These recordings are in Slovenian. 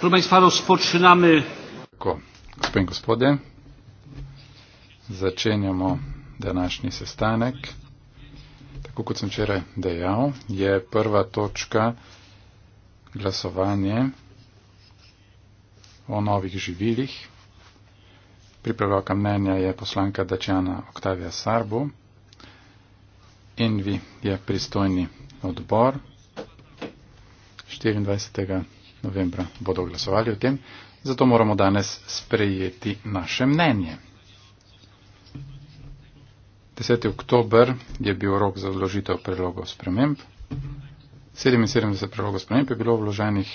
Proszę Państwa, rozpoczynamy. Gospodzie, gospodzie, zaczynamy današnji sestanek. Tako kot sem včeraj dejal, je prva točka glasovanje o novih živilih. Pripravljaka mnenja je poslanka Dačana Oktavija Sarbu. Envi je pristojni odbor 24 novembra bodo glasovali o tem, zato moramo danes sprejeti naše mnenje. 10. oktober je bil rok za vložitev predlogov sprememb. 77 predlogov sprememb je bilo vloženih.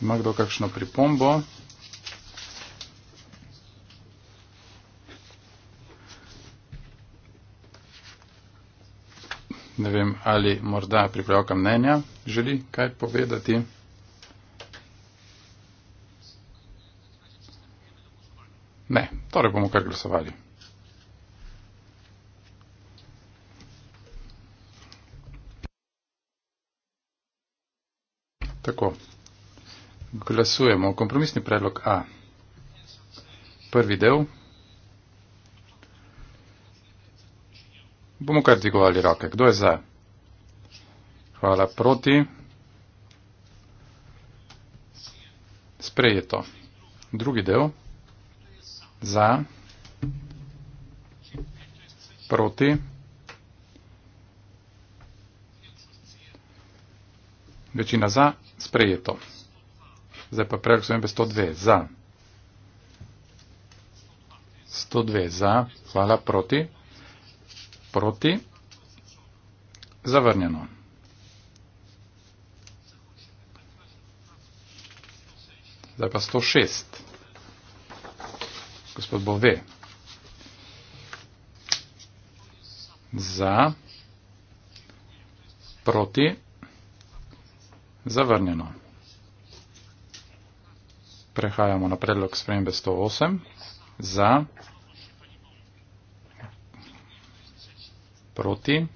Ima kdo kakšno pripombo? Ne vem, ali morda pripravka mnenja želi kaj povedati. Ne, torej bomo kar glasovali. Tako, glasujemo. Kompromisni predlog A. Prvi del, Bomo kar dvigovali roke. Kdo je za? Hvala proti. Sprejeto. Drugi del. Za. Proti. Večina za. Sprejeto. Zdaj pa prerok sem 102. Za. 102 za. Hvala proti proti, zavrnjeno. Zdaj pa 106. Gospod Bove. Za, proti, zavrnjeno. Prehajamo na predlog spremembe 108. Za, proti, zavrnjeno. proti,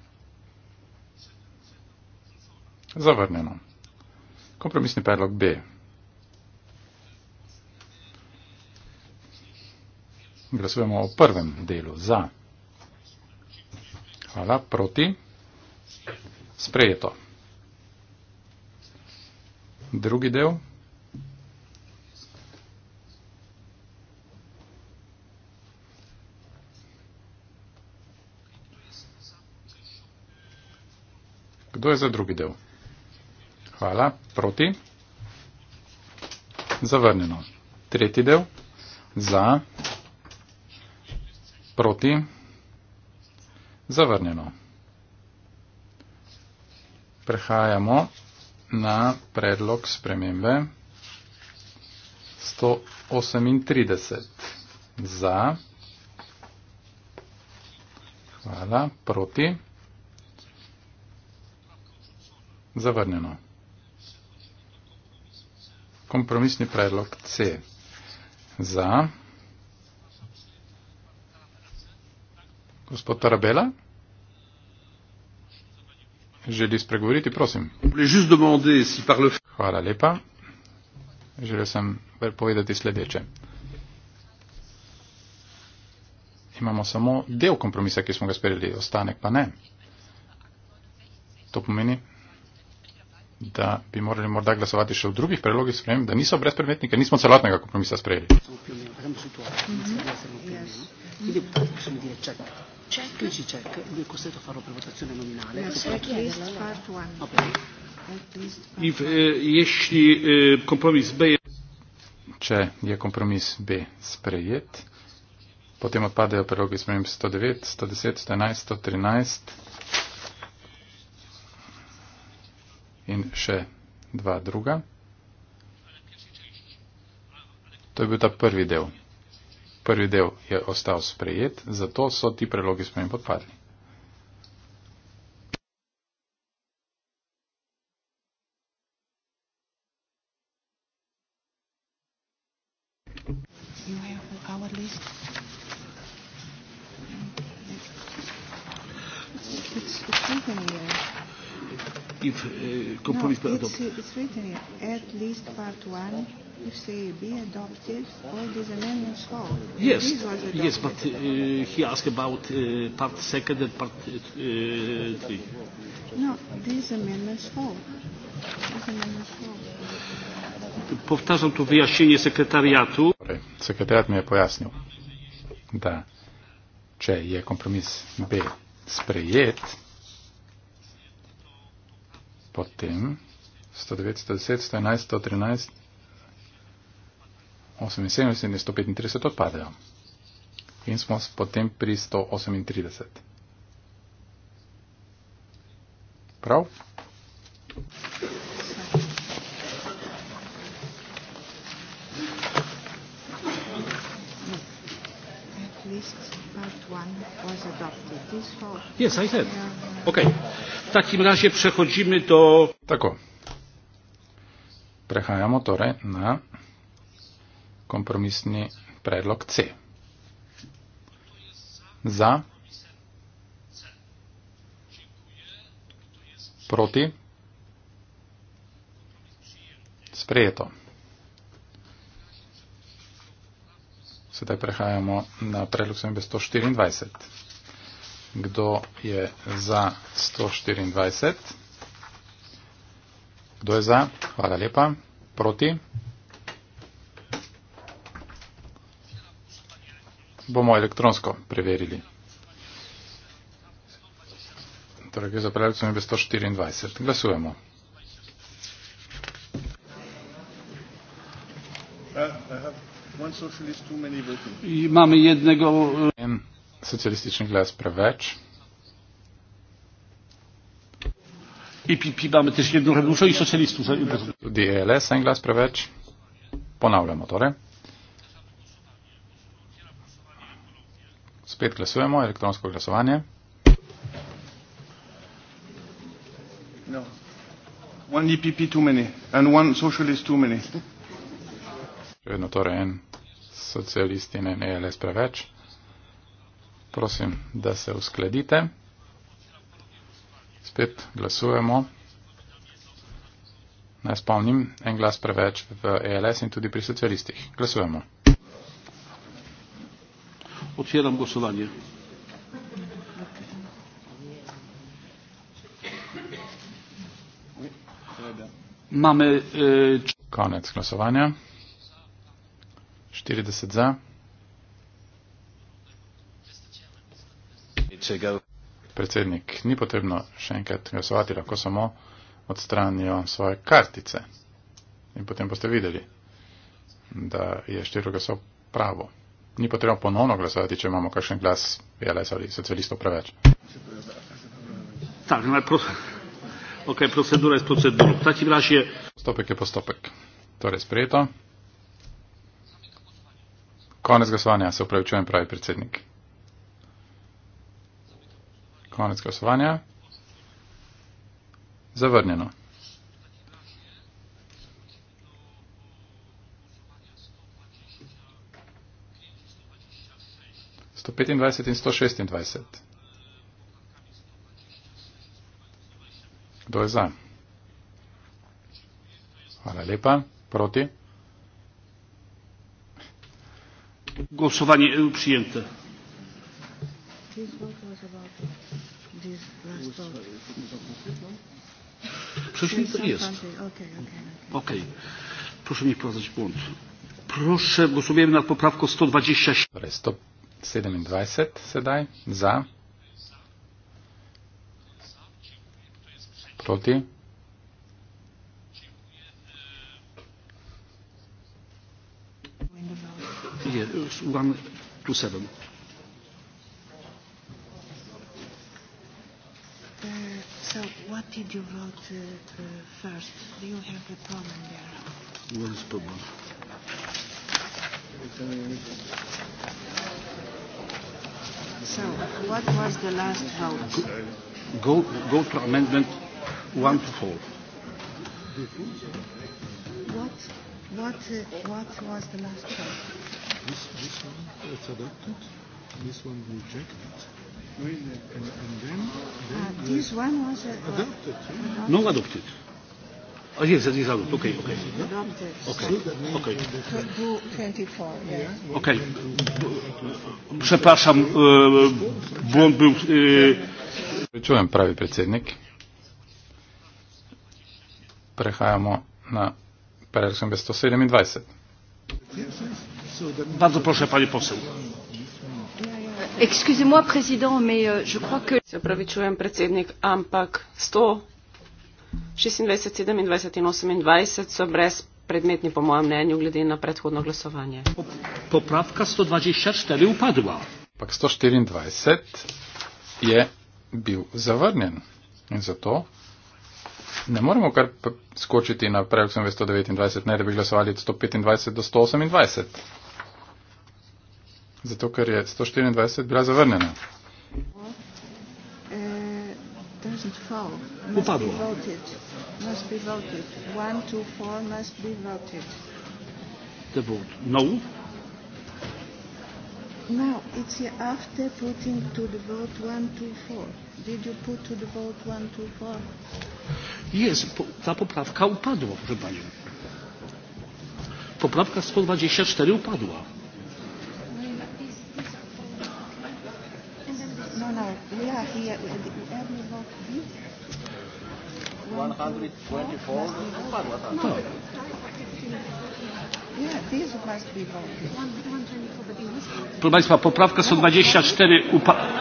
zavrnjeno. Kompromisni predlog B. Glasujemo o prvem delu za. Hvala, proti, sprejeto. Drugi del. Kdo je za drugi del? Hvala. Proti? Zavrnjeno. Tretji del? Za? Proti? Zavrnjeno. Prehajamo na predlog spremembe 138. Za? Hvala. Proti? Zavrnjeno. Kompromisni predlog C. Za. Gospod Tarabela? Želi spregovoriti, prosim. Hvala lepa. Želel sem povedati sledeče. Imamo samo del kompromisa, ki smo ga sprejeli, ostanek pa ne. To pomeni, da bi morali morda glasovati še v drugih predlogih sprejem, da niso brezpredmetni, ker nismo celotnega kompromisa sprejeli. Če je kompromis B sprejet, potem odpadejo predlogi sprejem 109, 110, 111, 113. in še dva druga. To je bil ta prvi del. Prvi del je ostal sprejet, zato so ti prelogi spremenj podpadli. complete no, adoption. It's, it's written here, at least part one. If the EIB adopted, all these amendments fall. Yes, yes, but uh, he asked about uh, part second and part uh, three. No, these amendments fall. These amendments fall. Powtarzam to wyjaśnienie sekretariatu. Sekretariat mnie pojasnił, że czy je kompromis B sprejet, potem 109, 110, 111, 113, 78 in 135 odpadejo. In smo potem pri 138. Prav? Yes, I said. OK. W takim razie przechodzimy do... Tako. Prechajamo torej na kompromisny predlog C. Za. Proti. Sprejeto. Sedaj prehajamo na predlog sembe 124. Kdo je za 124? Kdo je za? Hvala lepa. Proti? Bomo elektronsko preverili. Torej, gre za predlog sembe 124. Glasujemo. Mamy jednego... E, Socjalistyczny glas preveč. IPP mamy też jedną rewolucję i socjalistów. DLS, e ten glas preveč. Ponawiam motory. Spet klasujemy, elektronsko głosowanie. No. One EPP too many and one socialist too many. Še vedno torej en socialistine ne je les preveč. Prosim, da se uskladite. Spet glasujemo. Naj spomnim, en glas preveč v ELS in tudi pri socialistih. Glasujemo. Odpiram glasovanje. Máme, e... Konec glasovanja. 40 za. Predsednik, ni potrebno še enkrat glasovati, lahko samo odstranijo svoje kartice. In potem boste videli, da je štiri glasov pravo. Ni potrebno ponovno glasovati, če imamo kakšen glas VLS ja, ali socialistov preveč. Tak, no, Ok, procedura je procedura. Tak je vaš je... Postopek je postopek. Torej, sprejeto. Konec glasovanja, se upravičujem, pravi predsednik. Konec glasovanja. Zavrnjeno. Sto petindvajset in sto šestindvajset. Kdo je za? Hvala lepa. Proti? Głosowanie e, przyjęte. Przecież to jest. Okej. Okay. Proszę nie wprowadzać błąd. Proszę, głosujemy nad poprawką 127. 127 torej, sedaj. Za. Proti. 也输光注射的吗？So euh, uh, what did you vote uh, uh, first? Do you have a problem there? What is the problem? So what was the last vote? Go, go to amendment one to four. What, what, uh, what was the last vote? this, this one, it's adapted. This one rejected. And, and then, then uh, this one was uh, adapted. Uh, not adopted. Oh, yes, that is adopted. Okay, okay. Okay. Okay. okay. okay. Przepraszam, błąd był. Wyczułem prawie przedsiednik. Przechajamo na Pererskim 127. Bardzo proszę, pani poseł. Excusez-moi, président, mais euh, je crois que... Zapravičujem, predsednik, ampak 126, 27 in 28 so brezpredmetni, po mojem mnenju, glede na predhodno glasovanje. Popravka 124 upadla. Ampak 124 je bil zavrnjen. In zato ne moremo kar skočiti na predhodno 129, ne da bi glasovali od 125 do 128 zato ker je 124 bila zavrnjena. Jest, ta poprawka upadła, proszę Pani. Poprawka 124 upadła. Ja, hier über die Erde noch wie? 124. Proszę Państwa, poprawka 124.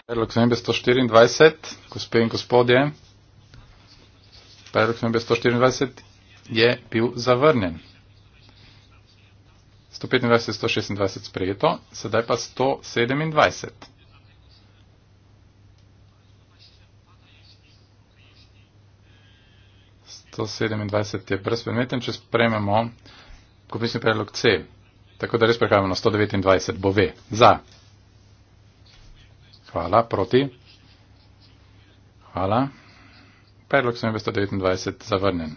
Perlok 124. Gospie i gospodzie. Perlok 124. Je był zawarnien. 125, 126 sprzyjeto. Sedaj pa 127. 127 je brezpredmeten, če sprememo kopisni predlog C. Tako da res prehajamo na 129, bo V. Za. Hvala, proti. Hvala. Predlog sem je 129 zavrnen.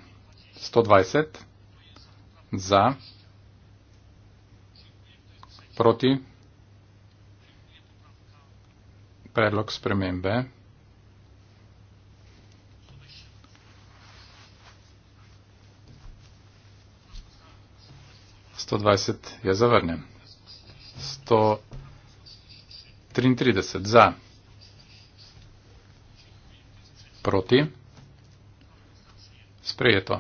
120 za, proti, predlog spremembe 120 je zavrnjen. 133 za. Proti. Sprejeto.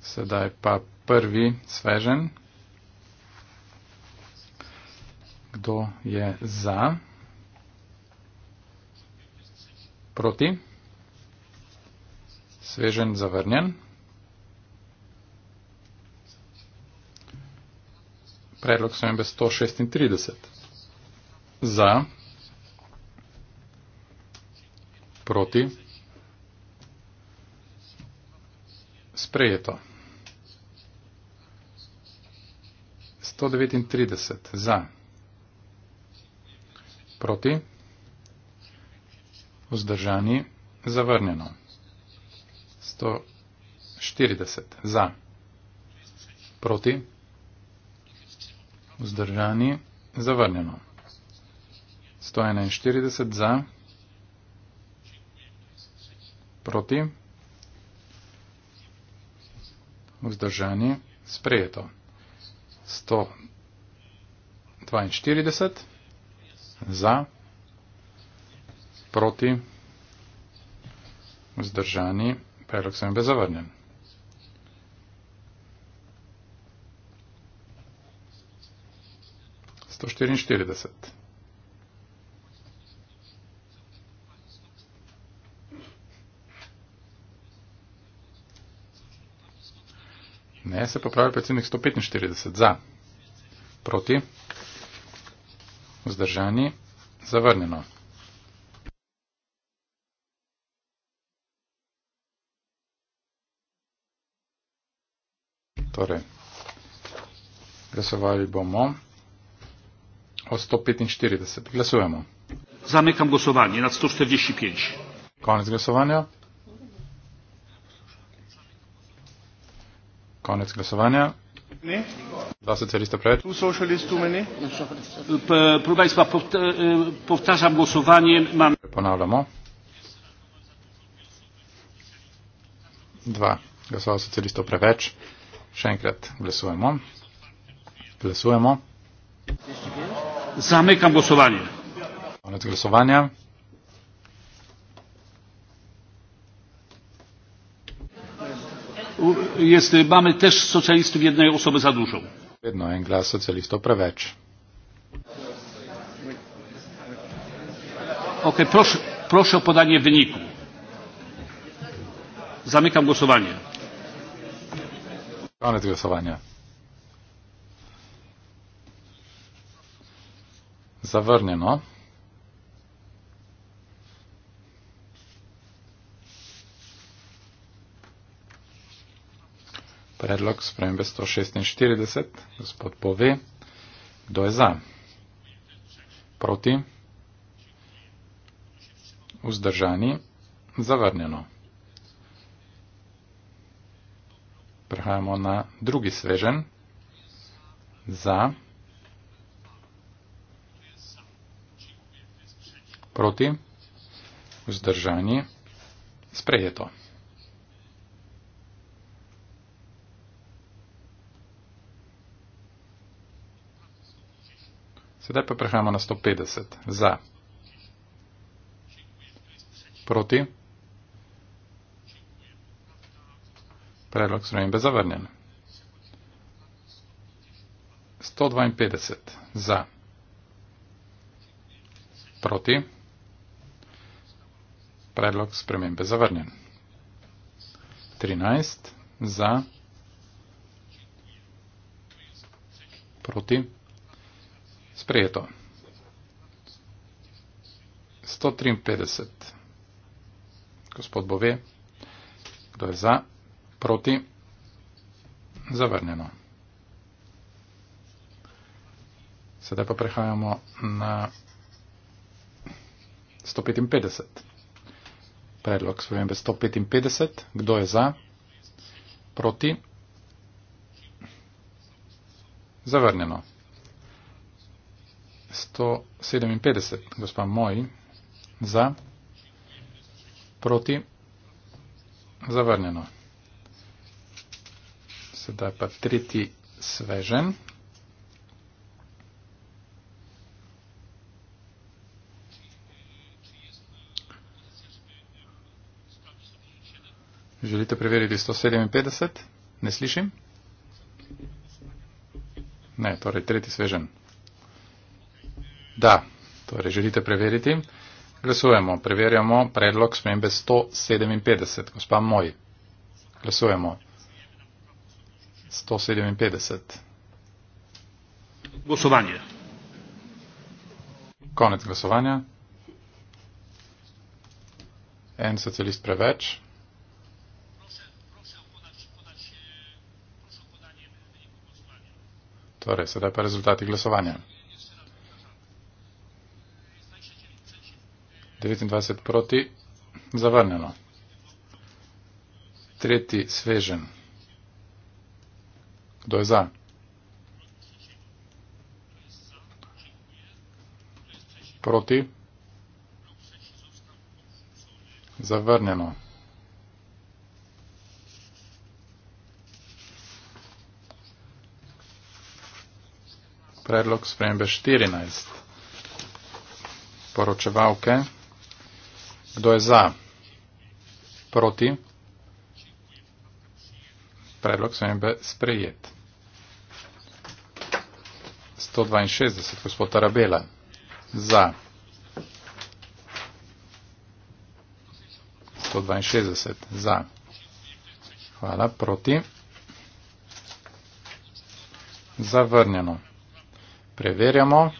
Sedaj pa prvi svežen. Kdo je za? Proti. Svežen zavrnjen. predlog smembe 136. Za, proti, sprejeto. 139 za, proti, vzdržani, zavrnjeno. 140 za, proti, vzdržani, zavrnjeno. 141 za, proti, vzdržani, sprejeto. 142 za, proti, vzdržani, predlog sem bezavrnjen. 144. Ne, se pa pravi predsednik 145 za, proti, vzdržani, zavrnjeno. Torej, glasovali bomo o 145. Glasujemo. Zamykam głosowanie nad 145. Koniec głosowania. Koniec głosowania. Dwa socjalista przed. Dwa socjalista mnie. Proszę Państwa, powtarzam głosowanie. Mam... Ponawiamy. Dwa. Głosował socjalista preveč. Jeszcze raz głosujemy. Głosujemy. Zamykam głosowanie. Koniec głosowania. Jest, mamy też socjalistów jednej osoby za dużo. Jedno Engla socjalistów preveč. Ok, proszę, proszę o podanie wyniku. Zamykam głosowanie. Koniec głosowania. zavrnjeno. Predlog spremembe 146, gospod pove, kdo je za, proti, vzdržani, zavrnjeno. Prehajamo na drugi svežen, za, proti, vzdržani, sprejeto. Sedaj pa prehajamo na 150. Za, proti, predlog sprejem bez zavrnjen. 152 za, proti, predlog spremembe zavrnjen. 13 za, proti, sprejeto. 153, gospod Bove, kdo je za, proti, zavrnjeno. Sedaj pa prehajamo na 155 predlog spremembe 155. Kdo je za? Proti? Zavrnjeno. 157. Gospa moji. Za? Proti? Zavrnjeno. Sedaj pa tretji svežen. Želite preveriti 157? Ne slišim? Ne, torej tretji svežen. Da, torej želite preveriti. Glasujemo, preverjamo predlog smembe 157, gospa moj. Glasujemo. 157. Glasovanje. Konec glasovanja. En socialist preveč. Torej, sedaj pa rezultati glasovanja. 29 proti, zavrnjeno. Tretji svežen. Kdo je za? Proti. Zavrnjeno. predlog spremembe 14. Poročevalke, kdo je za, proti, predlog spremembe sprejet. 162, gospod Arabela, za. 162, za. Hvala, proti. Zavrnjeno. Preverjamo.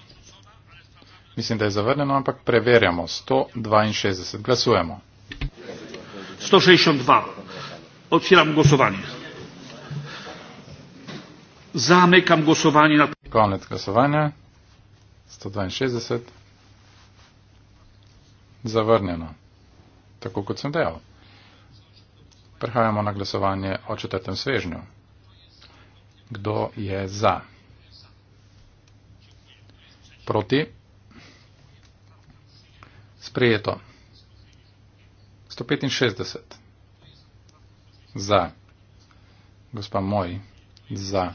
Mislim, da je zavrnjeno, ampak preverjamo. 162. Glasujemo. 162. Odpiram glasovanje. Zamekam glasovanje na. Konec glasovanja. 162. Zavrnjeno. Tako kot sem dejal. Prehajamo na glasovanje o četrtem svežnju. Kdo je za? Proti. Sprejeto. 165. Za. Gospa moj. Za.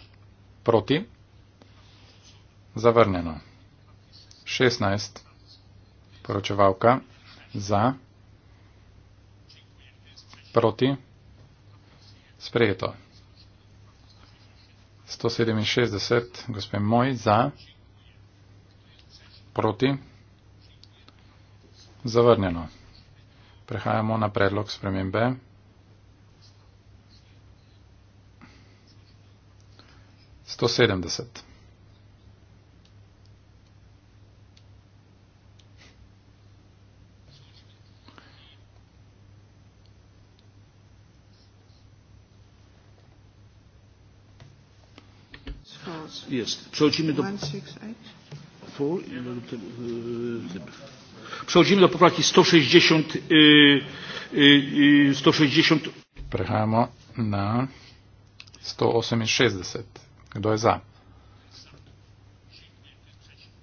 Proti. Zavrnjeno. 16. Poročevalka. Za. Proti. Sprejeto. 167. Gospe moj. Za. Proti. Zavrnjeno. Prehajamo na predlog spremembe. Sto sedemdeset. Yes. So, Przechodzimy do poprawki 160. Yy, yy, 160. Przechodzimy na 168. Kto jest za?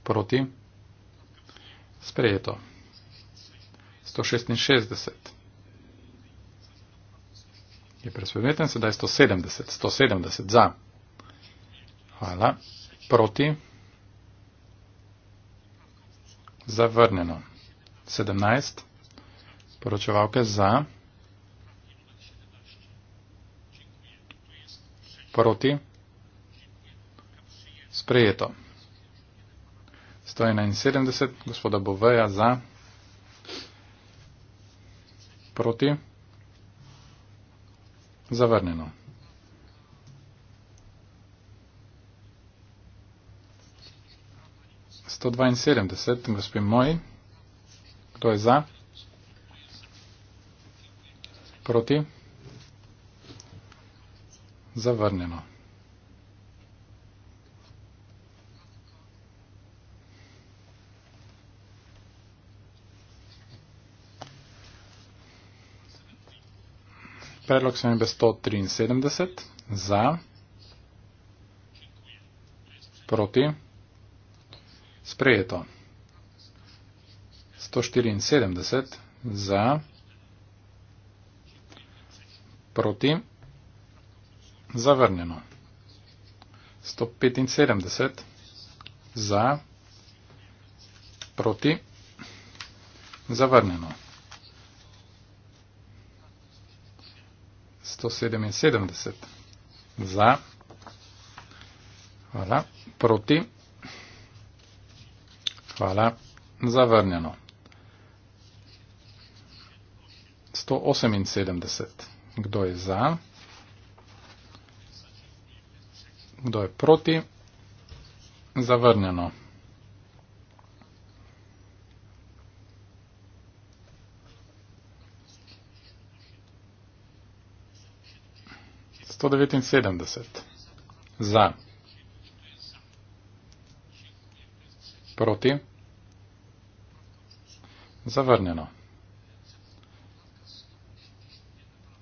Proti? Sprejeto. 166. Je presvedeten, sedaj 170. 170 za. Hvala. Proti? zavrnjeno. 17. Poročevalke za, proti, sprejeto. 171. Gospoda Boveja za, proti, zavrnjeno. 172, gospod Moj, kdo je za? Proti? Zavrnjeno. Predlog sem imel 173, za, proti. Sprejeto. 174 za. Proti. Zavrnjeno. 175 za. Proti. Zavrnjeno. 177 za. Hvala. Proti. Hvala. Zavrnjeno. 178. Kdo je za? Kdo je proti? Zavrnjeno. Sto devetinsedemdeset. Za. Proti? Zavrnjeno.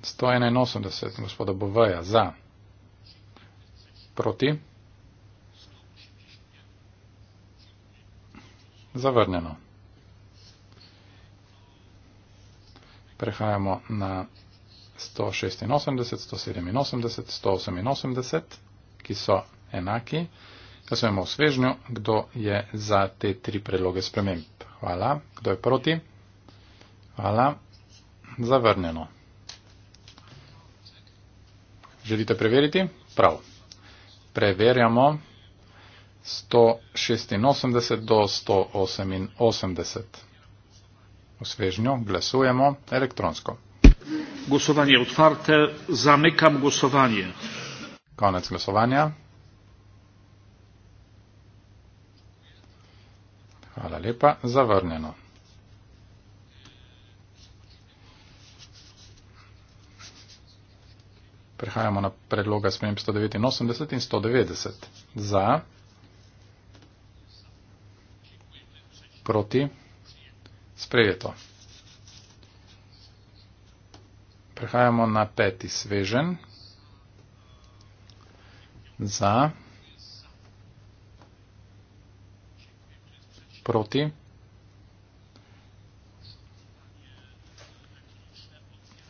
181 gospoda Boveja za. Proti? Zavrnjeno. Prehajamo na 186, 187, 188, ki so enaki. Kaj smo v svežnju, kdo je za te tri predloge sprememb? Hvala. Kdo je proti? Hvala. Zavrnjeno. Želite preveriti? Prav. Preverjamo 186 do 188. V svežnju glasujemo elektronsko. Glasovanje je odprte, zamekam glasovanje. Konec glasovanja. ali pa zavrnjeno. Prehajamo na predloga smem 189 in 190. Za, proti, sprejeto. Prehajamo na peti svežen. Za, proti, sprejeto. proti.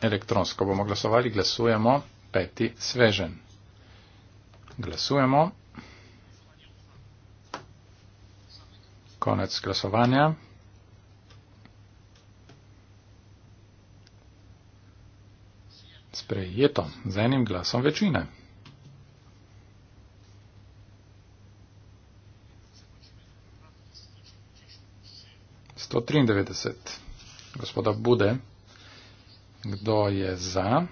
Elektronsko bomo glasovali, glasujemo, peti svežen. Glasujemo. Konec glasovanja. Sprejeto z enim glasom večine. 193. Gospoda Bude, kdo je za?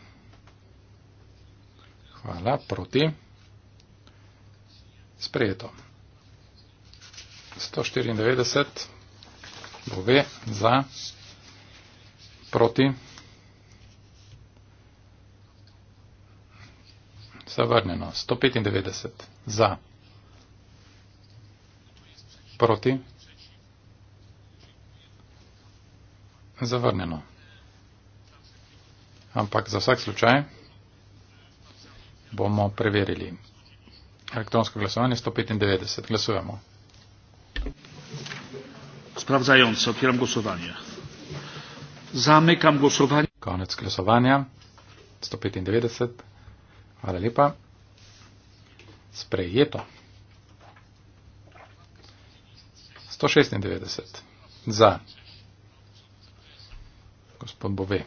Hvala, proti. Sprejeto. 194. Bove, za. Proti. Zavrnjeno. 195. Za. Proti. zavrnjeno. Ampak za vsak slučaj bomo preverili. Elektronsko glasovanje 195. Glasujemo. Sprawdzające, otwieram głosowanie. Zamykam głosowanie. Koniec głosowania. 195. Ale lipa. Sprejeto. 196. Za gospod Bove.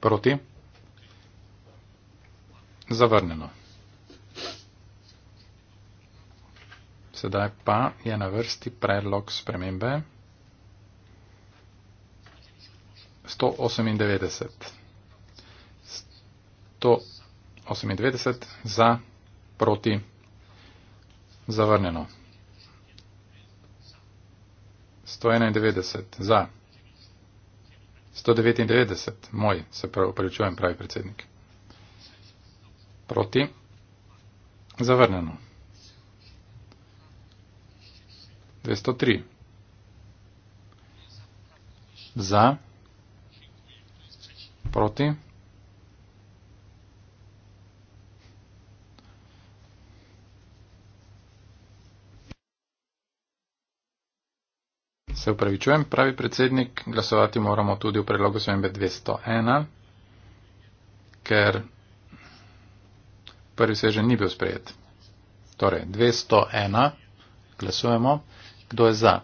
Proti? Zavrnjeno. Sedaj pa je na vrsti predlog spremembe 198. 198 za, proti, zavrnjeno. 191 za. 199, moj, se upravičujem, pravi predsednik. Proti, zavrnjeno. 203. Za, proti, Se upravičujem, pravi predsednik, glasovati moramo tudi v predlogu svembe 201, ker prvi sveže ni bil sprejet. Torej, 201, glasujemo, kdo je za?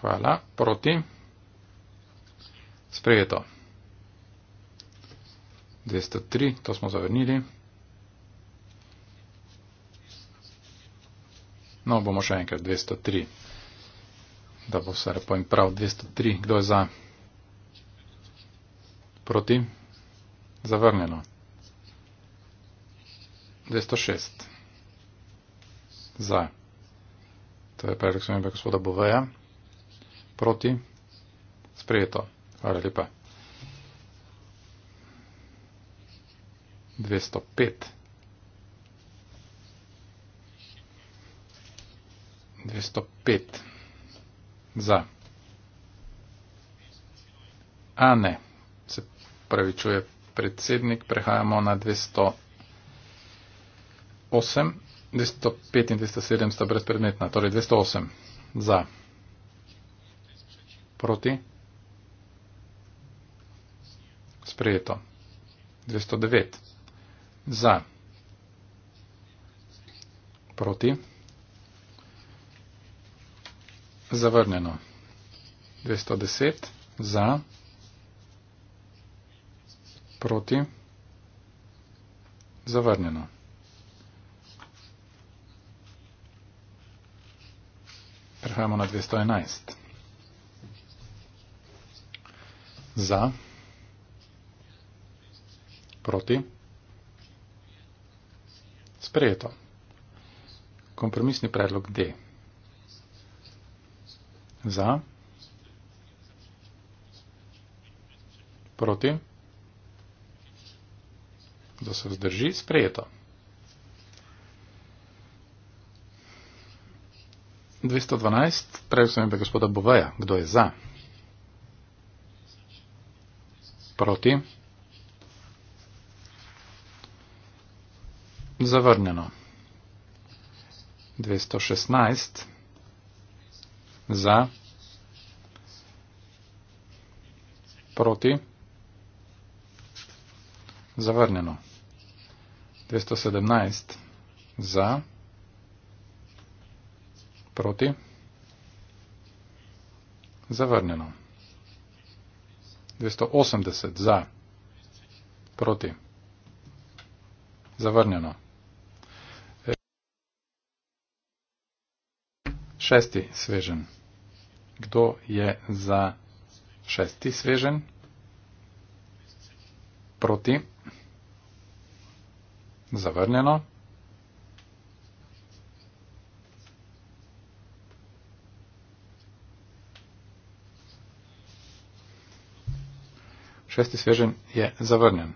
Hvala, proti, sprejeto. 203, to smo zavrnili. No, bomo še enkrat 203. Da bo vse lepo in prav 203. Kdo je za? Proti? Zavrnjeno. 206. Za. To je predlog spremembe gospoda Boveja. Proti? Sprejeto. Hvala lepa. 205. 205 za. A ne, se pravi, čuje predsednik, prehajamo na 208. 205 in 207 sta brezpredmetna, torej 208 za. Proti. Sprejeto. 209 za. Proti. Zavrnjeno. 210 za. Proti. Zavrnjeno. Prehajamo na 211. Za. Proti. Sprejeto. Kompromisni predlog D. 212 za, proti, da se vzdrži sprejeto. 212, prej sem imel gospoda Boveja, kdo je za, proti, zavrnjeno. 216 za, proti, zavrnjeno. 217 za, proti, zavrnjeno. 280 za, proti, zavrnjeno. Šesti svežen kdo je za šesti svežen, proti, zavrnjeno, šesti svežen je zavrnjen.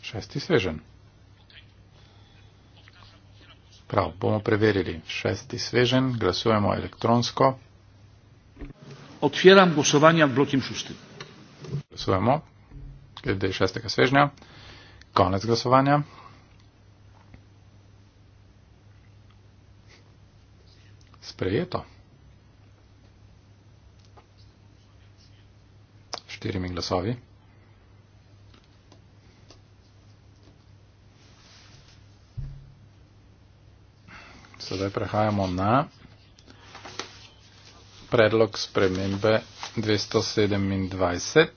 Šesti svežen. Prav, bomo preverili. Šesti svežen, glasujemo elektronsko. Odpiram glasovanje v blokim šestim. Glasujemo, glede šestega svežnja. Konec glasovanja. Sprejeto. Štirimi glasovi. Sedaj prehajamo na predlog spremembe 227 in 228.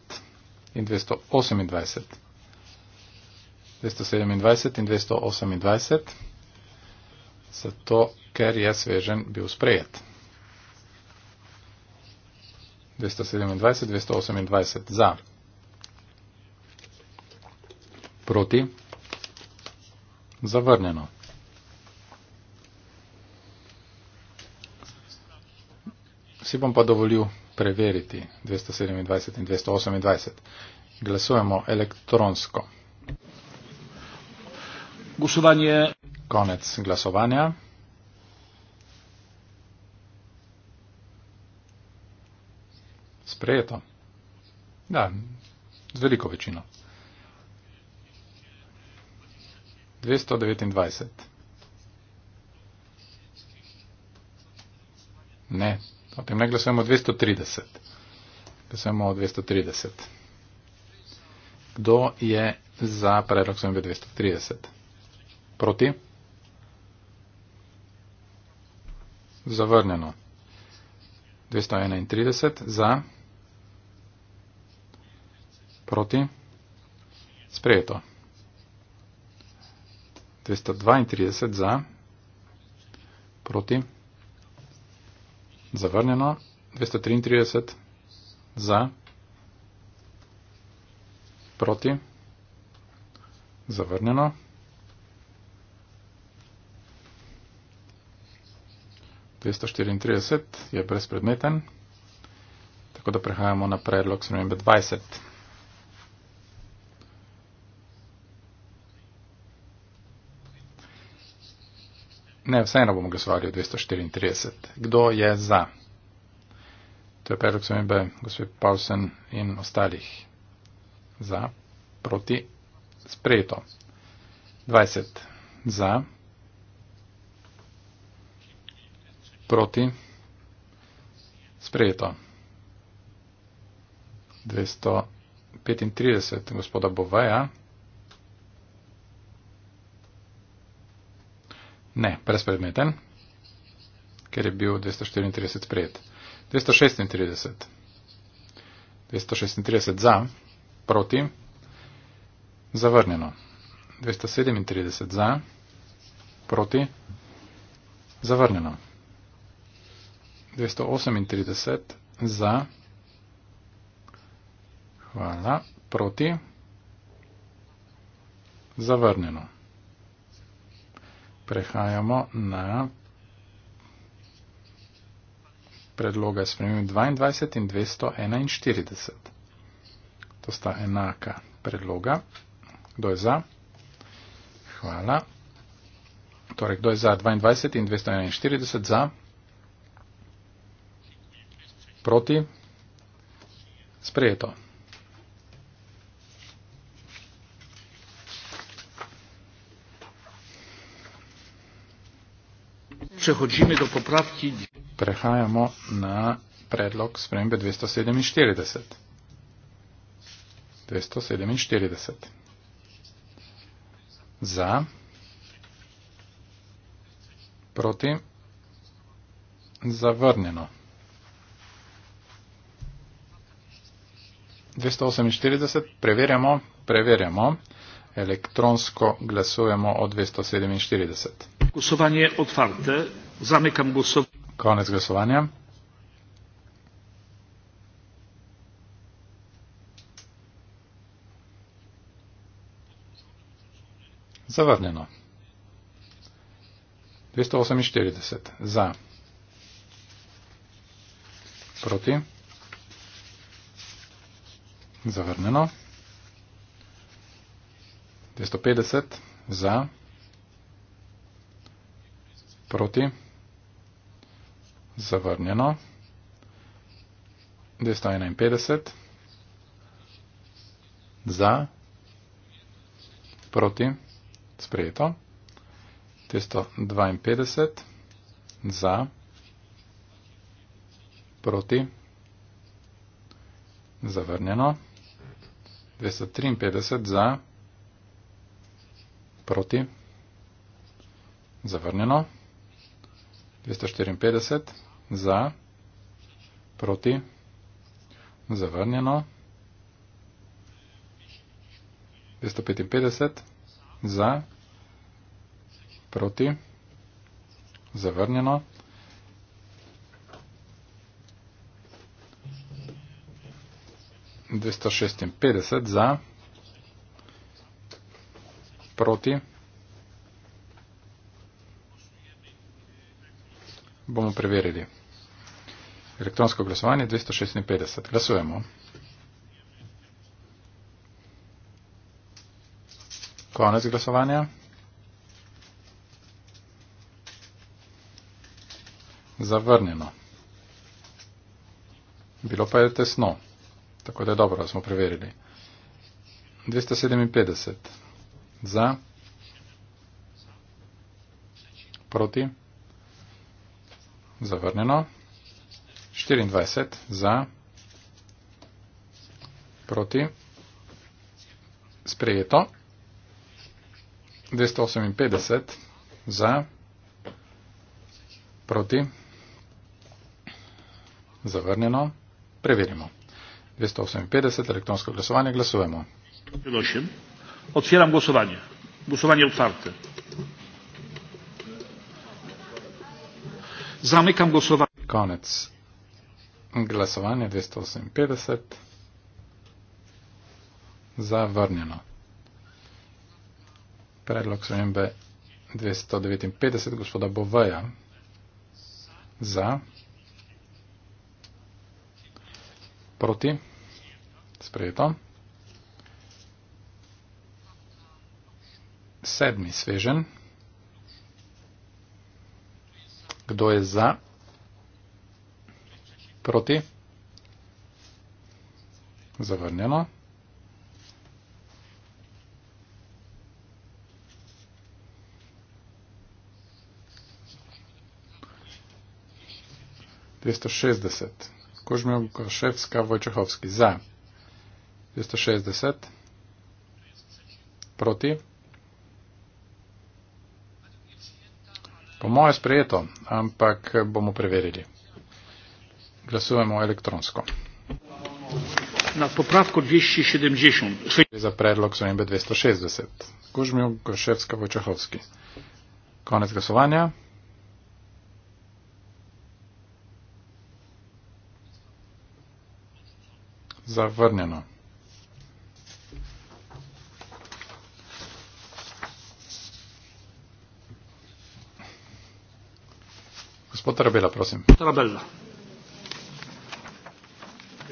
227 in 228, zato ker je svežen bil sprejet. 227, 228 za. Proti. Zavrnjeno. si bom pa dovolil preveriti 227 in 228. Glasujemo elektronsko. Glasovanje. Konec glasovanja. Sprejeto. Da, z veliko večino. 229. Ne. Potem ne glasujemo 230. Glasujemo 230. Kdo je za predlog SMB 230? Proti? Zavrnjeno. 231 za. Proti? Sprejeto. 232 za. Proti? Zavrnjeno. 233. Za. Proti. Zavrnjeno. Dvesto štiriintrideset je brezpredmeten, tako da prehajamo na predlog spremembe dvajset. Ne, vseeno bomo glasovali o 234. Kdo je za? To je predlog spremembe gospod Paulsen in ostalih. Za, proti, sprejeto. 20 za, proti, sprejeto. 235 gospoda Boveja, Ne, brezpredmeten, ker je bil 234 sprejet. 236. 236 za, proti, zavrnjeno. 237 za, proti, zavrnjeno. 238 za, hvala, proti, zavrnjeno prehajamo na predloga sprememb 22 in 241. To sta enaka predloga. Kdo je za? Hvala. Torej, kdo je za 22 in 241 za? Proti? Sprejeto. Przechodzimy do poprawki. Przechajamy na predlog sprembe 247. 247. Za. Proti. Zavrnjeno. 248. Preverjamo. Preverjamo elektronsko glasujemo o 247. Glasovanje odprte, zamekam glasovanje. Konec glasovanja. Zavrnjeno. 248 za. Proti. Zavrnjeno. 250 za, proti, zavrnjeno, 251 za, proti, sprejeto, 252 za, proti, zavrnjeno, 253 za, proti, proti, zavrnjeno, 254, za, proti, zavrnjeno, 255, za, proti, zavrnjeno, 256, za, proti. Bomo preverili. Elektronsko glasovanje 256. Glasujemo. Konec glasovanja. Zavrnjeno. Bilo pa je tesno. Tako da je dobro, da smo preverili. 257 za, proti, zavrnjeno, 24 za, proti, sprejeto, 258 za, proti, zavrnjeno, preverimo. 258 elektronsko glasovanje glasujemo. Prilošim. Otwieram głosowanie. Głosowanie otwarte. Zamykam głosowanie. Koniec. Głosowanie 2850. Zawarniono. Predlog sprememby 259 gospoda Boweja. Za. Proti. Sprejeto. sedmi svežen. Kdo je za? Proti? Zavrnjeno. Dvesto šestdeset. Kožmil Koševska, Vojčehovski. Za. Dvesto šestdeset. Proti? Proti? Po moje sprejeto, ampak bomo preverili. Glasujemo elektronsko. Na popravku 260. Za predlog so imbe 260. Kužmil Goševska Vojčahovski. Konec glasovanja. Zavrnjeno. Gospod Tarabela, prosim. Tarabella.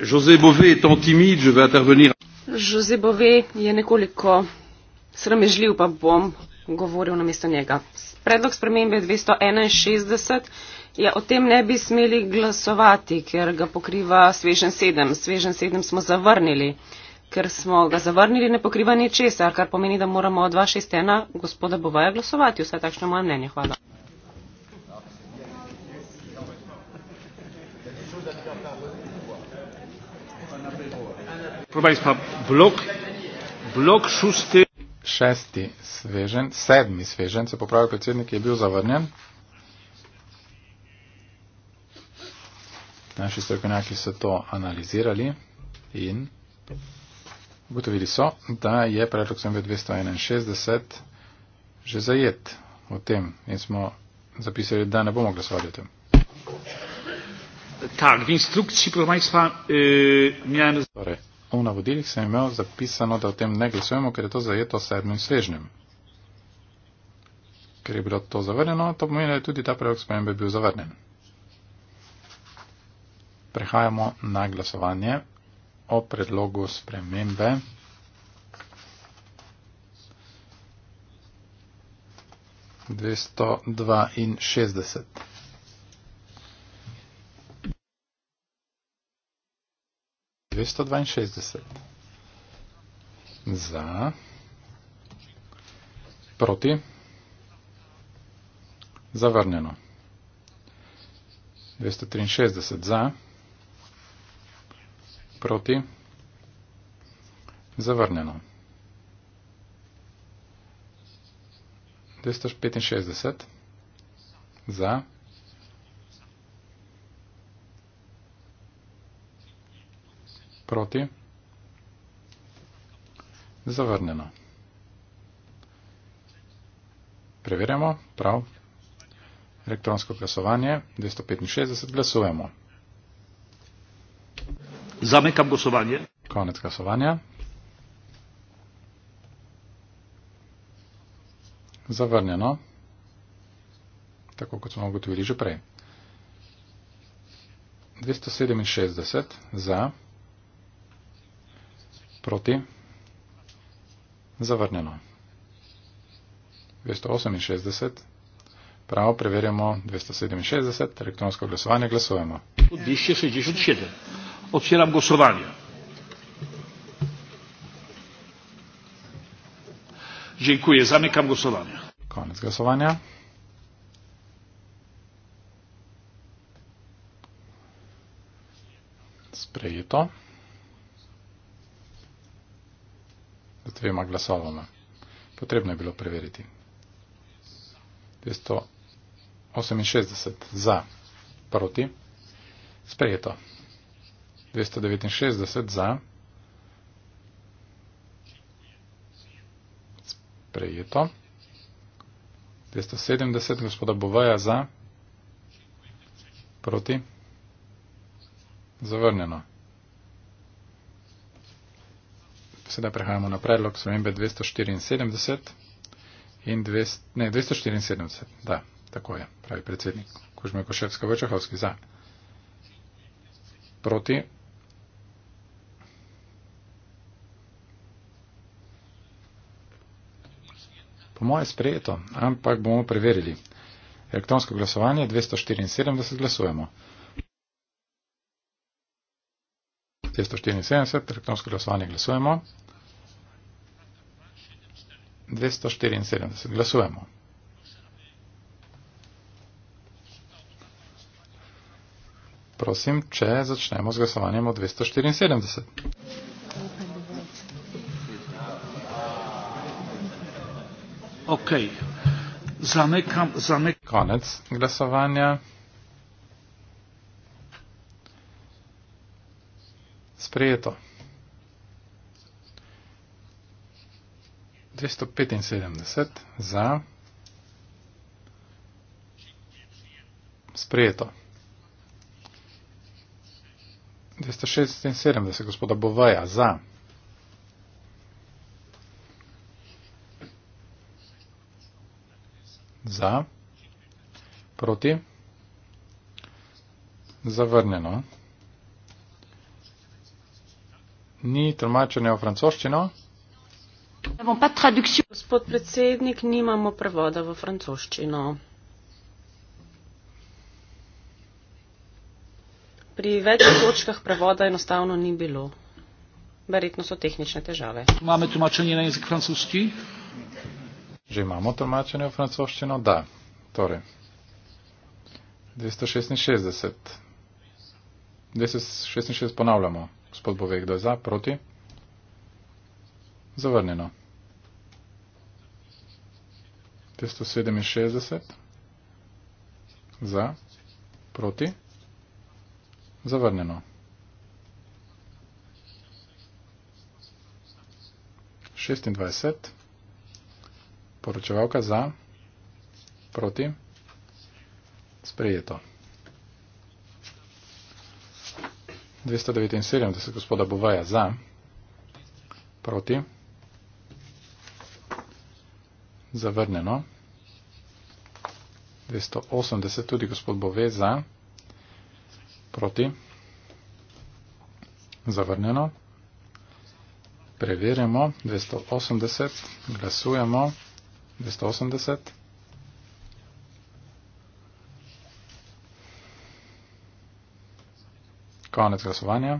José Bové, timid, je, intervenir... José Bové je nekoliko sramežljiv, pa bom govoril na mesto njega. Predlog spremembe 261 je o tem ne bi smeli glasovati, ker ga pokriva svežen 7. Svežen 7 smo zavrnili. Ker smo ga zavrnili, ne pokriva ničesar, kar pomeni, da moramo od 261 gospoda Bovaja glasovati. Vse takšno moje mnenje. Hvala. Šesti svežen, sedmi svežen, se popravi predsednik, je bil zavrnjen. Naši strokovnjaki so to analizirali in ugotovili so, da je predlog SMV 261 že zajet v tem in smo zapisali, da ne bomo glasovali o tem. Tak, v instrukciji, prosim, eh, mi je... Torej, v navodilih sem imel zapisano, da o tem ne glasujemo, ker je to zajeto sedmim svežnjem. Ker je bilo to zavrnjeno, to pomeni, da je tudi ta predlog spremembe bil zavrnjen. Prehajamo na glasovanje o predlogu spremembe. Dvesto dva in šestdeset. 262 za, proti, zavrnjeno. 263 za, proti, zavrnjeno. 265 za, proti, zavrnjeno. 265 za, Proti. Zavrnjeno. Preverjamo. Prav. Elektronsko glasovanje. 265 glasujemo. Zamekam glasovanje. Konec glasovanja. Zavrnjeno. Tako kot smo ugotovili že prej. 267 za. Proti? Zavrnjeno. 268. Pravo preverjamo 267. Elektronsko glasovanje glasujemo. 267. Odsiram glasovanje. Dziękuję. Zamykam głosowanie. Koniec głosowania. Sprejeto. to. dvema glasovoma. Potrebno je bilo preveriti. 268 za proti. Sprejeto. 269 za. Sprejeto. 270 gospoda Boveja za. Proti. Zavrnjeno. sedaj prehajamo na predlog spremembe 274 in 200, ne, 274. Da, tako je, pravi predsednik. Kožme Koševska Vrčahovski za. Proti. Po moje sprejeto, ampak bomo preverili. Elektronsko glasovanje 274 glasujemo. 274, elektronsko glasovanje glasujemo. 274. Glasujemo. Prosim, če začnemo z glasovanjem o 274. Ok. Zanekam, zanek... Konec glasovanja. Sprejeto. 275 za sprejeto. 276 gospoda Bovaja za. Za. Proti. Zavrnjeno. Ni tolmačenja v francoščino. Gospod predsednik, nimamo prevoda v francoščino. Pri več točkah prevoda enostavno ni bilo. Verjetno so tehnične težave. Imamo tolmačenje na jezik francoski? Že imamo tolmačenje v francoščino? Da. Torej. 266. 266 ponavljamo. Gospod Bovek, kdo je za? Proti? zavrnjeno. 267 za, proti, zavrnjeno. 26, poročevalka za, proti, sprejeto. 279, gospoda Bovaja za, proti, sprejeto zavrnjeno. 280, tudi gospod Bove za, proti, zavrnjeno. Preverjamo, 280, glasujemo, 280. Konec glasovanja.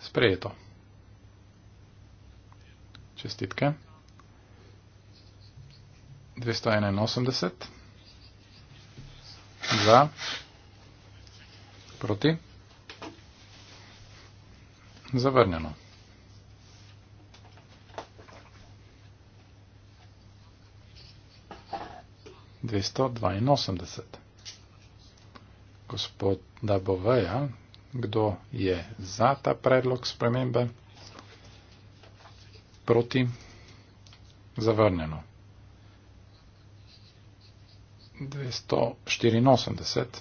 Sprejeto čestitke. 281. 2. Proti. Zavrnjeno. Dvesto dvainosemdeset. Gospod Daboveja, kdo je za ta predlog spremembe? proti, zavrnjeno. 284,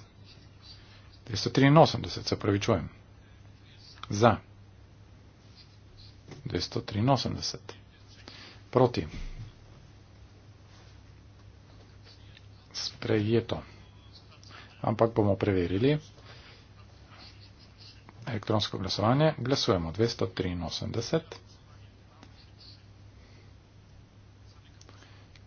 283, se pravi, čujem. Za. 283. Proti. Sprejeto. Ampak bomo preverili elektronsko glasovanje. Glasujemo 283.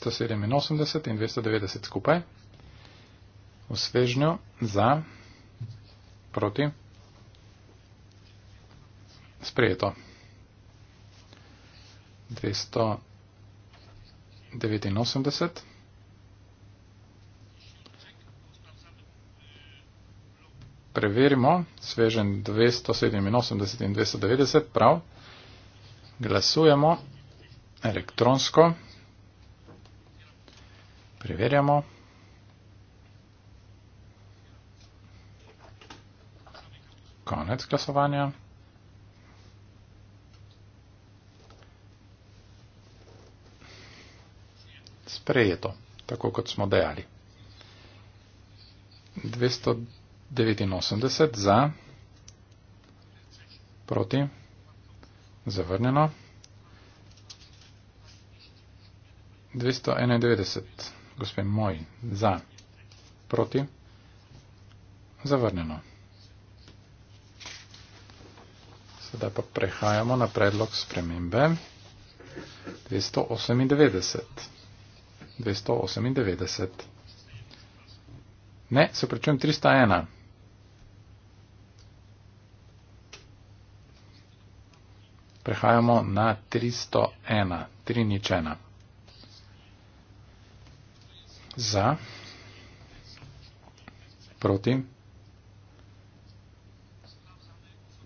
287 in 290 skupaj v svežnju za proti sprejeto. 289. Preverimo svežen 287 in 290 prav. Glasujemo elektronsko. Preverjamo. Konec glasovanja. Sprejeto, tako kot smo dejali. 289 za, proti, zavrnjeno. 291 gospe moj, za, proti, zavrnjeno. Sedaj pa prehajamo na predlog spremembe 298. 298. Ne, se pričujem 301. Prehajamo na 301. 301 za, proti,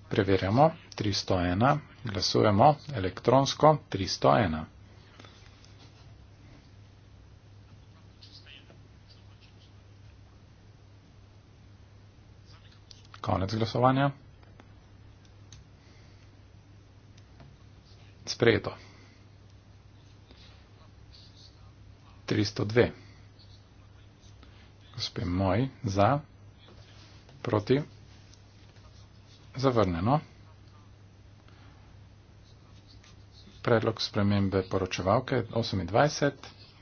preverjamo, 301, glasujemo elektronsko, 301. Konec glasovanja. Sprejeto. 302 gospe moj, za, proti, zavrneno. Predlog spremembe poročevalke 28,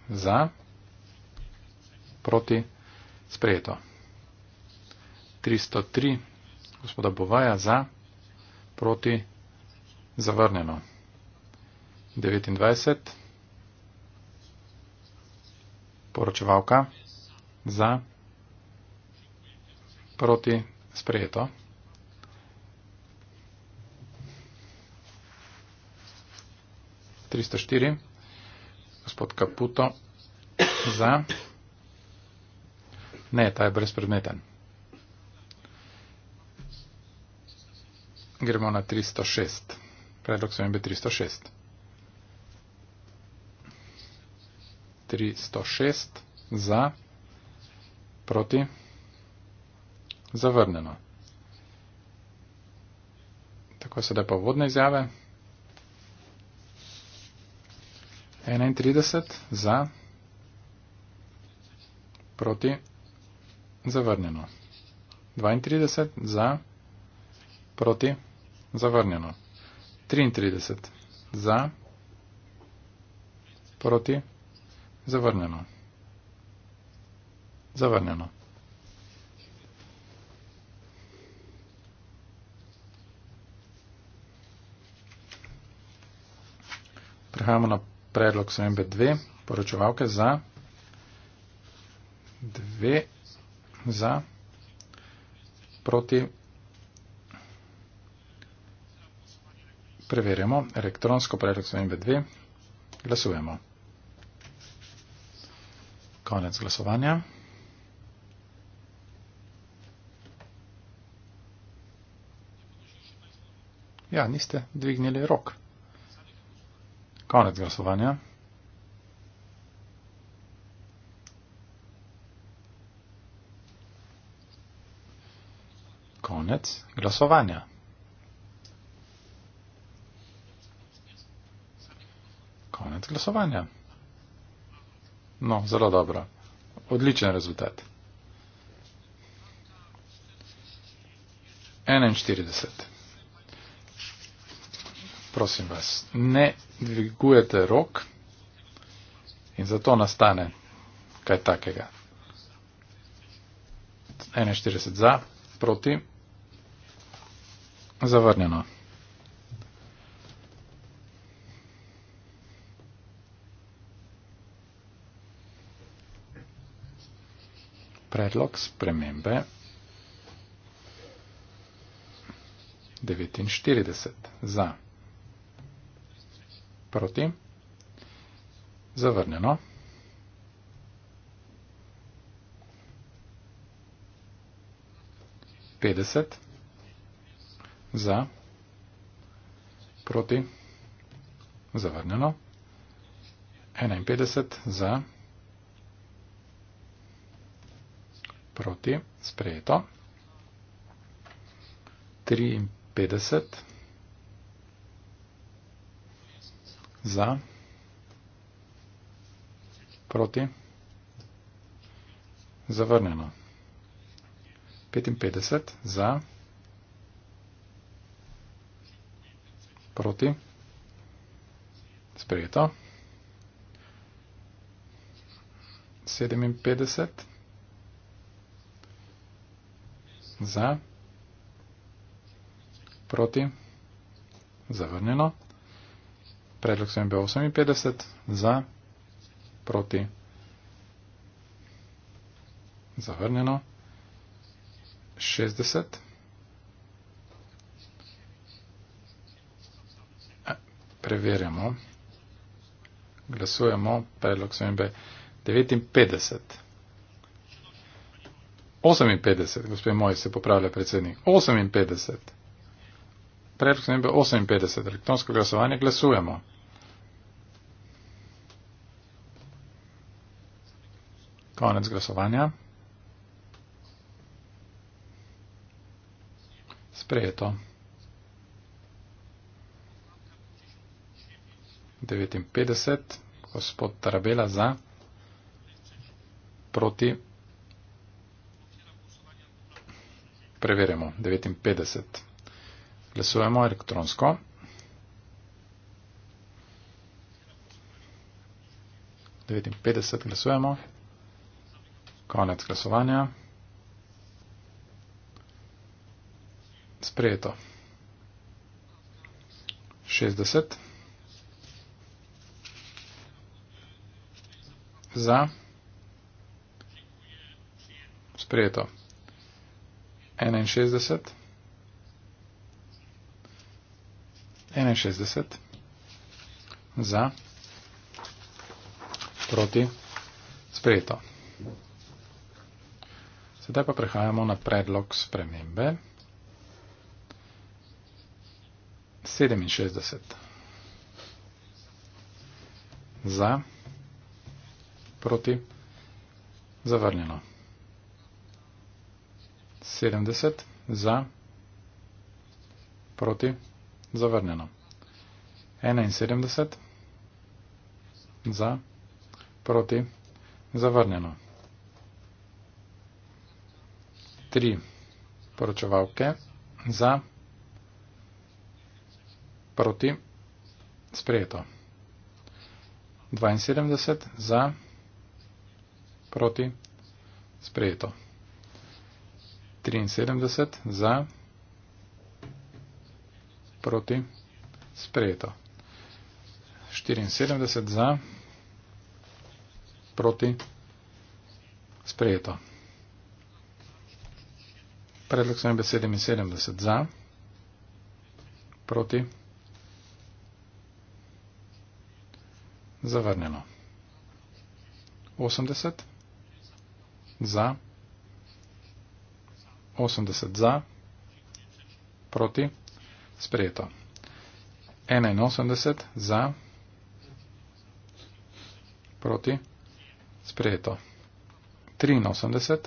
za, proti, sprejeto. 303, gospoda Bovaja, za, proti, zavrneno. 29, poročevalka 28 za, proti, sprejeto. Tristo štiri, gospod Kaputo, za, ne, ta je brezpredmeten. Gremo na tristo šest, predlog sem imel tristo šest. Tristo šest, za. Proti? Zavrnjeno. Tako sedaj pa vodne izjave. 31 za, proti, zavrnjeno. 32 za, proti, zavrnjeno. 33 za, proti, zavrnjeno. Zavrnjeno. Prehajamo na predlog SMB2, poročevalke za, dve za, proti, preverjamo elektronsko predlog SMB2, glasujemo. Konec glasovanja. Ja, niste dvignili rok. Konec glasovanja. Konec glasovanja. Konec glasovanja. No, zelo dobro. Odličen rezultat. 41 prosim vas, ne dvigujete rok in zato nastane kaj takega. 41 za, proti, zavrnjeno. Predlog spremembe 49 za proti, zavrnjeno. Petdeset za, proti, zavrnjeno. Enainpetdeset za, proti, sprejeto. Triinpetdeset za. Za. Proti. Zavrnjeno. 55. Za. Proti. Sprejeto. 57. Za. Proti. Zavrnjeno predlog sem bil 58 za, proti, zavrnjeno, 60, eh, preverjamo, glasujemo, predlog sem bil 59. 58, gospod moj, se popravlja predsednik. 58 predlog sprememb 58, elektronsko glasovanje, glasujemo. Konec glasovanja. Sprejeto. 59, gospod Tarabela za, proti, preverjamo, 59. Glasujemo elektronsko. devetinpetdeset glasujemo, konec glasovanja, sprejeto, šestdeset, za, sprejeto, enainšestdeset, 61 za, proti, sprejeto. Sedaj pa prehajamo na predlog spremembe. 67 za, proti, zavrnjeno. 70 za, proti, zavrnjeno zavrnjeno. 71 za, proti, zavrnjeno. 3 poročevalke za, proti, sprejeto. 72 za, proti, sprejeto. 73 za, proti, sprejeto proti sprejeto. 74 za proti sprejeto. Predlog svojim besedem je 70 za proti zavrnjeno. 80 za 80 za proti sprejeto. 81 za, proti, sprejeto. 83,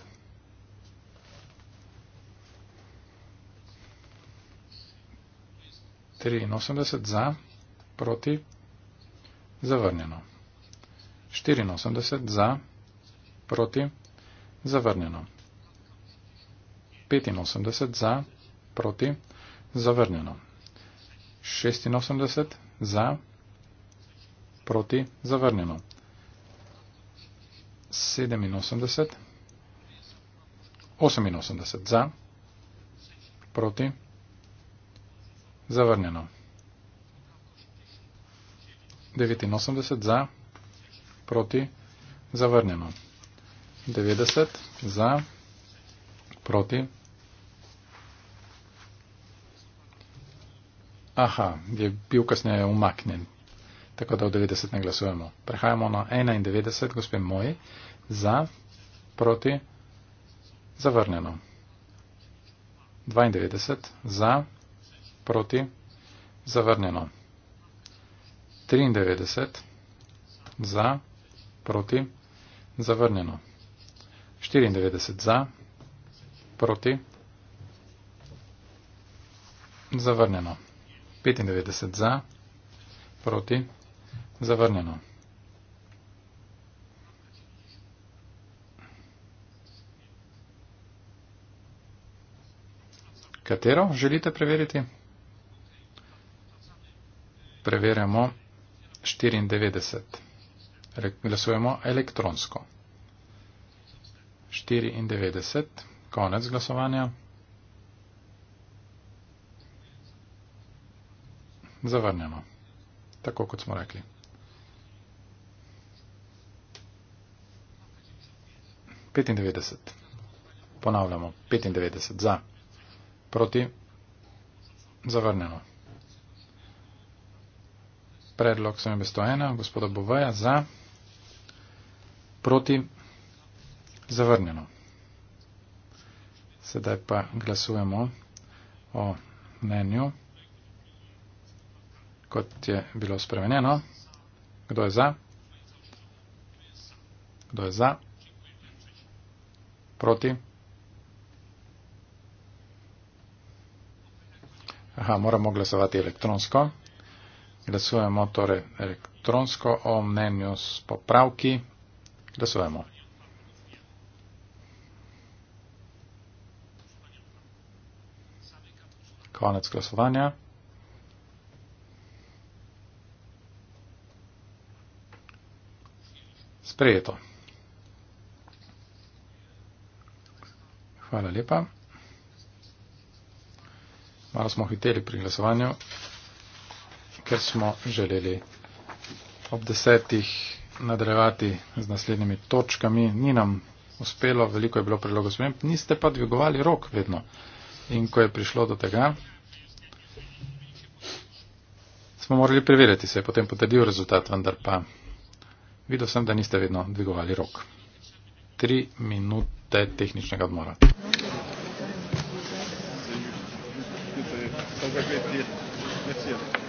za, proti, zavrnjeno. 84 za, proti, zavrnjeno. 85 za, proti, zavrnjeno zavrnjeno. 86 za, proti, zavrnjeno. 87, 88 za, proti, zavrnjeno. 89 za, proti, zavrnjeno. 90 za, proti, zavrnjeno. Aha, je bil kasneje umaknjen. Tako da v 90 ne glasujemo. Prehajamo na 91, gospe moji, za, proti, zavrnjeno. 92, za, proti, zavrnjeno. 93, za, proti, zavrnjeno. 94, za, proti, zavrnjeno. 94, za, proti, zavrnjeno. 95 za, proti, zavrnjeno. Katero želite preveriti? Preverjamo 94. Glasujemo elektronsko. 94. Konec glasovanja. zavrnjeno. Tako kot smo rekli. Petindevetdeset. Ponavljamo. Petindevetdeset za. Proti. Zavrnjeno. Predlog sem imel 101, gospoda Boveja za. Proti. Zavrnjeno. Sedaj pa glasujemo o mnenju kot je bilo spremenjeno. Kdo je za? Kdo je za? Proti? Aha, moramo glasovati elektronsko. Glasujemo torej elektronsko o mnenju s popravki. Glasujemo. Konec glasovanja. sprejeto. Hvala lepa. Malo smo hiteli pri glasovanju, ker smo želeli ob desetih nadrevati z naslednjimi točkami. Ni nam uspelo, veliko je bilo predlogov sprememb, niste pa dvigovali rok vedno. In ko je prišlo do tega, smo morali preveriti, se je potem potrdil rezultat, vendar pa. Videl sem, da niste vedno dvigovali rok. Tri minute tehničnega odmora. Thank you.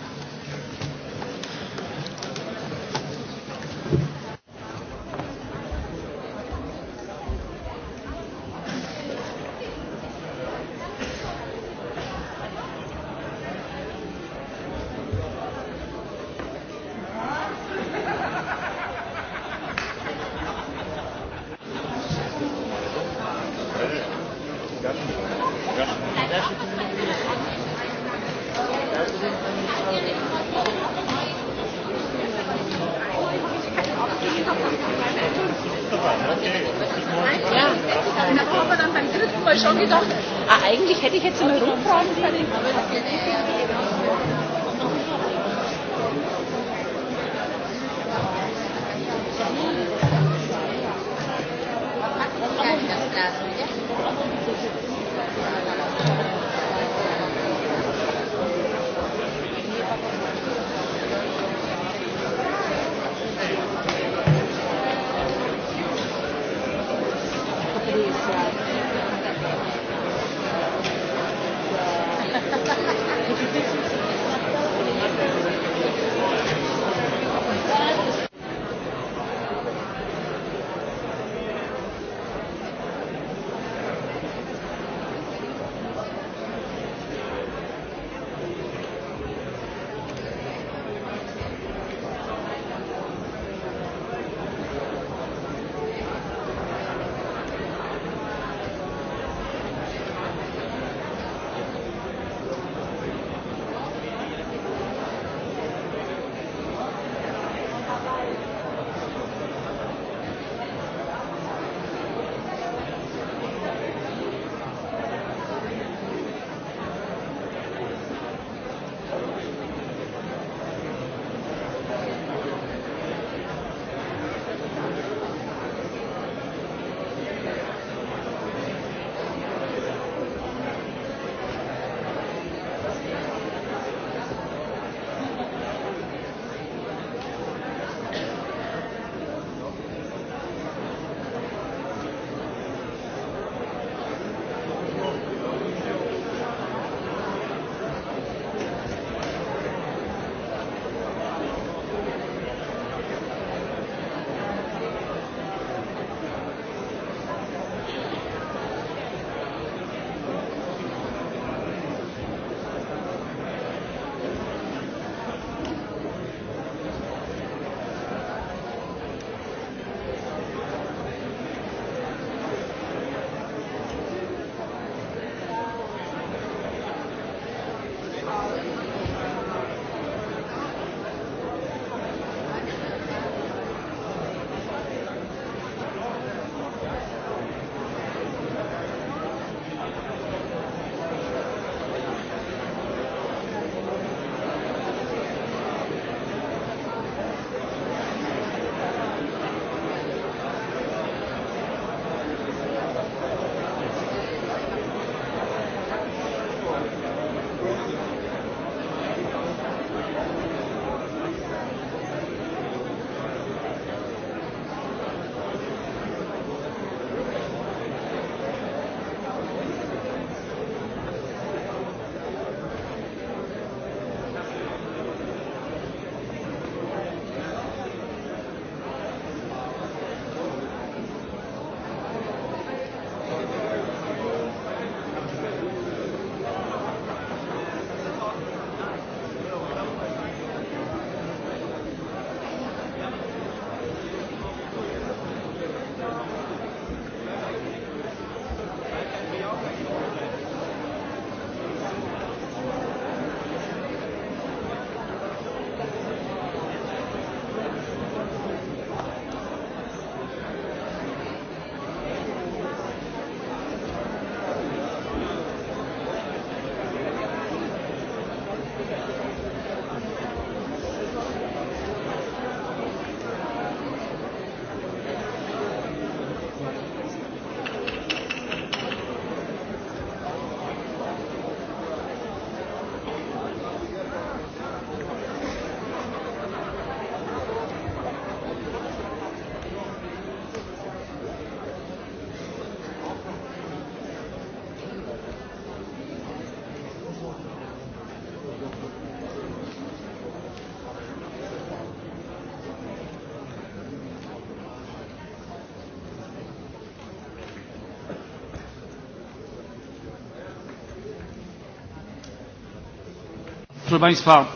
proszę państwa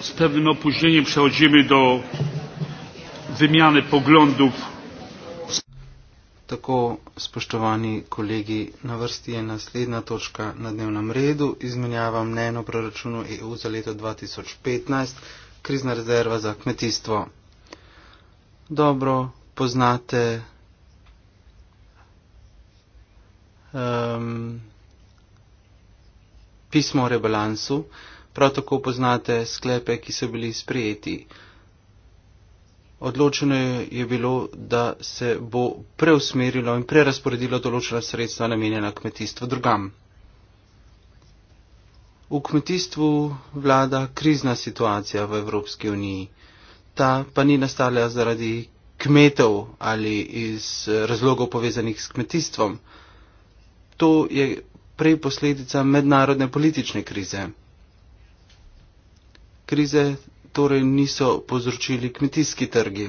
z pewnym opóźnieniem przechodzimy do wymiany poglądów Tako, spoštovani kolegi, na vrsti je naslednja točka na dnevnem redu, izmenjava mnen o proračunu EU za leto 2015, krizna rezerva za kmetijstvo. Dobro poznate um, pismo o rebalansu, prav tako poznate sklepe, ki so bili sprejeti. Odločeno je bilo, da se bo preusmerilo in prerasporedilo določena sredstva namenjena kmetijstvu drugam. V kmetijstvu vlada krizna situacija v Evropski uniji. Ta pa ni nastala zaradi kmetov ali iz razlogov povezanih s kmetijstvom. To je prej posledica mednarodne politične krize. Krize torej niso povzročili kmetijski trgi.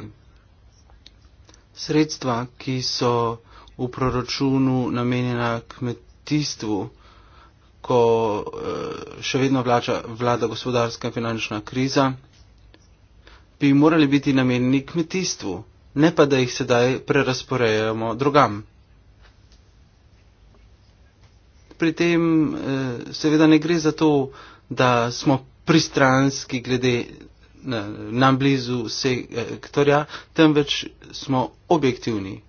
Sredstva, ki so v proračunu namenjena kmetijstvu, ko eh, še vedno vlača, vlada gospodarska in finančna kriza, bi morali biti namenjeni kmetijstvu, ne pa da jih sedaj prerasporejamo drugam. pri tem eh, seveda ne gre za to, da smo pristranski glede nam blizu sektorja, temveč smo objektivni.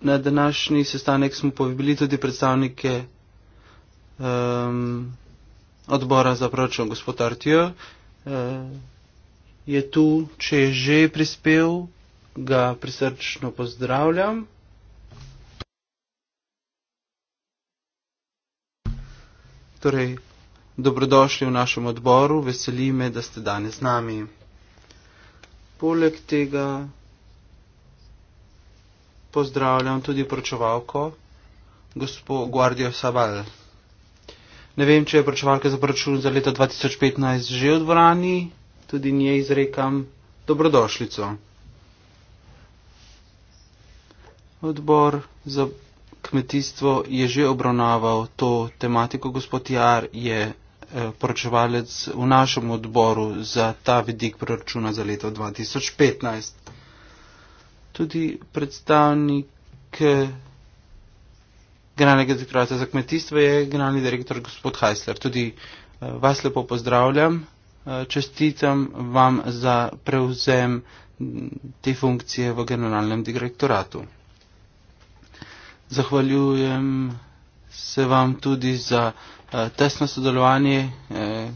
Na današnji sestanek smo povabili tudi predstavnike um, odbora za proračun, gospod Artijo. Eh, je tu, če je že prispel, ga prisrčno pozdravljam. Torej, dobrodošli v našem odboru, veseli me, da ste danes z nami. Poleg tega pozdravljam tudi pročevalko, gospo Guardio Saval. Ne vem, če je pročevalka za proračun za leto 2015 že v dvorani, tudi njej izrekam dobrodošlico. Odbor za kmetijstvo je že obravnaval to tematiko. Gospod Jar je eh, poročevalec v našem odboru za ta vidik proračuna za leto 2015. Tudi predstavnik eh, generalnega direktorata za kmetijstvo je generalni direktor gospod Heisler. Tudi eh, vas lepo pozdravljam, čestitam vam za prevzem te funkcije v generalnem direktoratu. Zahvaljujem se vam tudi za eh, tesno sodelovanje, eh,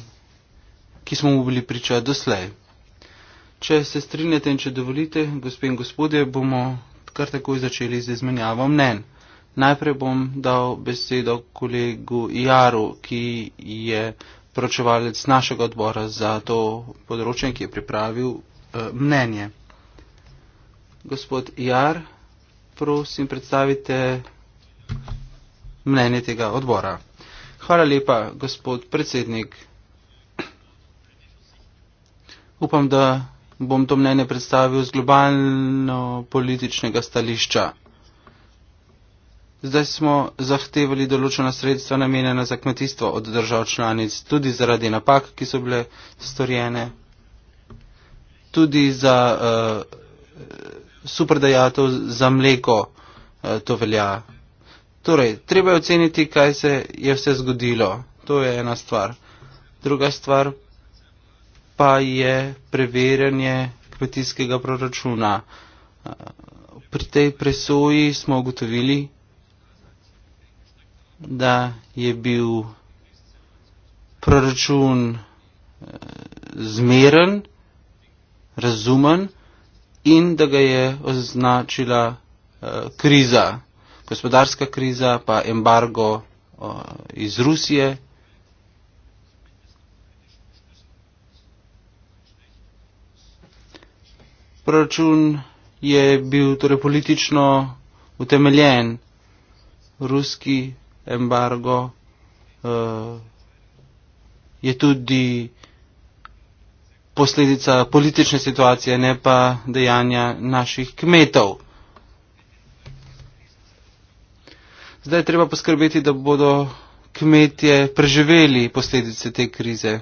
ki smo mu bili priča doslej. Če se strinjate in če dovolite, gospe in gospodje, bomo kar takoj začeli z izmenjavo mnen. Najprej bom dal besedo kolegu Jaru, ki je pročevalec našega odbora za to področje, ki je pripravil eh, mnenje. Gospod Jar, prosim predstavite mnenje tega odbora. Hvala lepa, gospod predsednik. Upam, da bom to mnenje predstavil z globalno političnega stališča. Zdaj smo zahtevali določena sredstva namenjena za kmetijstvo od držav članic, tudi zaradi napak, ki so bile storjene, tudi za uh, super dejatov za mleko eh, to velja. Torej, treba je oceniti, kaj se je vse zgodilo. To je ena stvar. Druga stvar pa je preverjanje kmetijskega proračuna. Eh, pri tej presoji smo ugotovili, da je bil proračun eh, zmeren, razumen in da ga je označila uh, kriza, gospodarska kriza, pa embargo uh, iz Rusije. Proračun je bil torej politično utemeljen, ruski embargo uh, je tudi uh, posledica politične situacije, ne pa dejanja naših kmetov. Zdaj treba poskrbeti, da bodo kmetje preživeli posledice te krize.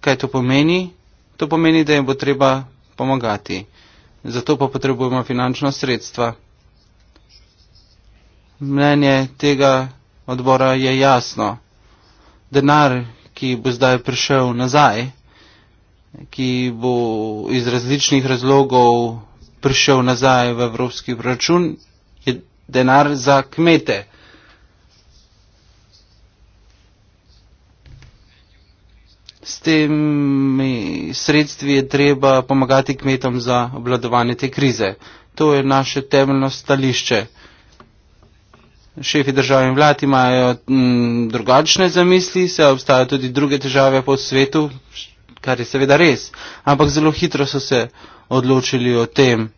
Kaj to pomeni? To pomeni, da jim bo treba pomagati. Zato pa potrebujemo finančno sredstva. Mnenje tega odbora je jasno. Denar, ki bo zdaj prišel nazaj, ki bo iz različnih razlogov prišel nazaj v evropski proračun, je denar za kmete. S temi sredstvi je treba pomagati kmetom za obladovanje te krize. To je naše temeljno stališče. Šefi držav in vlad imajo m, mm, drugačne zamisli, se obstajajo tudi druge težave po svetu, kar je seveda res, ampak zelo hitro so se odločili o tem.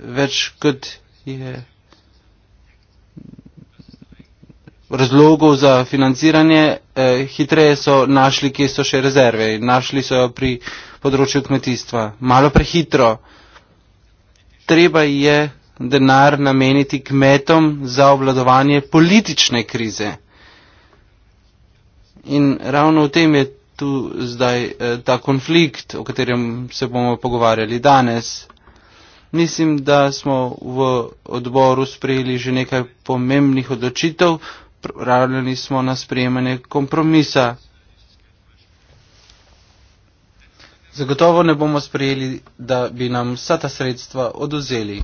Več kot je razlogov za financiranje, eh, hitreje so našli, kje so še rezerve. Našli so jo pri področju kmetijstva. Malo prehitro. Treba je denar nameniti kmetom za obladovanje politične krize. In ravno v tem je tu zdaj eh, ta konflikt, o katerem se bomo pogovarjali danes. Mislim, da smo v odboru sprejeli že nekaj pomembnih odločitev, pravljali smo na sprejemanje kompromisa. Zagotovo ne bomo sprejeli, da bi nam vsa ta sredstva oduzeli.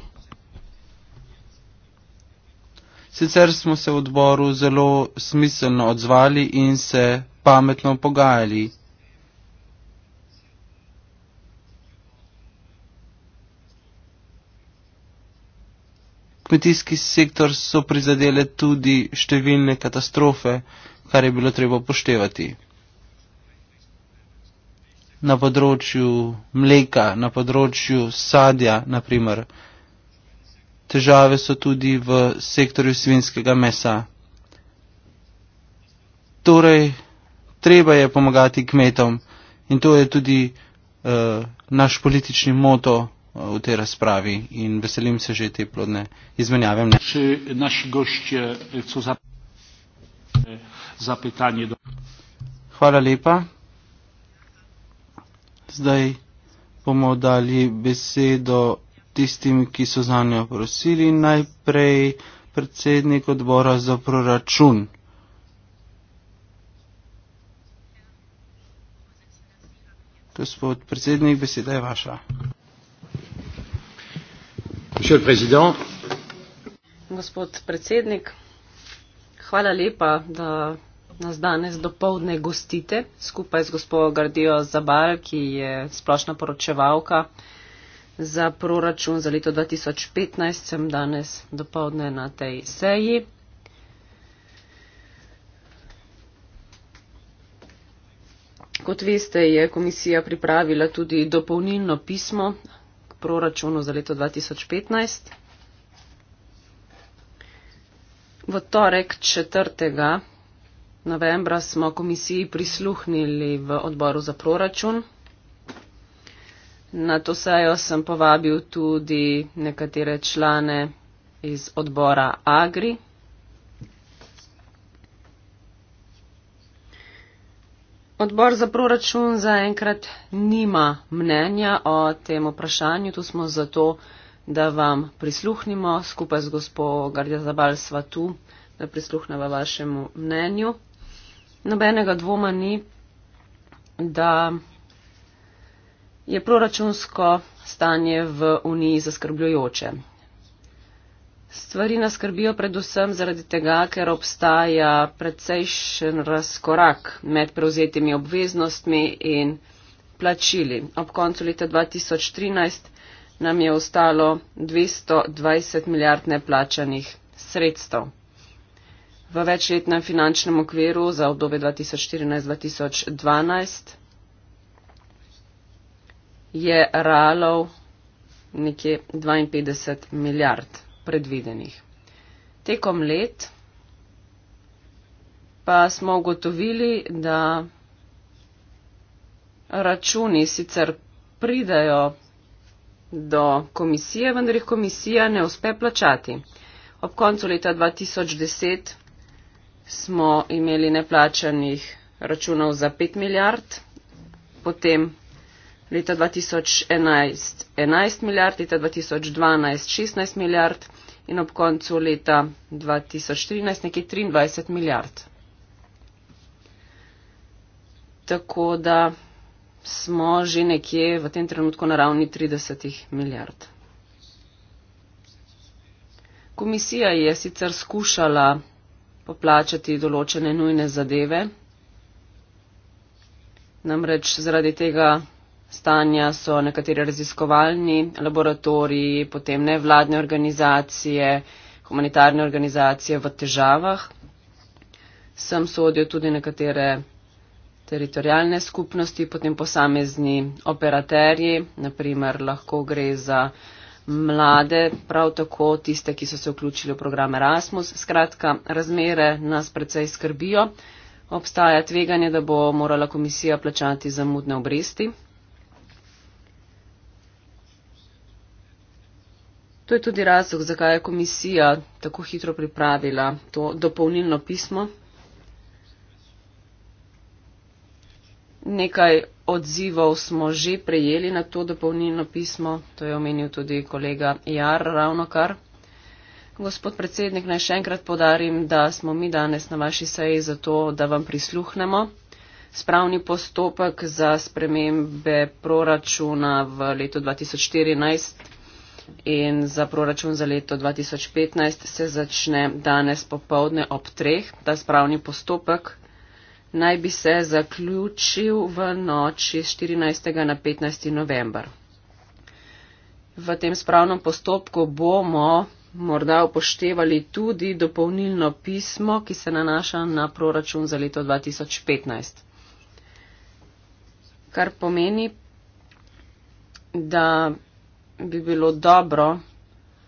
Sicer smo se v odboru zelo smiselno odzvali in se pametno pogajali. Kmetijski sektor so prizadele tudi številne katastrofe, kar je bilo treba poštevati. Na področju mleka, na področju sadja, naprimer težave so tudi v sektorju svinskega mesa. Torej, treba je pomagati kmetom in to je tudi uh, naš politični moto eh, v tej razpravi in veselim se že te plodne izmenjave. E, Hvala lepa. Zdaj bomo dali besedo tistim, ki so za njo prosili, najprej predsednik odbora za proračun. Gospod predsednik, beseda je vaša. Gospod predsednik, hvala lepa, da nas danes do povdne gostite skupaj z gospodom Gardijo Zabal, ki je splošna poročevalka za proračun za leto 2015 sem danes dopolne na tej seji. Kot veste, je komisija pripravila tudi dopolnilno pismo k proračunu za leto 2015. V torek 4. novembra smo komisiji prisluhnili v odboru za proračun. Na to sejo sem povabil tudi nekatere člane iz odbora Agri. Odbor za proračun zaenkrat nima mnenja o tem vprašanju. Tu smo zato, da vam prisluhnimo skupaj z gospo Gardja Zabalstva tu, da prisluhneva vašemu mnenju. Nobenega dvoma ni, da je proračunsko stanje v Uniji zaskrbljujoče. Stvari nas skrbijo predvsem zaradi tega, ker obstaja precejšen razkorak med prevzetimi obveznostmi in plačili. Ob koncu leta 2013 nam je ostalo 220 milijard neplačanih sredstev. V večletnem finančnem okviru za obdobje 2014-2012 je realov nekje 52 milijard predvidenih. Tekom let pa smo ugotovili, da računi sicer pridajo do komisije, vendar jih komisija ne uspe plačati. Ob koncu leta 2010 smo imeli neplačanih računov za 5 milijard, potem leta 2011 11 milijard, leta 2012 16 milijard in ob koncu leta 2014 nekje 23 milijard. Tako da smo že nekje v tem trenutku na ravni 30 milijard. Komisija je sicer skušala poplačati določene nujne zadeve, namreč zaradi tega stanja so nekateri raziskovalni laboratoriji, potem nevladne organizacije, humanitarne organizacije v težavah. Sem sodijo tudi nekatere teritorijalne skupnosti, potem posamezni operaterji, naprimer lahko gre za mlade, prav tako tiste, ki so se vključili v program Erasmus. Skratka, razmere nas precej skrbijo. Obstaja tveganje, da bo morala komisija plačati zamudne obresti. To je tudi razlog, zakaj je komisija tako hitro pripravila to dopolnilno pismo. Nekaj odzivov smo že prejeli na to dopolnilno pismo, to je omenil tudi kolega Jar ravno kar. Gospod predsednik, naj še enkrat podarim, da smo mi danes na vaši seji zato, da vam prisluhnemo. Spravni postopek za spremembe proračuna v letu 2014 in za proračun za leto 2015 se začne danes popovdne ob treh. Ta spravni postopek naj bi se zaključil v noči 14. na 15. november. V tem spravnem postopku bomo morda upoštevali tudi dopolnilno pismo, ki se nanaša na proračun za leto 2015. Kar pomeni, da bi bilo dobro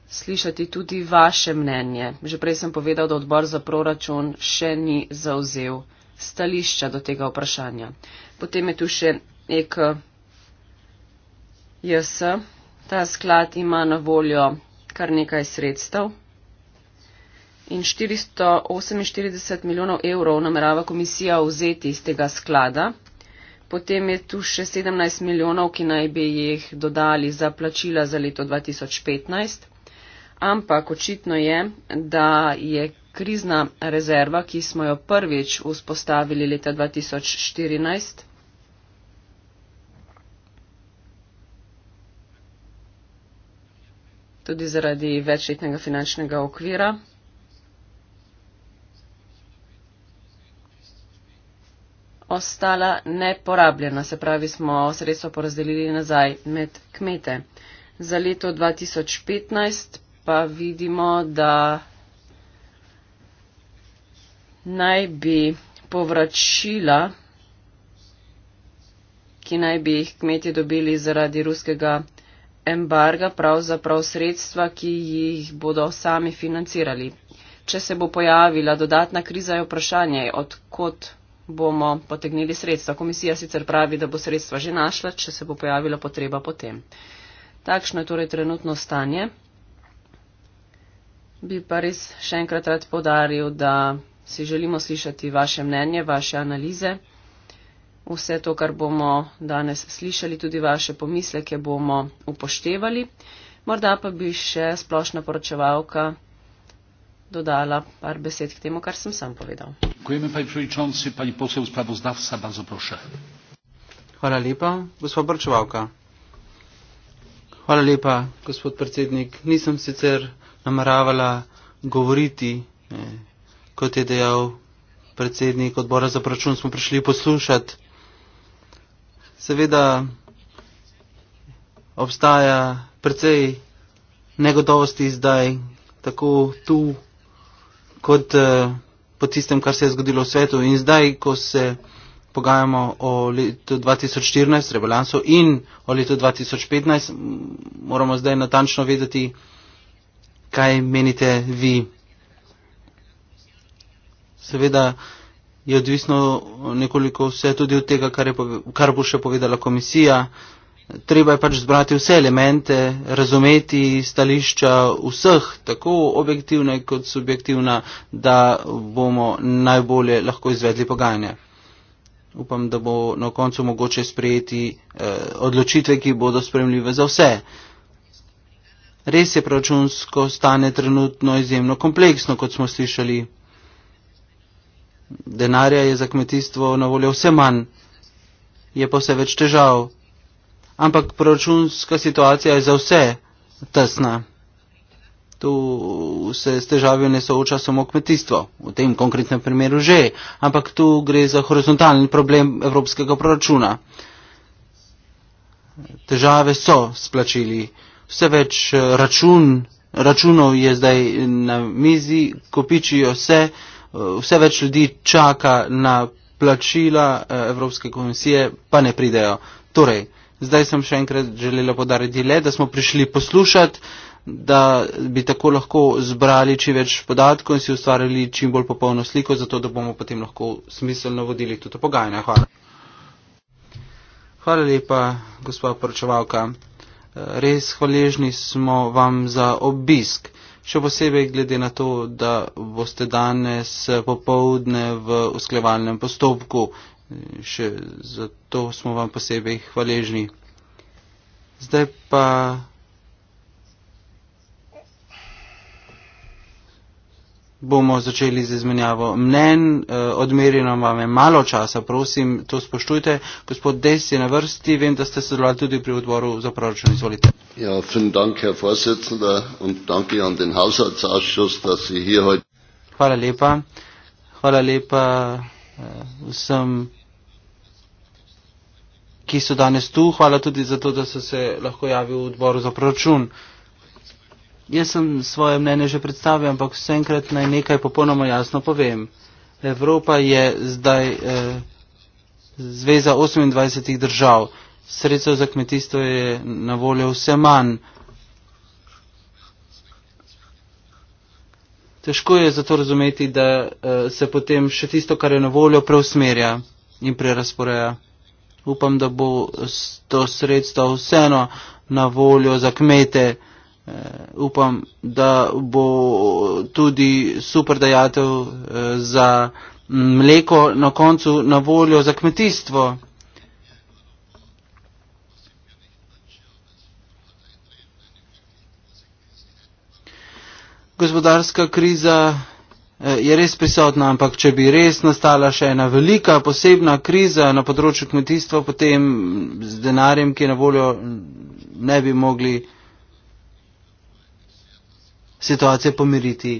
slišati tudi vaše mnenje. Že prej sem povedal, da odbor za proračun še ni zauzel stališča do tega vprašanja. Potem je tu še ek JS. Ta sklad ima na voljo kar nekaj sredstev. In 448 milijonov evrov namerava komisija vzeti iz tega sklada. Potem je tu še 17 milijonov, ki naj bi jih dodali za plačila za leto 2015. Ampak očitno je, da je krizna rezerva, ki smo jo prvič vzpostavili leta 2014, tudi zaradi večletnega finančnega okvira, ostala neporabljena, se pravi smo sredstvo porazdelili nazaj med kmete. Za leto 2015 pa vidimo, da naj bi povračila, ki naj bi jih kmetje dobili zaradi ruskega embarga, pravzaprav sredstva, ki jih bodo sami financirali. Če se bo pojavila dodatna kriza, je vprašanje, odkot bomo potegnili sredstva. Komisija sicer pravi, da bo sredstva že našla, če se bo pojavila potreba potem. Takšno je torej trenutno stanje. Bi pa res še enkrat rad podaril, da si želimo slišati vaše mnenje, vaše analize. Vse to, kar bomo danes slišali, tudi vaše pomisleke bomo upoštevali. Morda pa bi še splošna poročevalka dodala par besed k temu, kar sem sam povedal. Hvala lepa, gospod Brčevalka. Hvala lepa, gospod predsednik. Nisem sicer nameravala govoriti, kot je dejal predsednik odbora za proračun, smo prišli poslušati. Seveda obstaja precej negotovosti zdaj, tako tu kot eh, po tistem, kar se je zgodilo v svetu. In zdaj, ko se pogajamo o letu 2014, rebalansu in o letu 2015, moramo zdaj natančno vedeti, kaj menite vi. Seveda je odvisno nekoliko vse tudi od tega, kar, je, kar bo še povedala komisija. Treba je pač zbrati vse elemente, razumeti stališča vseh, tako objektivne kot subjektivna, da bomo najbolje lahko izvedli pogajanja. Upam, da bo na koncu mogoče sprejeti eh, odločitve, ki bodo spremljive za vse. Res je, proračunsko stane trenutno izjemno kompleksno, kot smo slišali. Denarja je za kmetijstvo na voljo vse manj, je pa vse več težav ampak proračunska situacija je za vse tesna. Tu se s težavijo ne sooča samo kmetijstvo, v tem konkretnem primeru že, ampak tu gre za horizontalni problem evropskega proračuna. Težave so splačili, vse več eh, račun, računov je zdaj na mizi, kopičijo se, eh, vse več ljudi čaka na plačila eh, Evropske komisije, pa ne pridejo. Torej, Zdaj sem še enkrat želela podariti le, da smo prišli poslušati, da bi tako lahko zbrali čim več podatkov in si ustvarili čim bolj popolno sliko, zato da bomo potem lahko smiselno vodili tudi pogajanja. Hvala. Hvala lepa, gospod poročevalka. Res hvaležni smo vam za obisk. Še posebej glede na to, da boste danes popovdne v usklevalnem postopku še zato smo vam posebej hvaležni. Zdaj pa. Bomo začeli z izmenjavo mnen, e, odmerjeno vam je malo časa, prosim, to spoštujte. Gospod Des je na vrsti, vem, da ste sodelovali tudi pri odboru za proračun. Izvolite. Ja, dank, Hvala lepa. Hvala lepa. Eh, vsem, ki so danes tu, hvala tudi za to, da so se lahko javili v odboru za proračun. Jaz sem svoje mnenje že predstavil, ampak vsenkrat naj nekaj popolnoma jasno povem. Evropa je zdaj eh, zveza 28 držav. Sredstvo za kmetijstvo je na voljo vse manj. Eh, težko je zato razumeti, da uh, se potem še tisto, kar je na voljo, preusmerja in prerasporeja. Upam, da bo to sredstvo vseeno na voljo za kmete. Uh, upam, da bo tudi super dajatev uh, eh, za mleko na koncu na voljo za kmetijstvo. gospodarska kriza eh, je res prisotna, ampak če bi res nastala še ena velika posebna kriza na področju kmetijstva, potem z denarjem, ki je na voljo, ne bi mogli situacije pomiriti.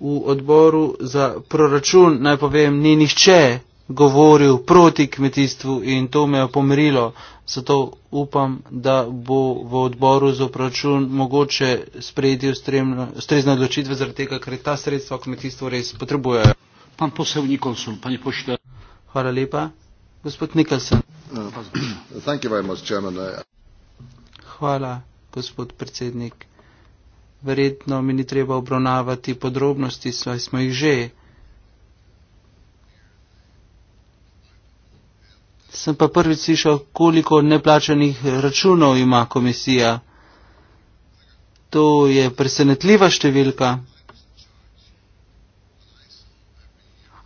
V odboru za proračun naj povem, ni nihče govoril proti kmetijstvu in to me je pomirilo. Zato upam, da bo v odboru za opračun mogoče sprejeti ustrezne odločitve, zaradi tega, ker ta sredstva kmetijstvo res potrebujejo. Pan posebni konsul, pani pošte. Hvala lepa. Gospod Nikolsen. Uh, uh, Hvala, gospod predsednik. Verjetno mi ni treba obravnavati podrobnosti, saj smo jih že. Sem pa prvič slišal, koliko neplačanih računov ima komisija. To je presenetljiva številka.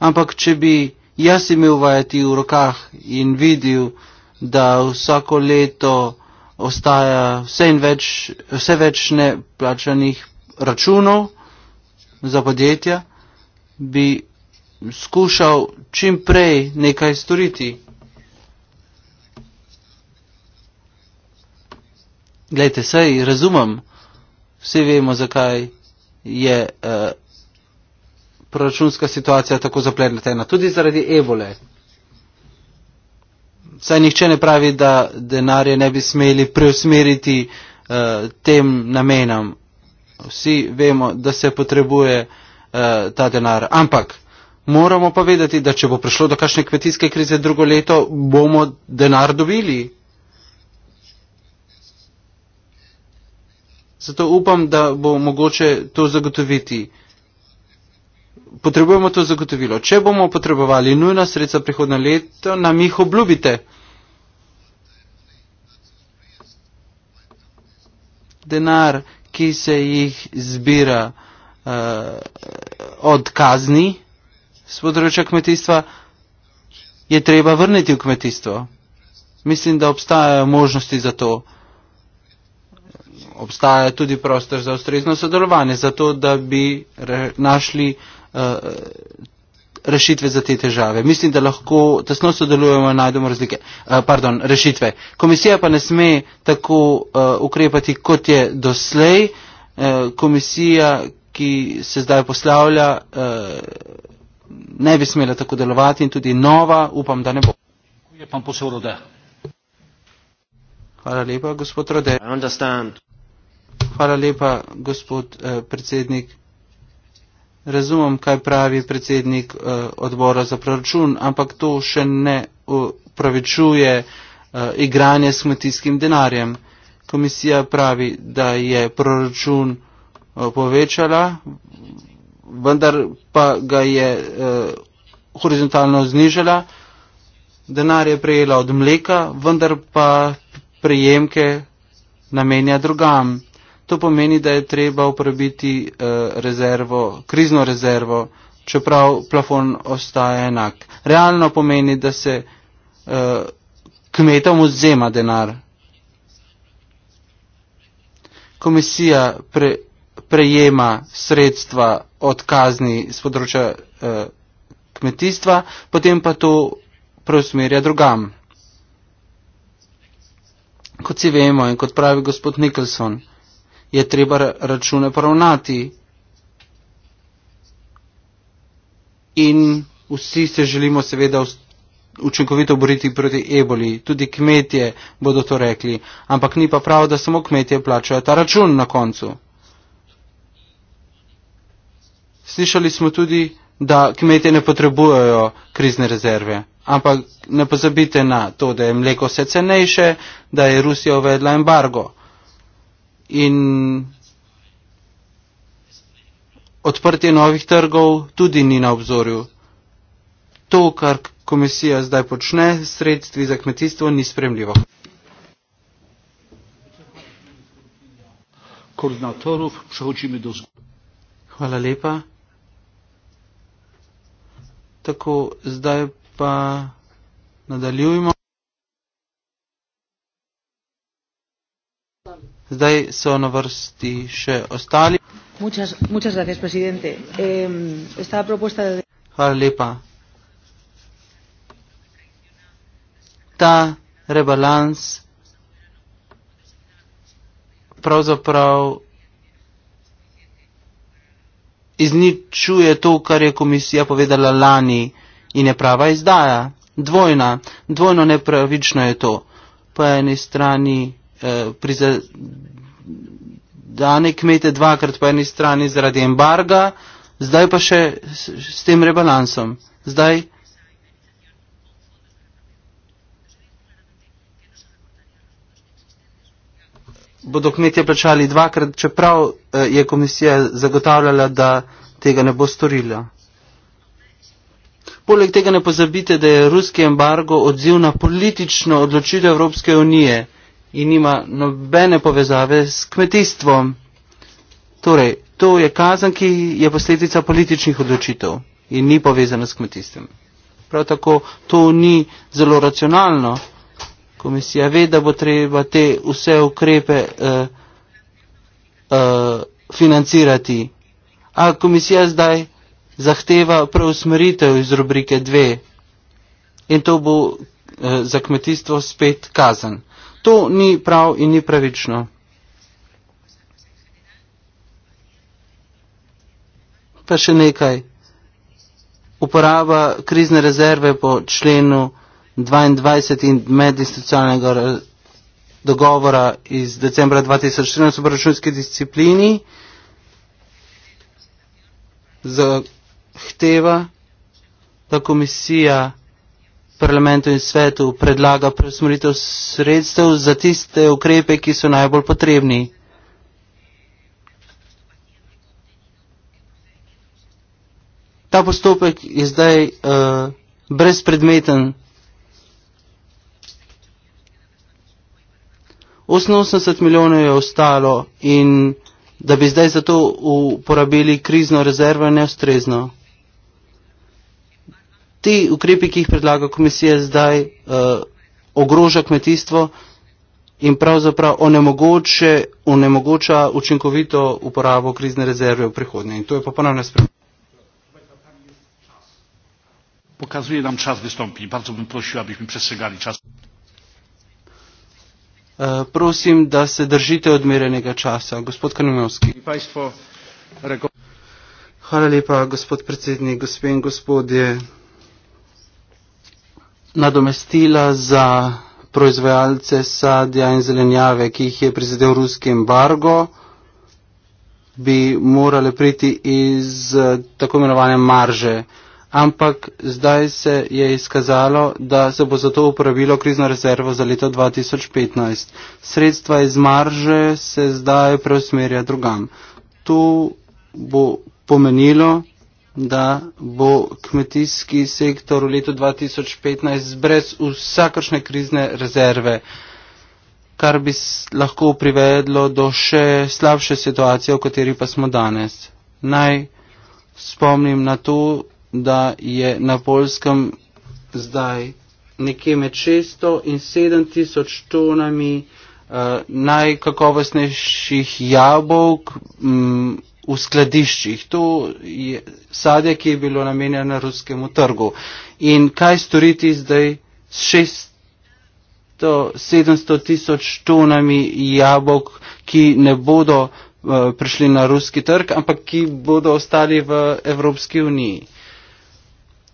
Ampak, če bi jaz imel vajeti v rokah in videl, da vsako leto ostaja vse, več, vse več neplačanih računov za podjetja, bi skušal čim prej nekaj storiti. Glejte, saj razumem, vsi vemo, zakaj je eh, proračunska situacija tako zapletena. Tudi zaradi ebole. Saj nihče ne pravi, da denarje ne bi smeli preusmeriti eh, tem namenam. Vsi vemo, da se potrebuje eh, ta denar. Ampak. Moramo pa vedeti, da če bo prišlo do kakšne kmetijske krize drugo leto, bomo denar dobili. Zato upam, da bo mogoče to zagotoviti. Potrebujemo to zagotovilo. Če bomo potrebovali nujna sredstva prihodno leto, nam jih obljubite. Denar, ki se jih zbira uh, od kazni z področja kmetijstva, je treba vrniti v kmetijstvo. Mislim, da obstajajo možnosti za to obstaja tudi prostor za ustrezno sodelovanje, zato da bi re, našli uh, rešitve za te težave. Mislim, da lahko tesno sodelujemo in najdemo razlike, uh, pardon, rešitve. Komisija pa ne sme tako uh, ukrepati, kot je doslej. Uh, komisija, ki se zdaj poslavlja, uh, ne bi smela tako delovati in tudi nova, upam, da ne bo. Hvala lepa, gospod Rode. I understand. Hvala lepa, gospod eh, predsednik. Razumem, kaj pravi predsednik eh, odbora za proračun, ampak to še ne upravičuje eh, igranje s kmetijskim denarjem. Komisija pravi, da je proračun eh, povečala, vendar pa ga je eh, horizontalno znižala. Denar je prejela od mleka, vendar pa prijemke namenja drugam. To pomeni, da je treba uporabiti eh, rezervo, krizno rezervo, čeprav plafon ostaja enak. Realno pomeni, da se eh, kmetom vzema denar. Komisija pre, prejema sredstva od kazni z področja eh, kmetijstva, potem pa to preusmerja drugam. Kot si vemo in kot pravi gospod Nicholson, je treba račune poravnati. In vsi se želimo seveda učinkovito boriti proti eboli, tudi kmetje bodo to rekli, ampak ni pa prav, da samo kmetje plačajo ta račun na koncu. Slišali smo tudi, da kmetje ne potrebujejo krizne rezerve, ampak ne pozabite na to, da je mleko vse cenejše, da je Rusija uvedla embargo in odprtje novih trgov tudi ni na obzorju. To, kar komisija zdaj počne, sredstvi za kmetijstvo ni spremljivo. Hvala lepa. Tako, zdaj pa nadaljujemo. Zdaj so na vrsti še ostali. Muchas, muchas gracias, presidente. Eh, esta propuesta de... Hvala lepa. Ta rebalans pravzaprav izničuje to, kar je komisija povedala lani in je prava izdaja. Dvojna, dvojno nepravično je to. Po eni strani Eh, prizadane kmete dvakrat po eni strani zaradi embarga, zdaj pa še s, s tem rebalansom. Zdaj. Bodo kmetje plačali dvakrat, čeprav eh, je komisija zagotavljala, da tega ne bo storila. Poleg tega ne pozabite, da je ruski embargo odziv na politično odločitev Evropske unije in nima nobene povezave s kmetijstvom. Torej, to je kazen, ki je posledica političnih odločitev in ni povezana s kmetijstvom. Prav tako to ni zelo racionalno. Komisija ve, da bo treba te vse ukrepe eh, eh, financirati. A komisija zdaj zahteva preusmeritev iz rubrike 2 in to bo eh, za kmetijstvo spet kazen. To ni prav in ni pravično. Pa še nekaj. Uporaba krizne rezerve po členu 22 in medinstitucionalnega dogovora iz decembra 2014 o proračunski disciplini zahteva, da komisija parlamentu in svetu predlaga preusmeritev sredstev za tiste ukrepe, ki so najbolj potrebni. Ta postopek je zdaj uh, brezpredmeten. 88 milijonov je ostalo in da bi zdaj za to uporabili krizno rezervo je neustrezno ti ukrepi, ki jih predlaga komisija zdaj, uh, ogroža kmetijstvo in pravzaprav onemogoče, onemogoča učinkovito uporabo krizne rezerve v prihodnje. In to je popolnoma nespremljivo. Pokazuje nam čas vystąpi. Bardzo bym prosił, abyśmy przestrzegali czas. E, prosim, da se držite odmerenega časa. Gospod Kanimovski. Hvala lepa, gospod predsednik, gospe in gospodje nadomestila za proizvajalce sadja in zelenjave, ki jih je prizadel ruski embargo, bi morale priti iz eh, tako imenovane marže. Ampak zdaj se je izkazalo, da se bo za to uporabilo krizno rezervo za leto 2015. Sredstva iz marže se zdaj preusmerja drugam. To bo pomenilo, da bo kmetijski sektor v letu 2015 brez vsakršne krizne rezerve, kar bi lahko privedlo do še slabše situacije, v kateri pa smo danes. Naj spomnim na to, da je na polskem zdaj nekje med 600 in 7000 tonami uh, najkakovostnejših jabolk. Mm, v skladiščih. To je sadje, ki je bilo namenjeno na ruskemu trgu. In kaj storiti zdaj s 600-700 tisoč tonami jabolk, ki ne bodo uh, prišli na ruski trg, ampak ki bodo ostali v Evropski uniji.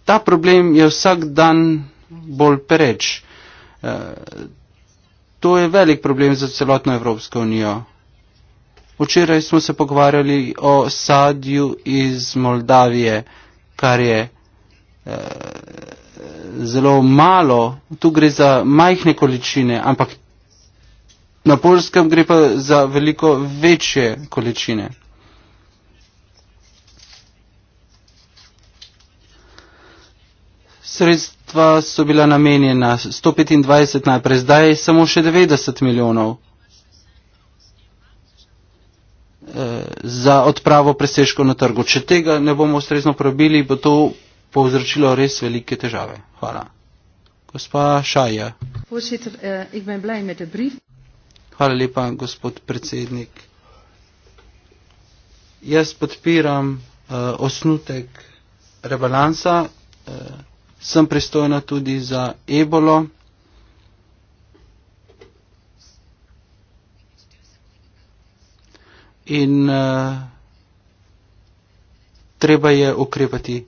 Ta problem je vsak dan bolj pereč. Uh, to je velik problem za celotno Evropsko unijo. Včeraj smo se pogovarjali o sadju iz Moldavije, kar je e, zelo malo. Tu gre za majhne količine, ampak na polskem gre pa za veliko večje količine. Sredstva so bila namenjena 125 najprej, zdaj je samo še 90 milijonov. Eh, za odpravo presežkov na trgu. Če tega ne bomo ustrezno pravili, bo to povzročilo res velike težave. Hvala. Gospa Šaja. Eh, Hvala lepa, gospod predsednik. Jaz podpiram uh, osnutek rebalansa, uh, sem pristojna tudi za ebolo. in uh, treba je ukrepati.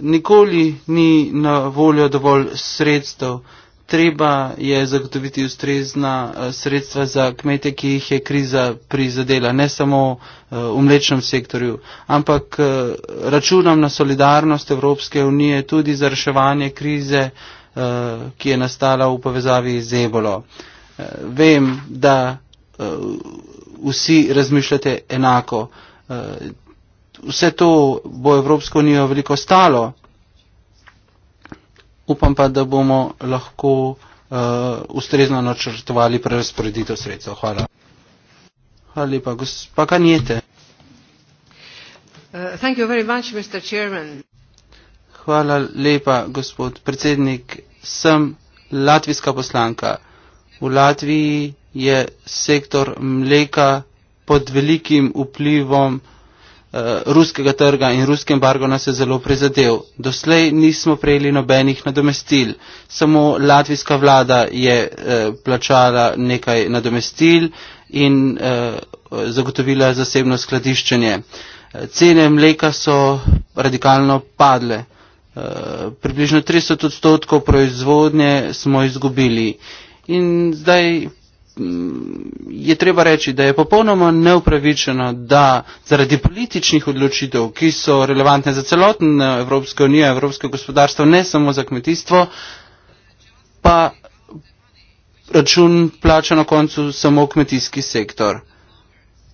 Nikoli ni na voljo dovolj sredstev. Treba je zagotoviti ustrezna eh, sredstva za kmete, ki jih je kriza prizadela, ne samo eh, v mlečnem sektorju, ampak računam na solidarnost Evropske unije tudi za reševanje krize Eh, ki je nastala v povezavi z ebolo. Eh, vem, da eh, vsi razmišljate enako. Vse to bo Evropsko unijo veliko stalo. Upam pa, da bomo lahko uh, ustrezno načrtovali prerasporeditev sredstev. Hvala. Hvala lepa. Gospa Kanjete. Uh, Hvala lepa, gospod predsednik. Sem latvijska poslanka. V Latviji je sektor mleka pod velikim vplivom eh, ruskega trga in ruskem embargo nas je zelo prizadel. Doslej nismo prejeli nobenih nadomestil. Samo latvijska vlada je eh, plačala nekaj nadomestil in eh, zagotovila zasebno skladiščenje. Cene mleka so radikalno padle. Eh, približno 30 odstotkov proizvodnje smo izgubili. In zdaj mm, je treba reči, da je popolnoma neupravičeno, da zaradi političnih odločitev, ki so relevantne za celotno Evropsko unijo, Evropsko gospodarstvo, ne samo za kmetijstvo, pa račun plača na koncu samo kmetijski sektor.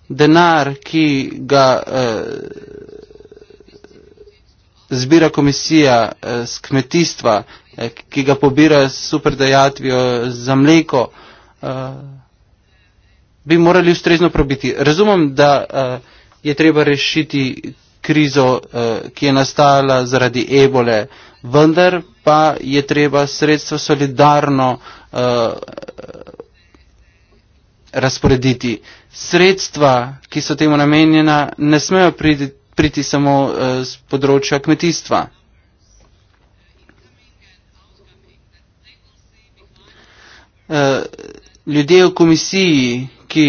Denar, ki ga. Eh, zbira komisija z eh, kmetijstva, eh, ki ga pobira s superdajatvijo za mleko, eh, bi morali ustrezno probiti. Razumem, da je treba rešiti krizo, ki je nastala zaradi ebole, vendar pa je treba sredstvo solidarno razporediti. Sredstva, ki so temu namenjena, ne smejo priti priti samo z eh, področja kmetijstva. Eh, ljudje v komisiji, ki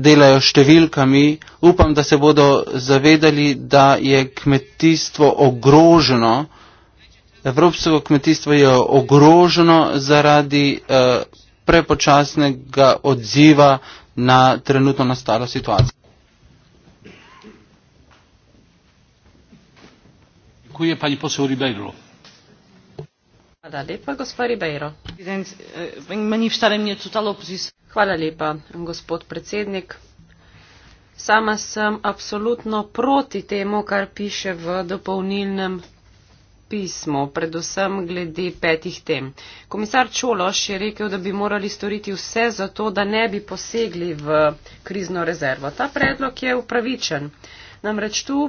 delajo številkami, upam, da se bodo zavedali, da je kmetijstvo ogroženo, evropsko kmetijstvo je ogroženo zaradi eh, prepočasnega odziva eh, na trenutno nastalo situacijo. Kuj je pani posel Ribeiro? Hvala lepa, gospa Ribeiro. Hvala lepa, gospod predsednik. Sama sem absolutno proti temu, kar piše v dopolnilnem pismo, predvsem glede petih tem. Komisar Čološ je rekel, da bi morali storiti vse za to, da ne bi posegli v krizno rezervo. Ta predlog je upravičen. Namreč tu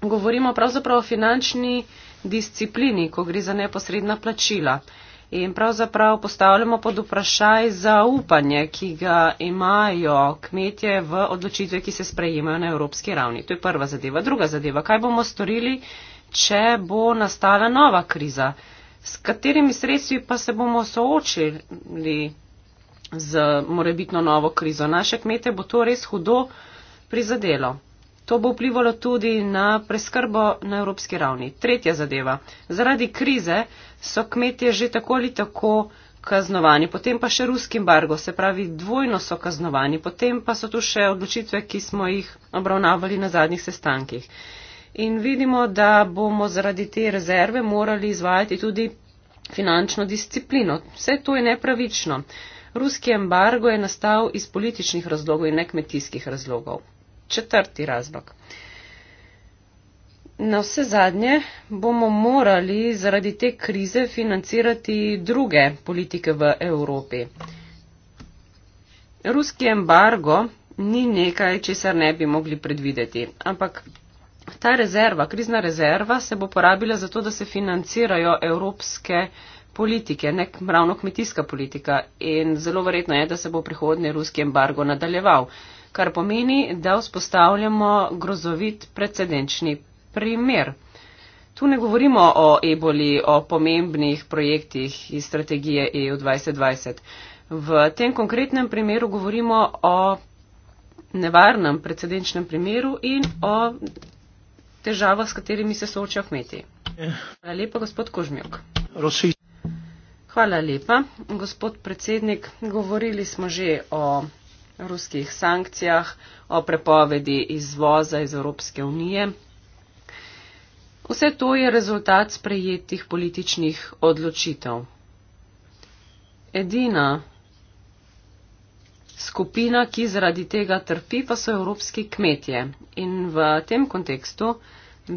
govorimo pravzaprav o finančni disciplini, ko gre za neposredna plačila. In pravzaprav postavljamo pod vprašaj zaupanje, ki ga imajo kmetje v odločitve, ki se sprejemajo na evropski ravni. To je prva zadeva. Druga zadeva, kaj bomo storili, če bo nastala nova kriza. S katerimi sredstvi pa se bomo soočili z morebitno novo krizo? Naše kmete bo to res hudo prizadelo. To bo vplivalo tudi na preskrbo na evropski ravni. Tretja zadeva. Zaradi krize so kmetje že tako ali tako kaznovani, potem pa še ruski embargo, se pravi dvojno so kaznovani, potem pa so tu še odločitve, ki smo jih obravnavali na zadnjih sestankih in vidimo, da bomo zaradi te rezerve morali izvajati tudi finančno disciplino. Vse to je nepravično. Ruski embargo je nastal iz političnih razlogov in ne kmetijskih razlogov. Četrti razlog. Na vse zadnje bomo morali zaradi te krize financirati druge politike v Evropi. Ruski embargo ni nekaj, česar ne bi mogli predvideti, ampak ta rezerva, krizna rezerva se bo porabila za to, da se financirajo evropske politike, nek ravno kmetijska politika in zelo verjetno je, da se bo prihodnje ruski embargo nadaljeval, kar pomeni, da vzpostavljamo grozovit precedenčni primer. Tu ne govorimo o eboli, o pomembnih projektih iz strategije EU 2020. V tem konkretnem primeru govorimo o nevarnem precedenčnem primeru in o težava, s katerimi se soočajo kmeti. Hvala lepa, gospod Kožmjok. Hvala lepa, gospod predsednik. Govorili smo že o ruskih sankcijah, o prepovedi izvoza iz Evropske unije. Vse to je rezultat sprejetih političnih odločitev. Edina skupina, ki zaradi tega trpi, pa so evropski kmetje. In v tem kontekstu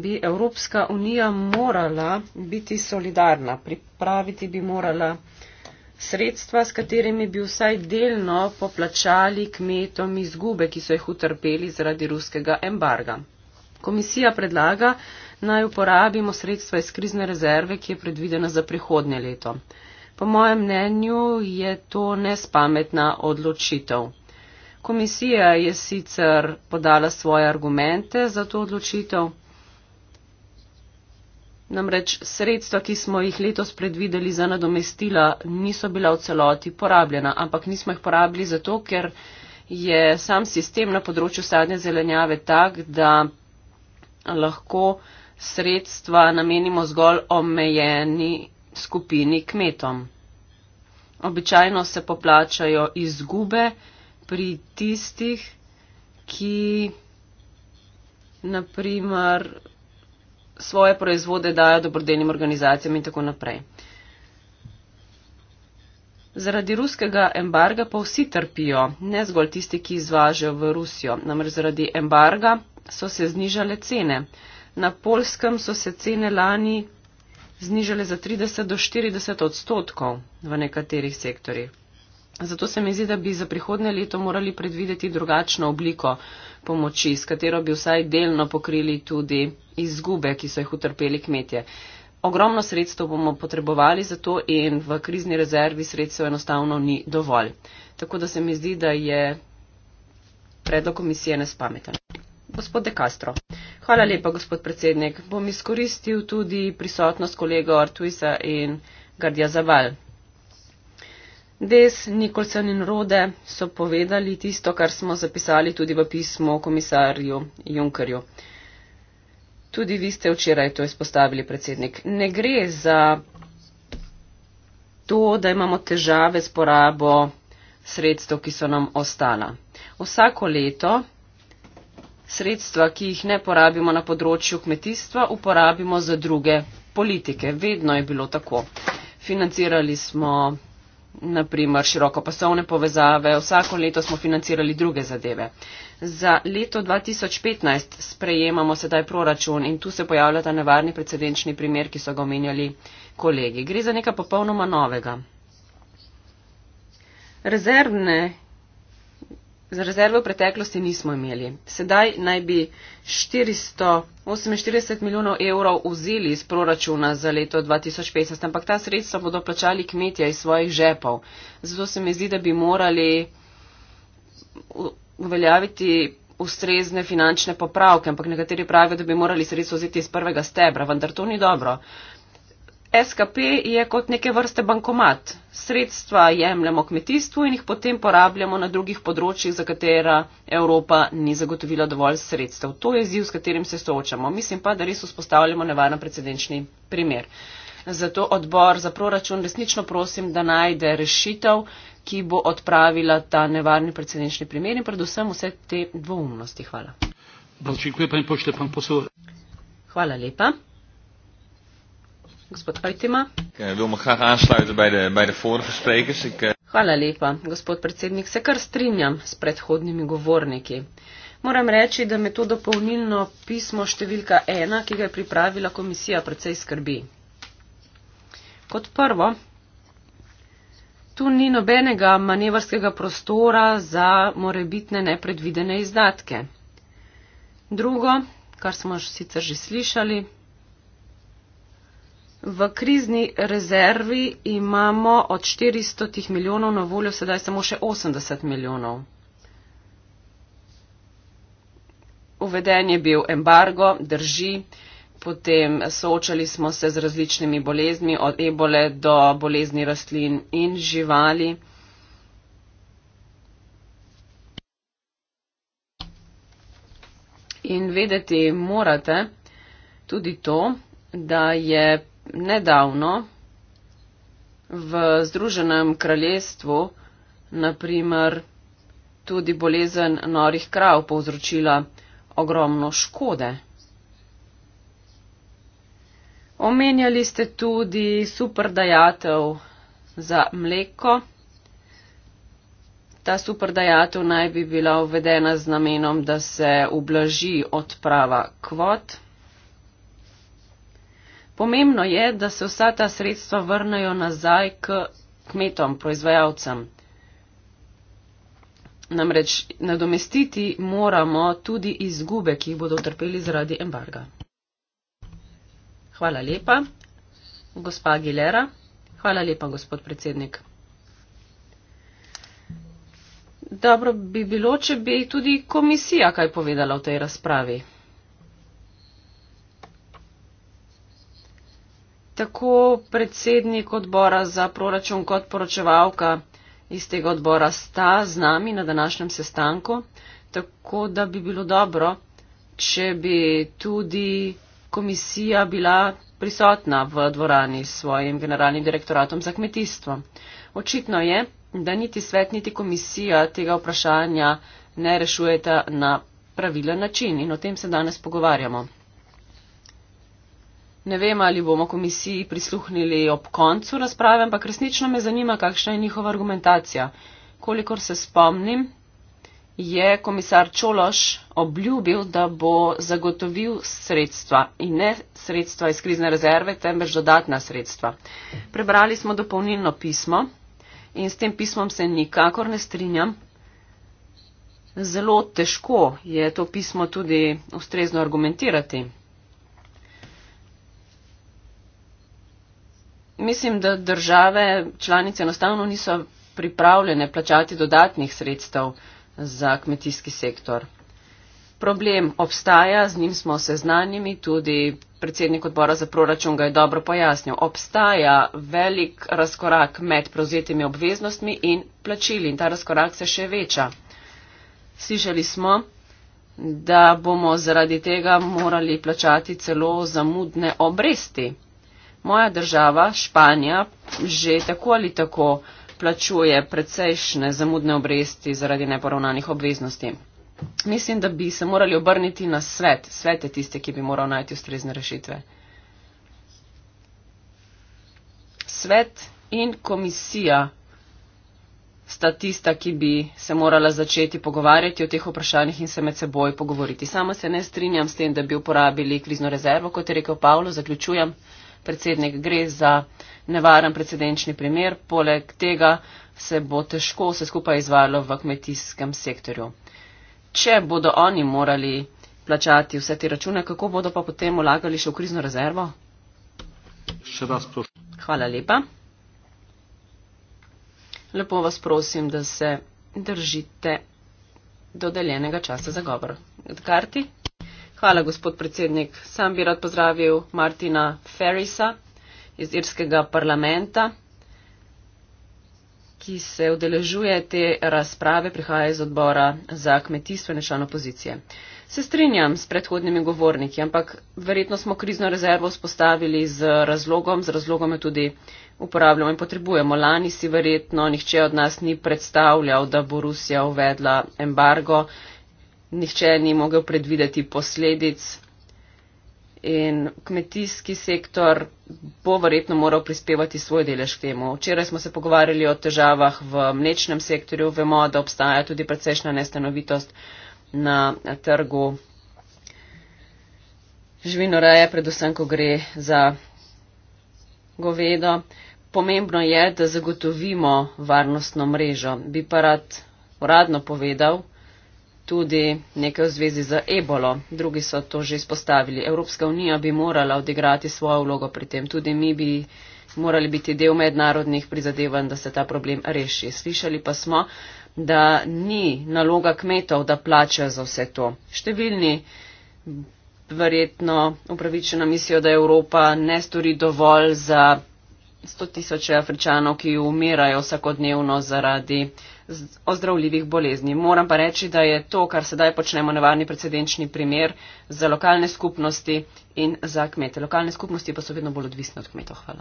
bi Evropska unija morala biti solidarna, pripraviti bi morala sredstva, s katerimi bi vsaj delno poplačali kmetom izgube, ki so jih utrpeli zaradi ruskega embarga. Komisija predlaga, naj uporabimo sredstva iz krizne rezerve, ki je predvidena za prihodnje leto. Po mojem mnenju je to nespametna odločitev. Komisija je sicer podala svoje argumente za to odločitev. Namreč sredstva, ki smo jih letos predvideli za nadomestila, niso bila v celoti porabljena, ampak nismo jih porabili zato, ker je sam sistem na področju sadne zelenjave tak, da lahko sredstva namenimo zgolj omejeni skupini kmetom. Običajno se poplačajo izgube pri tistih, ki naprimer svoje proizvode dajo dobrodenim organizacijam in tako naprej. Zaradi ruskega embarga pa vsi trpijo, ne zgolj tisti, ki izvažajo v Rusijo. Namreč zaradi embarga so se znižale cene. Na polskem so se cene lani znižale za 30 do 40 odstotkov v nekaterih sektorjih. Zato se mi zdi, da bi za prihodnje leto morali predvideti drugačno obliko pomoči, s katero bi vsaj delno pokrili tudi izgube, ki so jih utrpeli kmetje. Ogromno sredstev bomo potrebovali za to in v krizni rezervi sredstev enostavno ni dovolj. Tako da se mi zdi, da je predlog komisije nespameten. Gospod De Castro. Hvala lepa, gospod predsednik. Bom izkoristil tudi prisotnost kolega Artuisa in Gardja Zaval. Des, Nikolsen in Rode so povedali tisto, kar smo zapisali tudi v pismo komisarju Junkerju. Tudi vi ste včeraj to izpostavili, predsednik. Ne gre za to, da imamo težave s porabo sredstev, ki so nam ostala. Vsako leto sredstva, ki jih ne porabimo na področju kmetijstva, uporabimo za druge politike. Vedno je bilo tako. Financirali smo naprimer širokopasovne povezave, vsako leto smo financirali druge zadeve. Za leto 2015 sprejemamo sedaj proračun in tu se pojavlja ta nevarni precedenčni primer, ki so ga omenjali kolegi. Gre za nekaj popolnoma novega. Rezervne Za rezerve v preteklosti nismo imeli. Sedaj naj bi 448 milijonov evrov vzeli iz proračuna za leto 2015, ampak ta sredstva bodo plačali kmetje iz svojih žepov. Zato se mi zdi, da bi morali uveljaviti ustrezne finančne popravke, ampak nekateri pravijo, da bi morali sredstvo vzeti iz prvega stebra, vendar to ni dobro. SKP je kot neke vrste bankomat. Sredstva jemljemo kmetijstvu in jih potem porabljamo na drugih področjih, za katera Evropa ni zagotovila dovolj sredstev. To je ziv, s katerim se soočamo. Mislim pa, da res vzpostavljamo nevaren precedenčni primer. Zato odbor za proračun resnično prosim, da najde rešitev, ki bo odpravila ta nevarni precedenčni primer in predvsem vse te dvoumnosti. Hvala. Hvala lepa. Gospod Ojtima. Ik uh, wil me graag aansluiten bij de, bij de vorige sprekers. Ik, uh... Hvala lepa, gospod predsednik. Se kar strinjam s predhodnimi govorniki. Moram reči, da me to dopolnilno pismo številka ena, ki ga je pripravila komisija, precej skrbi. Kot prvo, tu ni nobenega manevrskega prostora za morebitne nepredvidene izdatke. Drugo, kar smo sicer že slišali, V krizni rezervi imamo od 400 milijonov na voljo sedaj samo še 80 milijonov. Uveden je bil embargo, drži, potem soočali smo se z različnimi boleznimi, od ebole do bolezni rastlin in živali. In vedeti morate tudi to, da je nedavno v Združenem kraljestvu, naprimer, tudi bolezen norih krav povzročila ogromno škode. Omenjali ste tudi superdajatev za mleko. Ta superdajatev naj bi bila uvedena z namenom, da se ublaži odprava kvot. Pomembno je, da se vsa ta sredstva vrnejo nazaj k kmetom, proizvajalcem. Namreč nadomestiti moramo tudi izgube, ki jih bodo trpeli zaradi embarga. Hvala lepa, gospa Gilera. Hvala lepa, gospod predsednik. Dobro bi bilo, če bi tudi komisija kaj povedala v tej razpravi. tako predsednik odbora za proračun kot poročevalka iz tega odbora sta z nami na današnjem sestanku, tako da bi bilo dobro, če bi tudi komisija bila prisotna v dvorani s svojim generalnim direktoratom za kmetijstvo. Očitno je, da niti svet, niti komisija tega vprašanja ne rešujeta na pravilen način in o tem se danes pogovarjamo. Ne vem, ali bomo komisiji prisluhnili ob koncu razprave, ampak resnično me zanima, kakšna je njihova argumentacija. Kolikor se spomnim, je komisar Čološ obljubil, da bo zagotovil sredstva in ne sredstva iz krizne rezerve, temveč dodatna sredstva. Prebrali smo dopolnilno pismo in s tem pismom se nikakor ne strinjam. Zelo težko je to pismo tudi ustrezno argumentirati. mislim, da države članice enostavno niso pripravljene plačati dodatnih sredstev za kmetijski sektor. Problem obstaja, z njim smo seznanjeni, tudi predsednik odbora za proračun ga je dobro pojasnil. Obstaja velik razkorak med prevzetimi obveznostmi in plačili in ta razkorak se še veča. Slišali smo, da bomo zaradi tega morali plačati celo zamudne obresti moja država Španija že tako ali tako plačuje precejšne zamudne obresti zaradi neporavnanih obveznosti. Mislim, da bi se morali obrniti na svet. Svet je tiste, ki bi moral najti ustrezne rešitve. Svet in komisija sta tista, ki bi se morala začeti pogovarjati o teh vprašanjih in se med seboj pogovoriti. Sama se ne strinjam s tem, da bi uporabili krizno rezervo, kot je rekel Pavlo, zaključujem predsednik, gre za nevaren precedenčni primer, poleg tega se bo težko vse skupaj izvalo v kmetijskem sektorju. Če bodo oni morali plačati vse te račune, kako bodo pa potem ulagali še v krizno rezervo? Še raz prosim. Hvala lepa. Lepo vas prosim, da se držite dodeljenega časa za govor. Karti? Hvala, gospod predsednik. Sam bi rad pozdravil Martina Ferisa iz Irskega parlamenta, ki se udeležuje te razprave, prihaja iz odbora za kmetijstvo in član opozicije. Se strinjam s predhodnimi govorniki, ampak verjetno smo krizno rezervo spostavili z razlogom, z razlogom jo tudi uporabljamo in potrebujemo. Lani si verjetno nihče od nas ni predstavljal, da bo Rusija uvedla embargo nihče ni mogel predvideti posledic in kmetijski sektor bo verjetno moral prispevati svoj delež k temu. Včeraj smo se pogovarjali o težavah v mlečnem sektorju, vemo, da obstaja tudi precejšna nestanovitost na trgu živinoreje, predvsem, ko gre za govedo. Pomembno je, da zagotovimo varnostno mrežo. Bi pa rad uradno povedal, tudi nekaj v zvezi z ebolo. Drugi so to že izpostavili. Evropska unija bi morala odigrati svojo vlogo pri tem. Tudi mi bi morali biti del mednarodnih prizadevanj, da se ta problem reši. Slišali pa smo, da ni naloga kmetov, da plačajo za vse to. Številni verjetno upravičeno mislijo, da Evropa ne stori dovolj za 100 tisoče Afričanov, ki umirajo vsakodnevno zaradi ozdravljivih bolezni. Moram pa reči, da je to, kar sedaj počnemo, nevarni precedenčni primer za lokalne skupnosti in za kmete. Lokalne skupnosti pa so vedno bolj odvisne od kmetov. Hvala.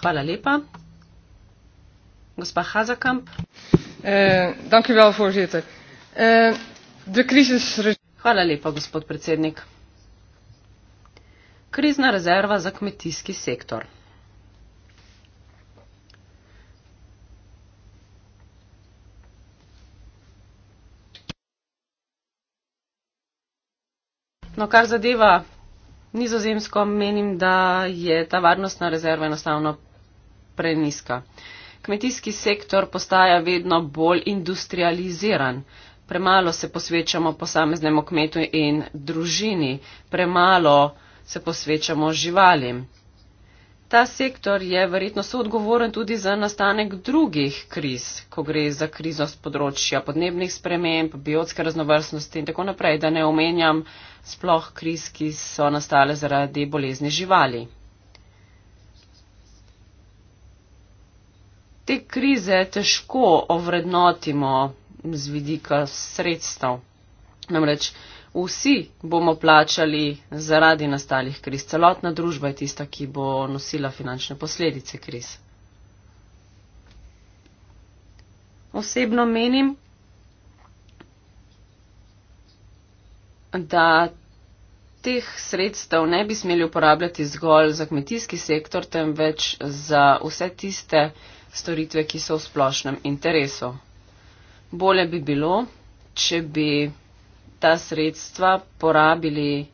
Hvala lepa. Gospa Hazakamp. Eh, voorzitter. Eh, de crisis... Hvala lepa, gospod predsednik krizna rezerva za kmetijski sektor. No, kar zadeva nizozemsko, menim, da je ta varnostna rezerva enostavno preniska. Kmetijski sektor postaja vedno bolj industrializiran. Premalo se posvečamo posameznemu kmetu in družini, premalo se posvečamo živalim. Ta sektor je verjetno soodgovoren tudi za nastanek drugih kriz, ko gre za krizo z področja podnebnih sprememb, biotske raznovrstnosti in tako naprej, da ne omenjam sploh kriz, ki so nastale zaradi bolezni živali. Te krize težko ovrednotimo z vidika sredstev. Namreč vsi bomo plačali zaradi nastalih kriz. Celotna družba je tista, ki bo nosila finančne posledice kriz. Osebno menim, da teh sredstev ne bi smeli uporabljati zgolj za kmetijski sektor, temveč za vse tiste storitve, ki so v splošnem interesu. Bolje bi bilo, če bi ta sredstva porabili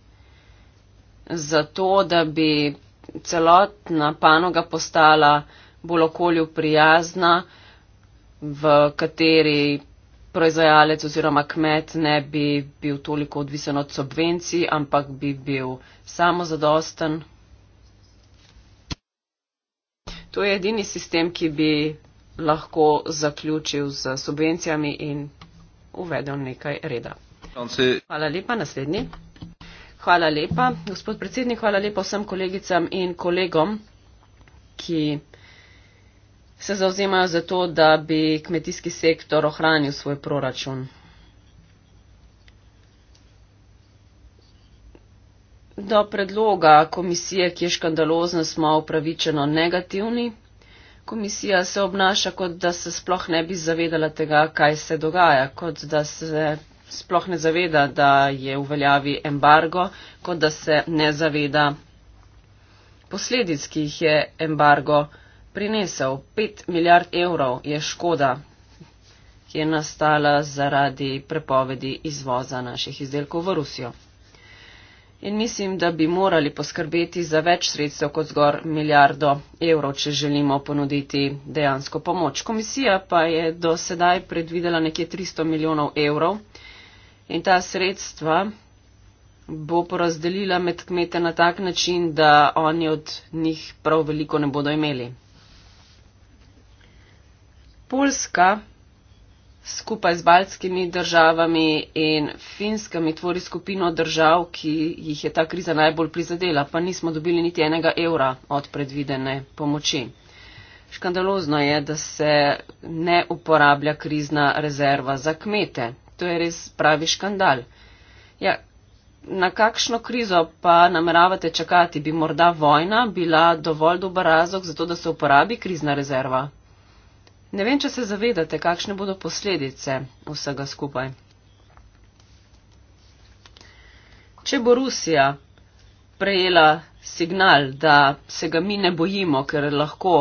za to, da bi celotna panoga postala bolj okolju prijazna, v kateri proizvajalec oziroma kmet ne bi bil toliko odvisen od subvencij, ampak bi bil samozadosten. To je edini sistem, ki bi lahko zaključil z subvencijami in uvedel nekaj reda. Hvala lepa. Naslednji. Hvala lepa, gospod predsednik. Hvala lepa vsem kolegicam in kolegom, ki se zauzemajo za to, da bi kmetijski sektor ohranil svoj proračun. Do predloga komisije, ki je škandalozna, smo upravičeno negativni. Komisija se obnaša, kot da se sploh ne bi zavedala tega, kaj se dogaja, kot da se sploh ne zaveda, da je v veljavi embargo, kot da se ne zaveda posledic, ki jih je embargo prinesel. 5 milijard evrov je škoda, ki je nastala zaradi prepovedi izvoza naših izdelkov v Rusijo. In mislim, da bi morali poskrbeti za več sredstev kot zgor milijardo evrov, če želimo ponuditi dejansko pomoč. Komisija pa je do sedaj predvidela nekje 300 milijonov evrov in ta sredstva bo porazdelila med kmete na tak način, da oni od njih prav veliko ne bodo imeli. Poljska skupaj z baltskimi državami in finskami tvori skupino držav, ki jih je ta kriza najbolj prizadela, pa nismo dobili niti enega evra od predvidene pomoči. Škandalozno je, da se ne uporablja krizna rezerva za kmete to je res pravi škandal. Ja, na kakšno krizo pa nameravate čakati? Bi morda vojna bila dovolj dober razlog za to, da se uporabi krizna rezerva? Ne vem, če se zavedate, kakšne bodo posledice vsega skupaj. Če bo Rusija prejela signal, da se ga mi ne bojimo, ker lahko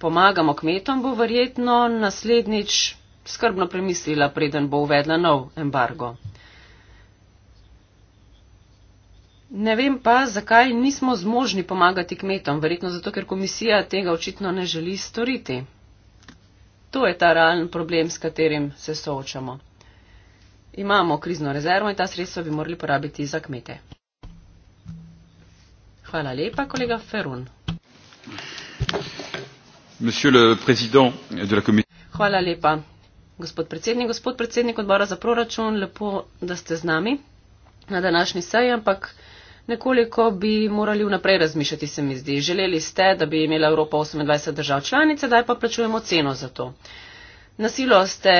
pomagamo kmetom, bo verjetno naslednjič skrbno premislila, preden bo uvedla nov embargo. Ne vem pa, zakaj nismo zmožni pomagati kmetom, verjetno zato, ker komisija tega očitno ne želi storiti. To je ta realen problem, s katerim se soočamo. Imamo krizno rezervo in ta sredstva bi morali porabiti za kmete. Hvala lepa, kolega Ferun. Hvala lepa gospod predsednik, gospod predsednik odbora za proračun, lepo, da ste z nami na današnji seji, ampak nekoliko bi morali vnaprej razmišljati, se mi zdi. Želeli ste, da bi imela Evropa 28 držav članice, daj pa plačujemo ceno za to. Nasilo ste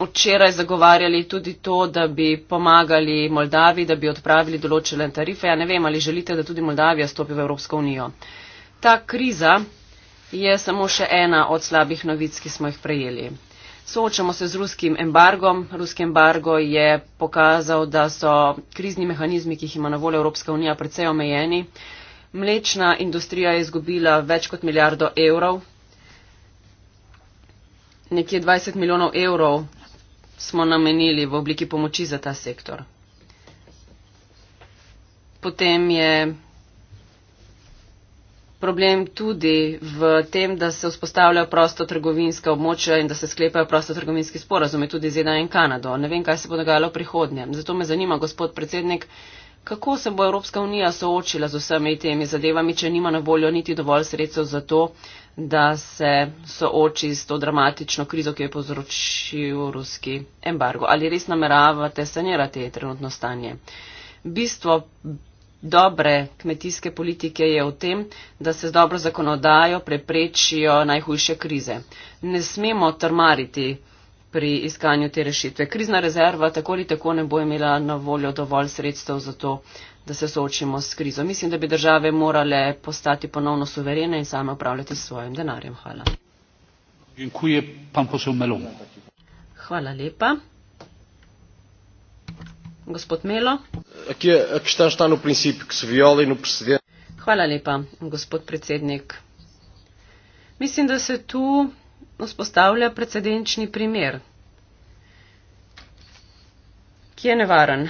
včeraj zagovarjali tudi to, da bi pomagali Moldavi, da bi odpravili določene tarife. Ja ne vem, ali želite, da tudi Moldavija stopi v Evropsko unijo. Ta kriza je samo še ena od slabih novic, ki smo jih prejeli. Soočamo se z ruskim embargom. Ruski embargo je pokazal, da so krizni mehanizmi, ki jih ima na voljo Evropska unija, precej omejeni. Mlečna industrija je izgubila več kot milijardo evrov. Nekje 20 milijonov evrov smo namenili v obliki pomoči za ta sektor. Potem je problem tudi v tem, da se vzpostavljajo prostotrgovinske območja in da se sklepajo prostotrgovinski sporazumi tudi z ZDA in Kanado. Ne vem, kaj se bo dogajalo v prihodnje. Zato me zanima, gospod predsednik, kako se bo Evropska unija soočila z vsemi temi zadevami, če nima na voljo niti dovolj sredstev za to, da se sooči s to dramatično krizo, ki je povzročil ruski embargo. Ali res nameravate sanirati trenutno stanje? Bistvo dobre kmetijske politike je v tem, da se z dobro zakonodajo preprečijo najhujše krize. Ne smemo trmariti pri iskanju te rešitve. Krizna rezerva tako ali tako ne bo imela na voljo dovolj sredstev za to, da se soočimo s krizo. Mislim, da bi države morale postati ponovno suverene in same upravljati s svojim denarjem. Hvala. Hvala lepa. Gospod Melo aqui a questão está no princípio que se viola e no precedente. Hvala lepa, gospod predsednik. Mislim, da se tu vzpostavlja precedenčni primer, ki je nevaren.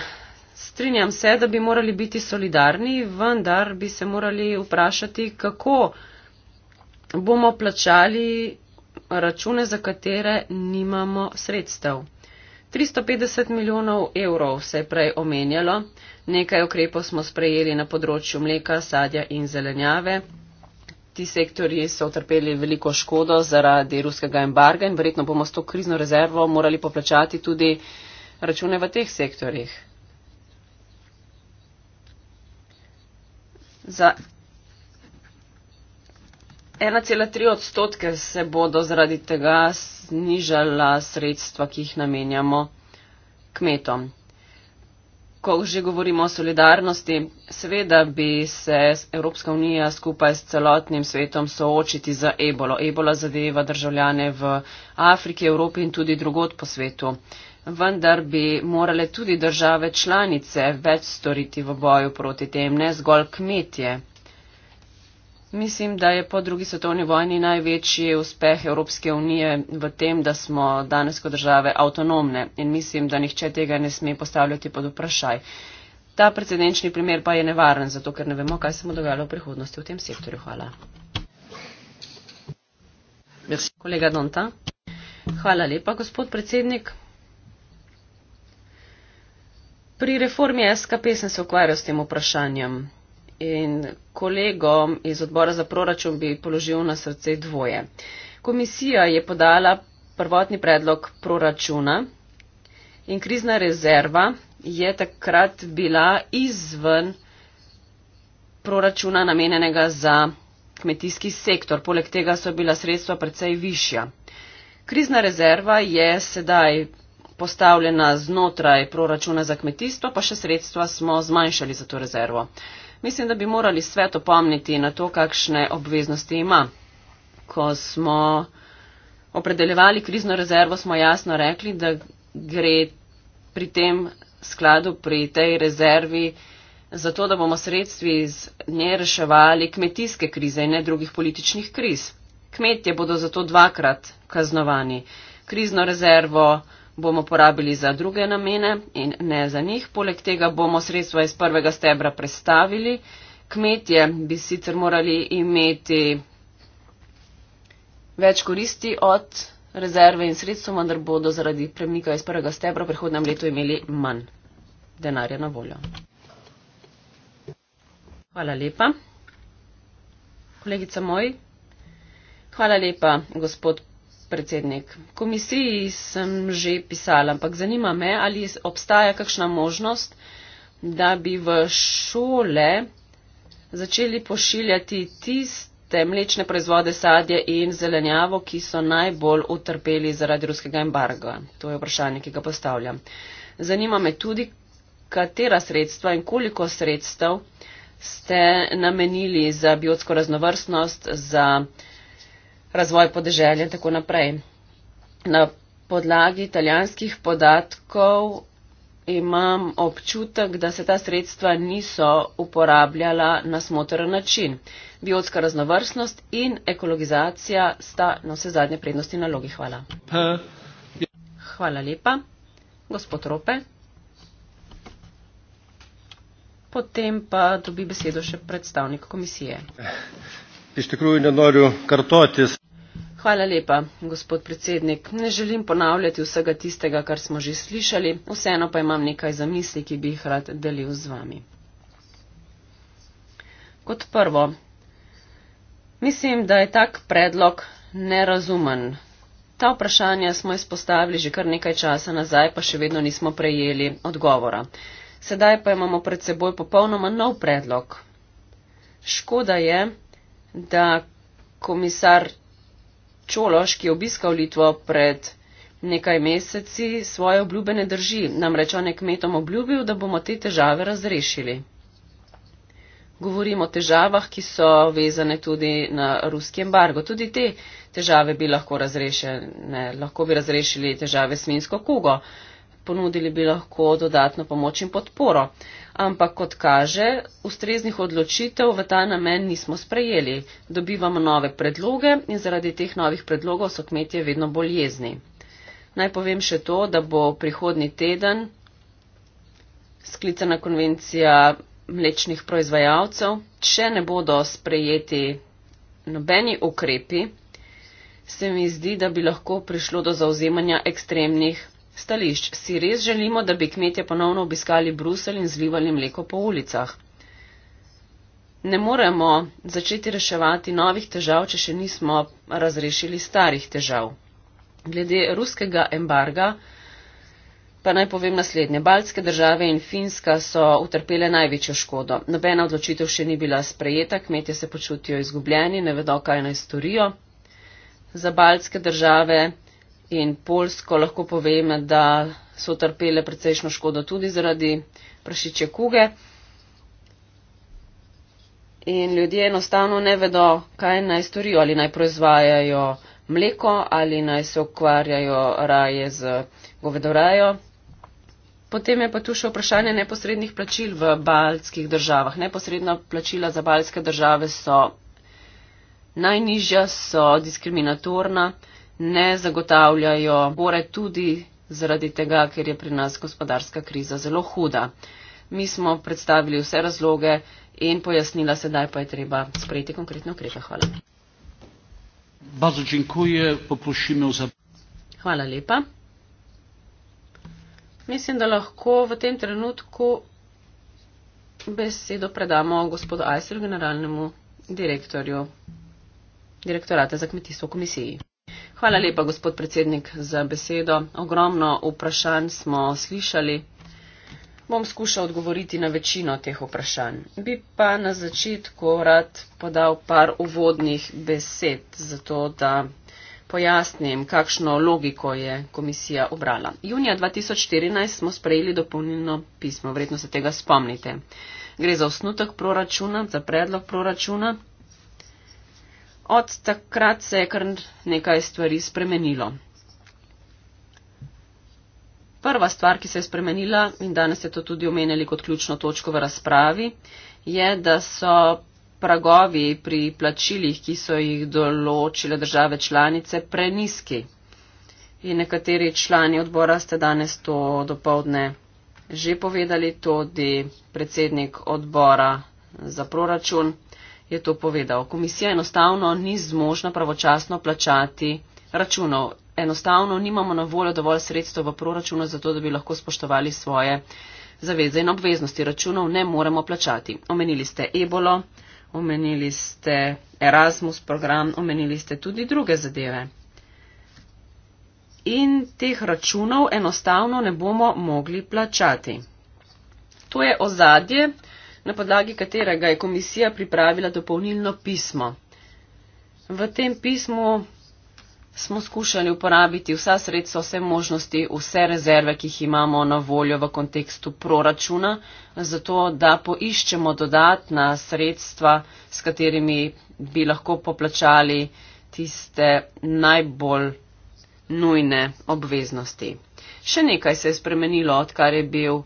Strinjam se, da bi morali biti solidarni, vendar bi se morali vprašati, kako bomo plačali račune, za katere nimamo sredstev. 350 milijonov evrov se je prej omenjalo, nekaj ukrepov smo sprejeli na področju mleka, sadja in zelenjave. Ti sektori so utrpeli veliko škodo zaradi ruskega embarga in verjetno bomo s to krizno rezervo morali poplačati tudi račune v teh sektorjih. Za 1,3 odstotke se bodo zaradi tega znižala sredstva, ki jih namenjamo kmetom. Ko že govorimo o solidarnosti, seveda bi se Evropska unija skupaj s celotnim svetom soočiti za ebolo. Ebola zadeva državljane v Afriki, Evropi in tudi drugot po svetu. Vendar bi morale tudi države članice več storiti v boju proti tem, ne zgolj kmetje. Mislim, da je po drugi svetovni vojni največji uspeh Evropske unije v tem, da smo danes kot države avtonomne in mislim, da nihče tega ne sme postavljati pod vprašaj. Ta precedenčni primer pa je nevaren, zato ker ne vemo, kaj se bo dogajalo v prihodnosti v tem sektorju. Hvala. Merci. Kolega Donta. Hvala lepa, gospod predsednik. Pri reformi SKP sem se ukvarjal s tem vprašanjem in kolegom iz odbora za proračun bi položil na srce dvoje. Komisija je podala prvotni predlog proračuna in krizna rezerva je takrat bila izven proračuna namenjenega za kmetijski sektor. Poleg tega so bila sredstva precej višja. Krizna rezerva je sedaj postavljena znotraj proračuna za kmetijstvo, pa še sredstva smo zmanjšali za to rezervo. Mislim, da bi morali svet opomniti na to, kakšne obveznosti ima. Ko smo opredeljevali krizno rezervo, smo jasno rekli, da gre pri tem skladu, pri tej rezervi, zato da bomo sredstvi iz nje reševali kmetijske krize in ne drugih političnih kriz. Kmetje bodo zato dvakrat kaznovani. Krizno rezervo bomo porabili za druge namene in ne za njih. Poleg tega bomo sredstva iz prvega stebra prestavili. Kmetje bi sicer morali imeti več koristi od rezerve in sredstva, vendar bodo zaradi premika iz prvega stebra v prihodnem letu imeli manj denarja na voljo. Hvala lepa. Kolegica moj, hvala lepa, gospod predsednik. Komisiji sem že pisala, ampak zanima me, ali obstaja kakšna možnost, da bi v šole začeli pošiljati tiste mlečne proizvode, sadje in zelenjavo, ki so najbolj utrpeli zaradi ruskega embarga. To je vprašanje, ki ga postavljam. Zanima me tudi, katera sredstva in koliko sredstev ste namenili za biotsko raznovrstnost, za razvoj podeželja in tako naprej. Na podlagi italijanskih podatkov imam občutek, da se ta sredstva niso uporabljala na smotren način. Biotska raznovrstnost in ekologizacija sta na vse zadnje prednosti nalogi. Hvala. Hvala lepa. Gospod Rope. Potem pa dobi besedo še predstavnik komisije. Iš tikrųjų nenoriu kartotis. Hvala lepa, gospod predsednik. Ne želim ponavljati vsega tistega, kar smo že slišali, vseeno pa imam nekaj zamisli, ki bi jih rad delil z vami. Kot prvo, mislim, da je tak predlog nerazumen. Ta vprašanja smo izpostavili že kar nekaj časa nazaj, pa še vedno nismo prejeli odgovora. Sedaj pa imamo pred seboj popolnoma nov predlog. Škoda je, da komisar Čološ, ki je obiskal Litvo pred nekaj meseci, svoje obljube ne drži, namreč on je kmetom obljubil, da bomo te težave razrešili. Govorimo o težavah, ki so vezane tudi na ruski embargo. Tudi te težave bi lahko razrešene. Lahko bi razrešili težave s minsko kugo. Ponudili bi lahko dodatno pomoč in podporo. Uh, ampak kot kaže, ustreznih odločitev v ta namen nismo sprejeli. Dobivamo nove predloge in zaradi teh novih predlogov so kmetje vedno bolj jezni. Naj povem še to, da bo prihodni teden sklicana konvencija mlečnih proizvajalcev, če ne bodo sprejeti nobeni ukrepi, se mi zdi, da bi lahko prišlo do zauzemanja ekstremnih stališč. Si res želimo, da bi kmetje ponovno obiskali Bruselj in zlivali mleko po ulicah? Ne moremo začeti reševati novih težav, če še nismo razrešili starih težav. Glede ruskega embarga pa naj povem naslednje. Baltske države in Finska so utrpele največjo škodo. Nobena odločitev še ni bila sprejeta, kmetje se počutijo izgubljeni, ne vedo, kaj naj storijo. Za baltske države in Polsko lahko povem, da so trpele precejšno škodo tudi zaradi prašiče kuge. In ljudje enostavno ne vedo, kaj naj storijo, ali naj proizvajajo mleko, ali naj se ukvarjajo raje z govedorajo. Potem je pa tu še vprašanje neposrednih plačil v baltskih državah. Neposredna plačila za baltske države so najnižja, so diskriminatorna ne zagotavljajo gore tudi zaradi tega, ker je pri nas gospodarska kriza zelo huda. Mi smo predstavili vse razloge in pojasnila, sedaj pa je treba sprejeti konkretne ukrepe. Hvala. Hvala lepa. Mislim, da lahko v tem trenutku besedo predamo gospodu Ajsel, generalnemu direktorju direktorata za kmetijstvo komisiji. Hvala lepa, gospod predsednik, za besedo. Ogromno vprašanj smo slišali. Bom skušal odgovoriti na večino teh vprašanj. Bi pa na začetku rad podal par uvodnih besed, zato da pojasnim, kakšno logiko je komisija obrala. Junija 2014 smo sprejeli dopolnilno pismo, vredno se tega spomnite. Gre za osnutek proračuna, za predlog proračuna, od takrat se je kar nekaj stvari spremenilo. Prva stvar, ki se je spremenila, in danes ste to tudi omenjali kot ključno točko v razpravi, je, da so pragovi pri plačilih, ki so jih določile države članice, preniski. In nekateri člani odbora ste danes to dopovdne že povedali, tudi predsednik odbora za proračun je to povedal. Komisija enostavno ni zmožna pravočasno plačati računov. Enostavno nimamo na voljo dovolj sredstev v proračunu, zato da bi lahko spoštovali svoje zaveze in obveznosti. Računov ne moremo plačati. Omenili ste ebolo, omenili ste Erasmus program, omenili ste tudi druge zadeve. In teh računov enostavno ne bomo mogli plačati. To je ozadje na podlagi katerega je komisija pripravila dopolnilno pismo. V tem pismu smo skušali uporabiti vsa sredstva, vse možnosti, vse rezerve, ki jih imamo na voljo v kontekstu proračuna, zato da poiščemo dodatna sredstva, s katerimi bi lahko poplačali tiste najbolj nujne obveznosti. Še nekaj se je spremenilo, odkar je bil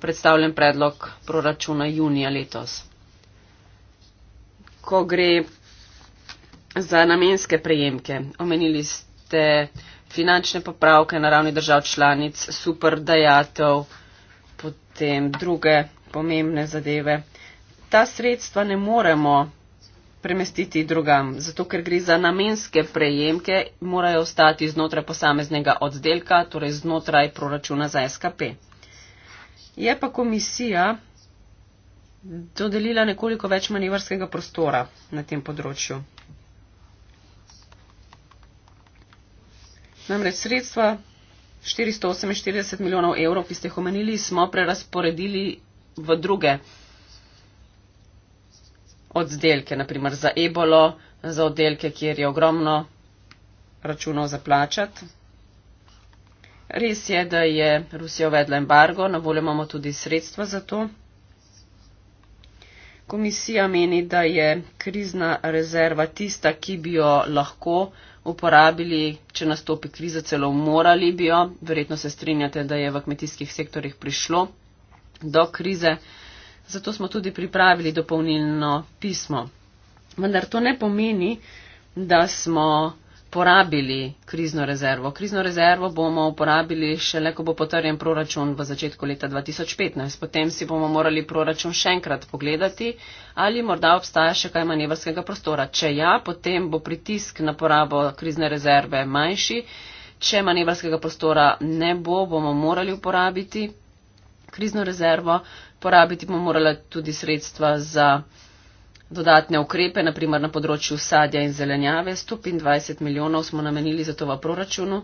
predstavljen predlog proračuna junija letos. Ko gre za namenske prejemke, omenili ste finančne popravke na ravni držav članic, super dajatev, potem druge pomembne zadeve. Ta sredstva ne moremo premestiti drugam, zato ker gre za namenske prejemke, morajo ostati znotraj posameznega oddelka, torej znotraj proračuna za SKP. Je pa komisija dodelila nekoliko več manevrskega prostora na tem področju. Namreč sredstva 448 milijonov evrov, ki ste jih omenili, smo prerasporedili v druge oddelke, naprimer za ebolo, za oddelke, kjer je ogromno računov za plačati. Res je, da je Rusija uvedla embargo, na voljo imamo tudi sredstva za to. Komisija meni, da je krizna rezerva tista, ki bi jo lahko uporabili, če nastopi kriza, celo morali bi jo. Verjetno se strinjate, da je v kmetijskih sektorjih prišlo do krize. Zato smo tudi pripravili dopolnilno pismo. Vendar to ne pomeni, da smo porabili krizno rezervo. Krizno rezervo bomo uporabili šele, ko bo potrjen proračun v začetku leta 2015. Potem si bomo morali proračun še enkrat pogledati, ali morda obstaja še kaj manevrskega prostora. Če ja, potem bo pritisk na porabo krizne rezerve manjši. Če manevrskega prostora ne bo, bomo morali uporabiti krizno rezervo. Porabiti bomo morali tudi sredstva za. Dodatne ukrepe, naprimer na področju sadja in zelenjave, 125 milijonov smo namenili za to v proračunu,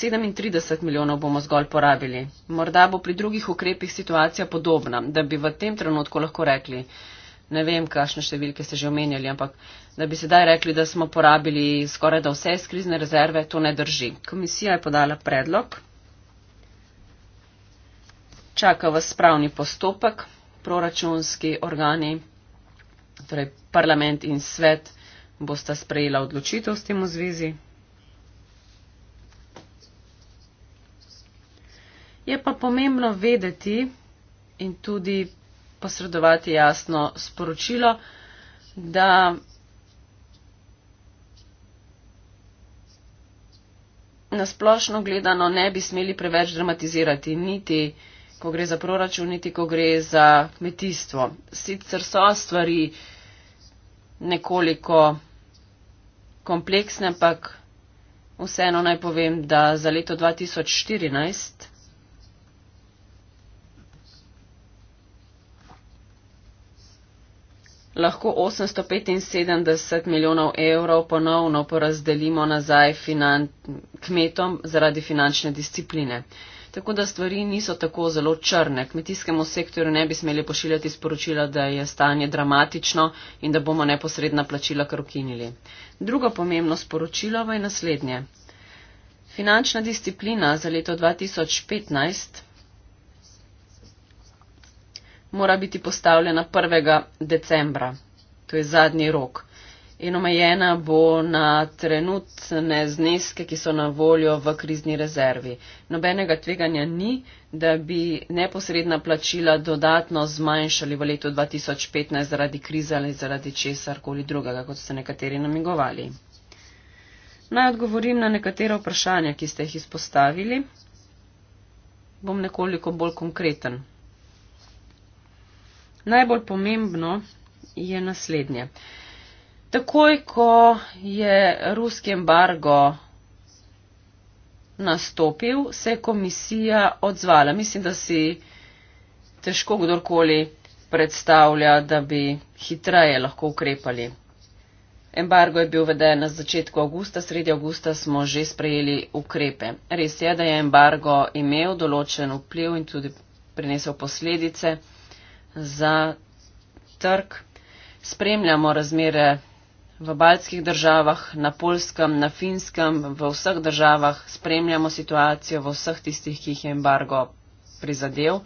37 milijonov bomo zgolj porabili. Morda bo pri drugih ukrepih situacija podobna, da bi v tem trenutku lahko rekli, ne vem, kakšne številke ste že omenjali, ampak da bi sedaj rekli, da smo porabili skoraj da vse skrizne rezerve, to ne drži. Komisija je podala predlog. Čaka vas spravni postopek, proračunski organi torej parlament in svet bosta sprejela odločitev s tem v zvezi. Je pa pomembno vedeti in tudi posredovati jasno sporočilo, da nasplošno gledano ne bi smeli preveč dramatizirati niti ko gre za proračun, niti ko gre za kmetijstvo. Sicer so stvari nekoliko kompleksne, ampak vseeno naj povem, da za leto 2014 lahko 875 milijonov evrov ponovno porazdelimo nazaj finan kmetom zaradi finančne discipline. Tako da stvari niso tako zelo črne. Kmetijskemu sektorju ne bi smeli pošiljati sporočila, da je stanje dramatično in da bomo neposredna plačila kar ukinili. Drugo pomembno sporočilo je naslednje. Finančna disciplina za leto 2015 mora biti postavljena 1. decembra. To je zadnji rok in omejena bo na trenutne zneske, ki so na voljo v krizni rezervi. Nobenega tveganja ni, da bi neposredna plačila dodatno zmanjšali v letu 2015 zaradi krize ali zaradi česar koli drugega, kot ste nekateri namigovali. Naj odgovorim na nekatera vprašanja, ki ste jih izpostavili. Bom nekoliko bolj konkreten. Najbolj pomembno je naslednje takoj, ko je ruski embargo nastopil, se je komisija odzvala. Mislim, da si težko kdorkoli predstavlja, da bi hitreje lahko ukrepali. Embargo je bil veden na začetku avgusta, sredi avgusta smo že sprejeli ukrepe. Res je, da je embargo imel določen vpliv in tudi prinesel posledice za trg. Spremljamo razmere v baltskih državah, na polskem, na finskem, v vseh državah spremljamo situacijo v vseh tistih, ki jih je embargo prizadev.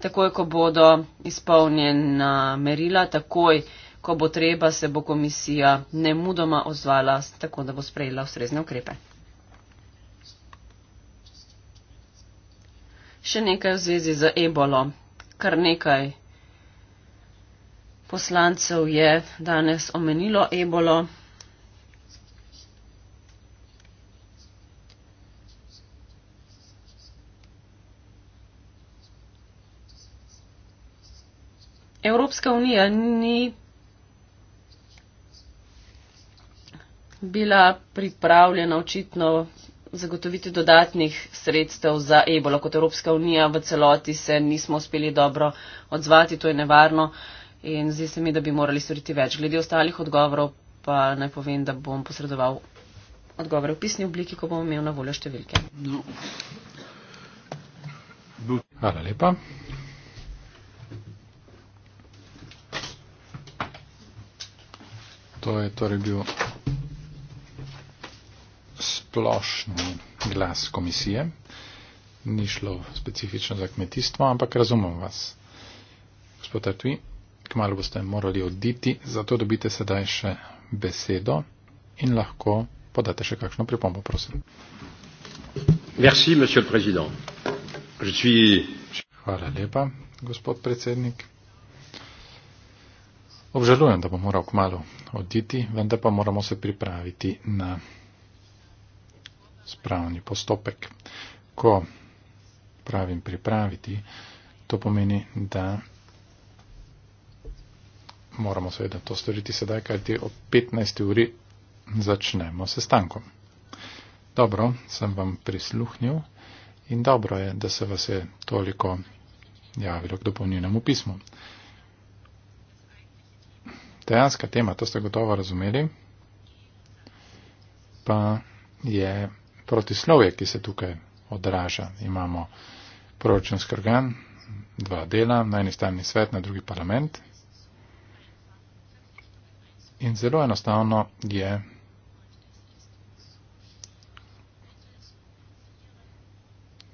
Takoj, ko bodo izpolnjena merila, takoj, ko bo treba, se bo komisija nemudoma odzvala, tako da bo sprejela ustrezne ukrepe. Še nekaj v zvezi z ebolo. Kar nekaj poslancev je danes omenilo ebolo. Evropska unija ni bila pripravljena očitno zagotoviti dodatnih sredstev za ebolo. Kot Evropska unija v celoti se nismo uspeli dobro odzvati, to je nevarno. Uh, in zdi se mi, da bi morali storiti več. Glede ostalih odgovorov pa naj povem, da bom posredoval odgovore v pisni obliki, ko bom imel na voljo številke. Hvala lepa. To je torej bil splošni glas komisije. Ni šlo specifično za kmetijstvo, ampak razumem vas. Gospod Artvi kmalo boste morali oditi, zato dobite sedaj še besedo in lahko podate še kakšno pripombo, prosim. Merci, monsieur le président. Je suis... Hvala lepa, gospod predsednik. Obžalujem, da bom moral kmalo oditi, vendar pa moramo se pripraviti na spravni postopek. Ko pravim pripraviti, to pomeni, da moramo seveda to storiti sedaj, kajti ob 15. uri začnemo se stankom. Dobro, sem vam prisluhnil in dobro je, da se vas je toliko javilo k dopolnjenemu pismu. Dejanska tema, to ste gotovo razumeli, pa je protislovje, ki se tukaj odraža. Imamo proračunski organ, dva dela, na eni strani svet, na drugi parlament. In zelo enostavno je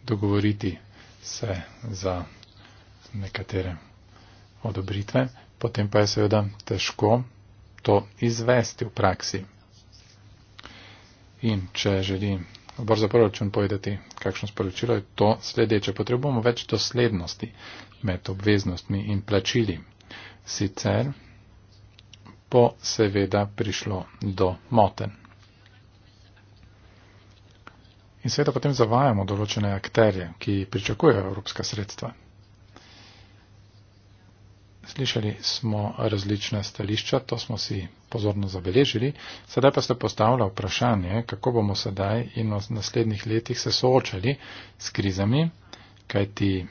dogovoriti se za nekatere odobritve, potem pa je seveda težko to izvesti v praksi. In če želi obor za proračun povedati, kakšno sporočilo je to sledeče, potrebujemo več doslednosti med obveznostmi in plačili. Sicer bo seveda prišlo do moten. In seveda potem zavajamo določene akterje, ki pričakujejo evropska sredstva. Slišali smo različna stališča, to smo si pozorno zabeležili. Sedaj pa se postavlja vprašanje, kako bomo sedaj in v naslednjih letih se soočali s krizami, kajti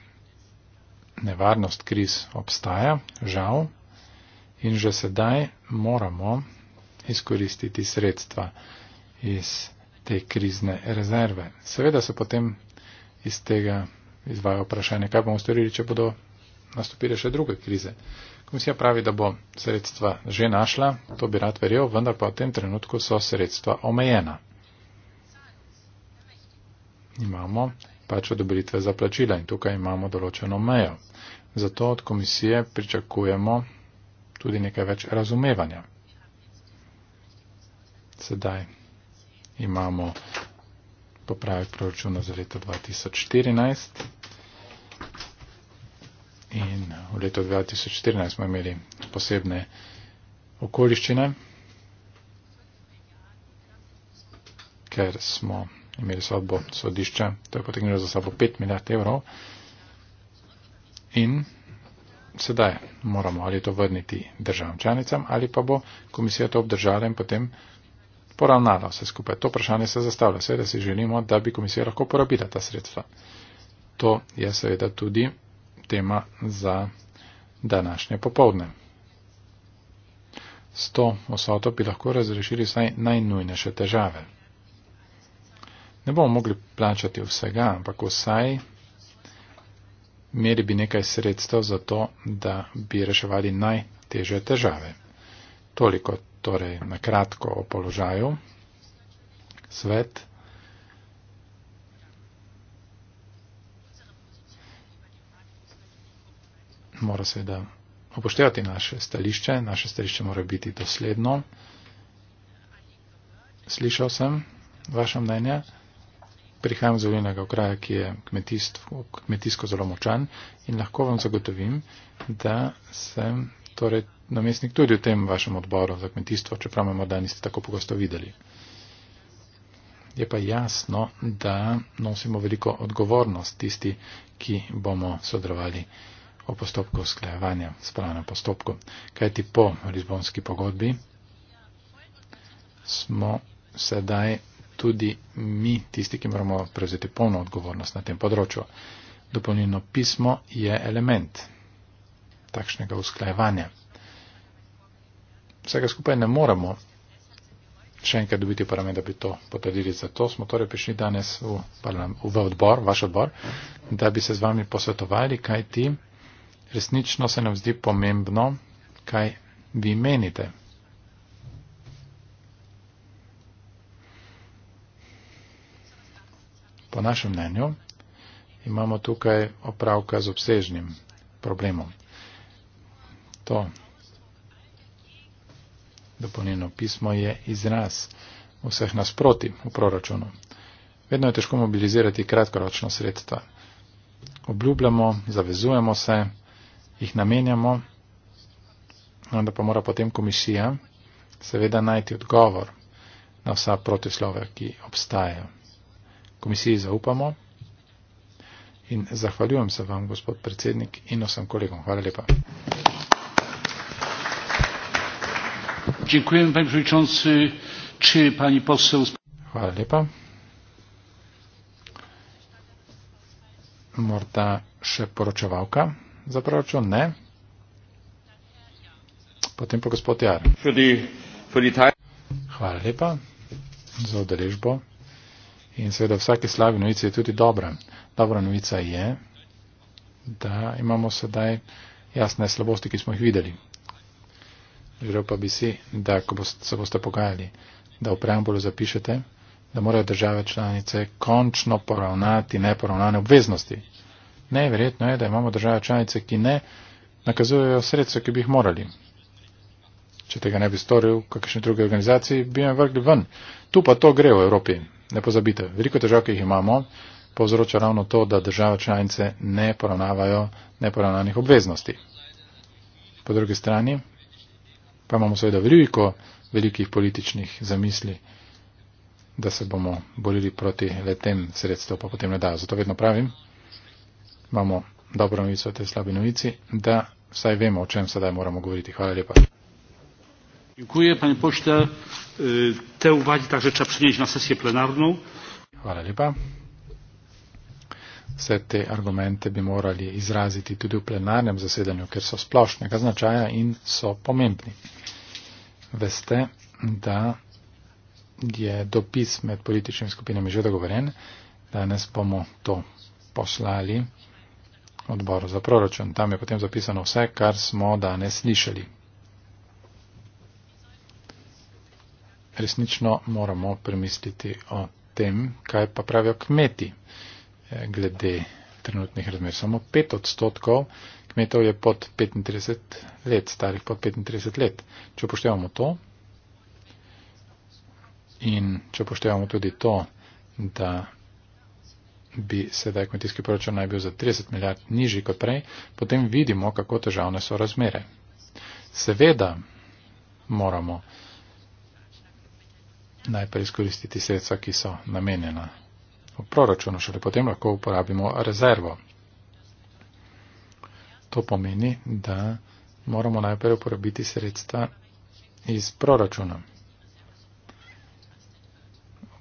nevarnost kriz obstaja, žal, In že sedaj moramo izkoristiti sredstva iz te krizne rezerve. Seveda se potem iz tega izvaja vprašanje, kaj bomo storili, če bodo nastopile še druge krize. Komisija pravi, da bo sredstva že našla, to bi rad verjel, vendar pa v tem trenutku so sredstva omejena. Imamo pač odobritve za plačila in tukaj imamo določeno mejo. Zato od komisije pričakujemo tudi nekaj več razumevanja. Sedaj imamo popravek proračuna za leto 2014 in v letu 2014 smo imeli posebne okoliščine, ker smo imeli sodbo sodišča, to je potegnilo za sabo 5 milijard evrov in sedaj moramo ali to vrniti državam članicam ali pa bo komisija to obdržala in potem poravnala vse skupaj. To vprašanje se zastavlja. Seveda si želimo, da bi komisija lahko porabila ta sredstva. To je seveda tudi tema za današnje popovdne. S to osoto bi lahko razrešili vsaj najnujnejše težave. Ne bomo mogli plačati vsega, ampak vsaj imeli bi nekaj sredstev za to, da bi reševali najtežje težave. Toliko torej na kratko o položaju. Svet. Mora seveda upoštevati naše stališče. Naše stališče mora biti dosledno. Slišal sem vaše mnenje prihajam z volilnega okraja, ki je kmetijsko zelo močan in lahko vam zagotovim, da sem torej namestnik tudi v tem vašem odboru za kmetijstvo, čeprav me morda niste tako pogosto videli. Je pa jasno, da nosimo veliko odgovornost tisti, ki bomo sodelovali o postopku usklajevanja, spravljanja postopku. Kaj ti po Lizbonski pogodbi smo sedaj tudi mi tisti, ki moramo prevzeti polno odgovornost na tem področju. Dopolnilno pismo je element takšnega usklajevanja. Vsega skupaj ne moremo še enkrat dobiti parame, da bi to potrdili. Zato smo torej prišli danes v, v odbor, vaš odbor, da bi se z vami posvetovali, kaj ti resnično se nam zdi pomembno, kaj vi menite Po našem mnenju imamo tukaj opravka z obsežnim problemom. To dopolnjeno pismo je izraz vseh nasproti v proračunu. Vedno je težko mobilizirati kratkoročno sredstva. Obljubljamo, zavezujemo se, jih namenjamo, vendar pa mora potem komisija seveda najti odgovor na vsa protislove, ki obstajajo komisiji zaupamo. In zahvaljujem se vam, gospod predsednik, in vsem kolegom. Hvala lepa. Hvala lepa. Morda še poročevalka za proračun? Ne. Potem pa gospod Jar. Hvala lepa za udeležbo. In seveda vsake slabe novice je tudi dobra. Dobra novica je, da imamo sedaj jasne slabosti, ki smo jih videli. Želel pa bi si, da ko se boste pogajali, da v preambulu zapišete, da morajo države članice končno poravnati neporavnane obveznosti. Neverjetno je, da imamo države članice, ki ne nakazujejo sredstva, ki bi jih morali če tega ne bi storil kakšni drugi organizaciji, bi me vrgli ven. Tu pa to gre v Evropi. Ne pozabite, veliko težav, ki jih imamo, povzroča ravno to, da države članice ne poravnavajo neporavnanih obveznosti. Po drugi strani pa imamo seveda veliko velikih političnih zamisli, da se bomo borili proti letem sredstvom, pa potem ne dajo. Zato vedno pravim, imamo dobro novico o tej slabi novici, da vsaj vemo, o čem sedaj moramo govoriti. Hvala lepa panie pośle te uwagi także trzeba przenieść na sesję plenarną Hvala lepa. Vse te argumente bi morali izraziti tudi v plenarnem zasedanju, ker so splošnega značaja in so pomembni. Veste, da je dopis med političnimi skupinami že dogovoren. Danes bomo to poslali odboru za proračun. Tam je potem zapisano vse, kar smo danes slišali. resnično moramo premisliti o tem, kaj pa pravijo kmeti eh, glede trenutnih razmer. Samo 5 odstotkov kmetov je pod 35 let, starih pod 35 let. Če upoštevamo to in če upoštevamo tudi to, da bi sedaj kmetijski proračun naj bil za 30 milijard nižji kot prej, potem vidimo, kako težavne so razmere. Seveda moramo najprej izkoristiti sredstva, ki so namenjena v proračunu, šele potem lahko uporabimo rezervo. To pomeni, da moramo najprej uporabiti sredstva iz proračuna.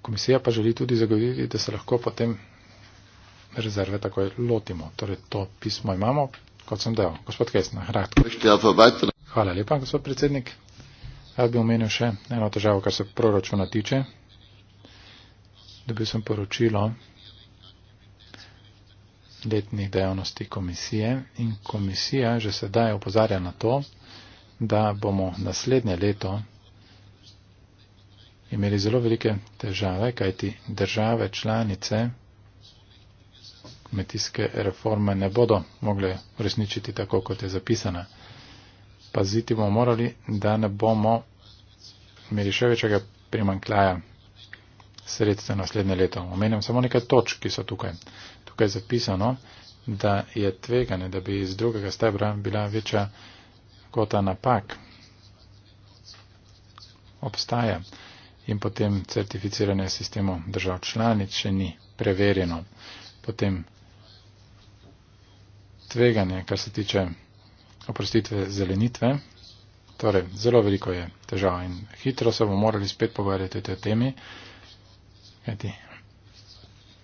Komisija pa želi tudi zagotoviti, da se lahko potem rezerve takoj lotimo. Torej, to pismo imamo, kot sem dejal. Gospod Kesna, hrad. Hvala lepa, gospod predsednik. Rad bi omenil še eno težavo, kar se proračuna tiče. Dobil sem poročilo letnih dejavnosti komisije in komisija že sedaj opozarja na to, da bomo naslednje leto imeli zelo velike težave, kajti države članice kmetijske reforme ne bodo mogle uresničiti tako, kot je zapisana paziti bomo morali, da ne bomo imeli še večjega primankljaja sredstva naslednje leto. Omenjam samo nekaj točk, ki so tukaj. Tukaj je zapisano, da je tvegane, da bi iz drugega stebra bila večja kota napak. Obstaja. In potem certificiranje sistemov držav članic še ni preverjeno. Potem tveganje, kar se tiče oprostitve zelenitve. Torej, zelo veliko je težav in hitro se bomo morali spet pogovarjati o tej temi. Kajti,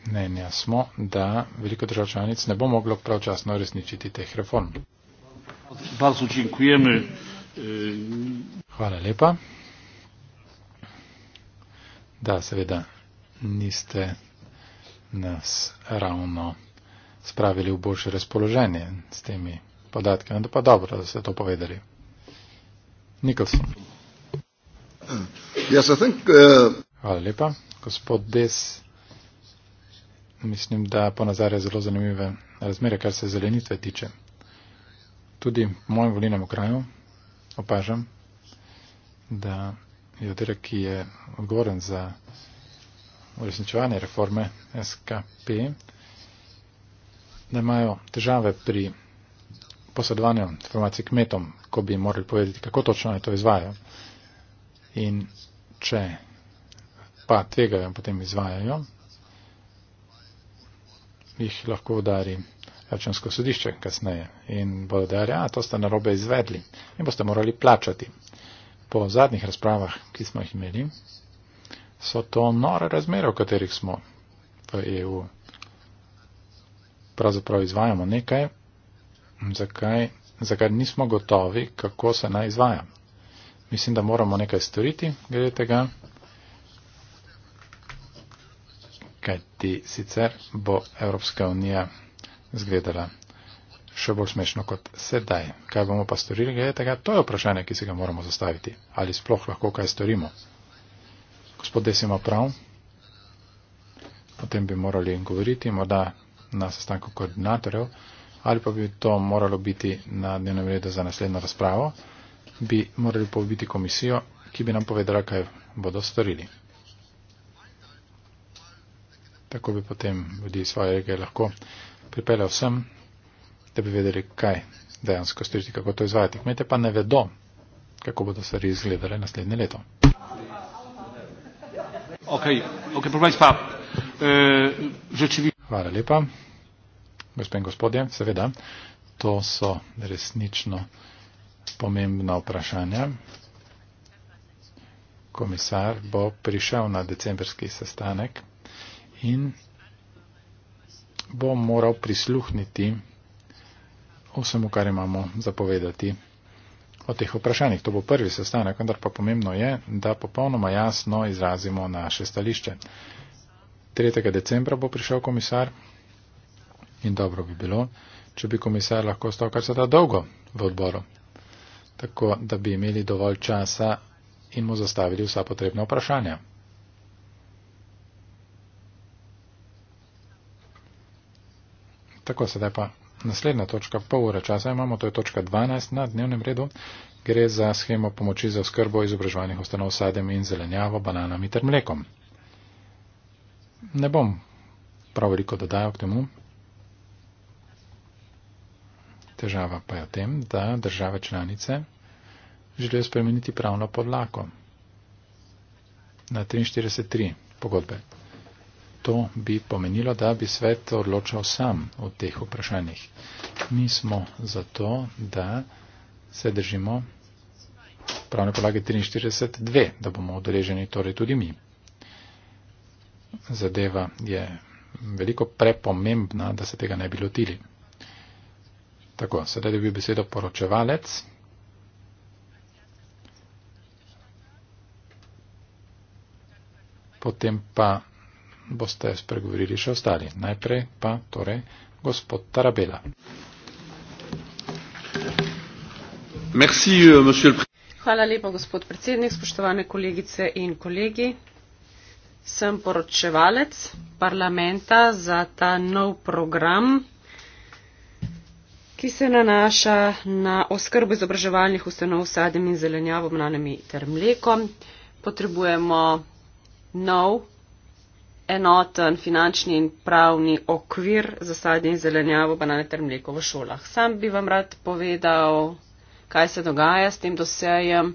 mnenja smo, da veliko držav članic ne bo moglo pravčasno resničiti teh reform. Hvala lepa. Da, seveda, niste nas ravno spravili v boljše razpoloženje s temi podatke. Ne, da pa dobro, da ste to povedali. Nikolson. Yes, uh... Hvala lepa. Gospod Des, mislim, da ponazarja zelo zanimive razmere, kar se zelenitve tiče. Tudi v mojem volilnem okraju opažam, da je odrek, ki je odgovoren za uresničevanje reforme SKP, da imajo težave pri posredovanju informacij kmetom, ko bi morali povedati, kako točno je to izvajajo. In če pa tvegajo, potem izvajajo, jih lahko udari računsko sodišče kasneje in bodo dejali, a ja, to ste narobe izvedli in boste morali plačati. Po zadnjih razpravah, ki smo jih imeli, so to nore razmere, v katerih smo v EU. Pravzaprav izvajamo nekaj, zakaj, zakaj nismo gotovi, kako se naj izvaja. Mislim, da moramo nekaj storiti glede tega, kajti sicer bo Evropska unija zgledala še bolj smešno kot sedaj. Kaj bomo pa storili glede tega? To je vprašanje, ki se ga moramo zastaviti. Ali sploh lahko kaj storimo? Gospod Des ima prav. O tem bi morali govoriti, morda na sestanku koordinatorjev ali pa bi to moralo biti na dnevnem redu za naslednjo razpravo, bi morali pobiti komisijo, ki bi nam povedala, kaj bodo storili. Tako bi potem ljudi svoje regije lahko pripeljal sem, da bi vedeli, kaj dejansko storiti, kako to izvajati. Kmete pa ne vedo, kako bodo stvari izgledale naslednje leto. Okay, okay, pa, uh, e, Hvala lepa gospe in gospodje, seveda, to so resnično pomembna vprašanja. Komisar bo prišel na decembrski sestanek in bo moral prisluhniti vsemu, kar imamo zapovedati o teh vprašanjih. To bo prvi sestanek, vendar pa pomembno je, da popolnoma jasno izrazimo naše stališče. 3. decembra bo prišel komisar in dobro bi bilo, če bi komisar lahko stal kar se da dolgo v odboru, tako da bi imeli dovolj časa in mu zastavili vsa potrebna vprašanja. Tako sedaj pa naslednja točka, pol ure časa imamo, to je točka 12 na dnevnem redu. Gre za schemo pomoči za skrbo izobraževanih ustanov sadjem in zelenjavo, bananami ter mlekom. Ne bom prav veliko dodajal k temu, Težava pa je v tem, da države članice želijo spremeniti pravno podlako na 43.3 pogodbe. To bi pomenilo, da bi svet odločal sam o teh vprašanjih. Mi smo zato, da se držimo pravne podlage 43.2, da bomo odreženi torej tudi mi. Zadeva je veliko prepomembna, da se tega ne bi lotili. Tako, sedaj dobi besedo poročevalec. Potem pa boste spregovorili še ostali. Najprej pa torej gospod Tarabela. Merci, euh, Hvala lepa, gospod predsednik, spoštovane kolegice in kolegi. Sem poročevalec parlamenta za ta nov program ki se nanaša na oskrbo izobraževalnih ustanov s sadjem in zelenjavo, mlanami ter mlekom. Potrebujemo nov, enoten finančni in pravni okvir za sadje in zelenjavo, banane ter mleko v šolah. Sam bi vam rad povedal, kaj se dogaja s tem dosejem.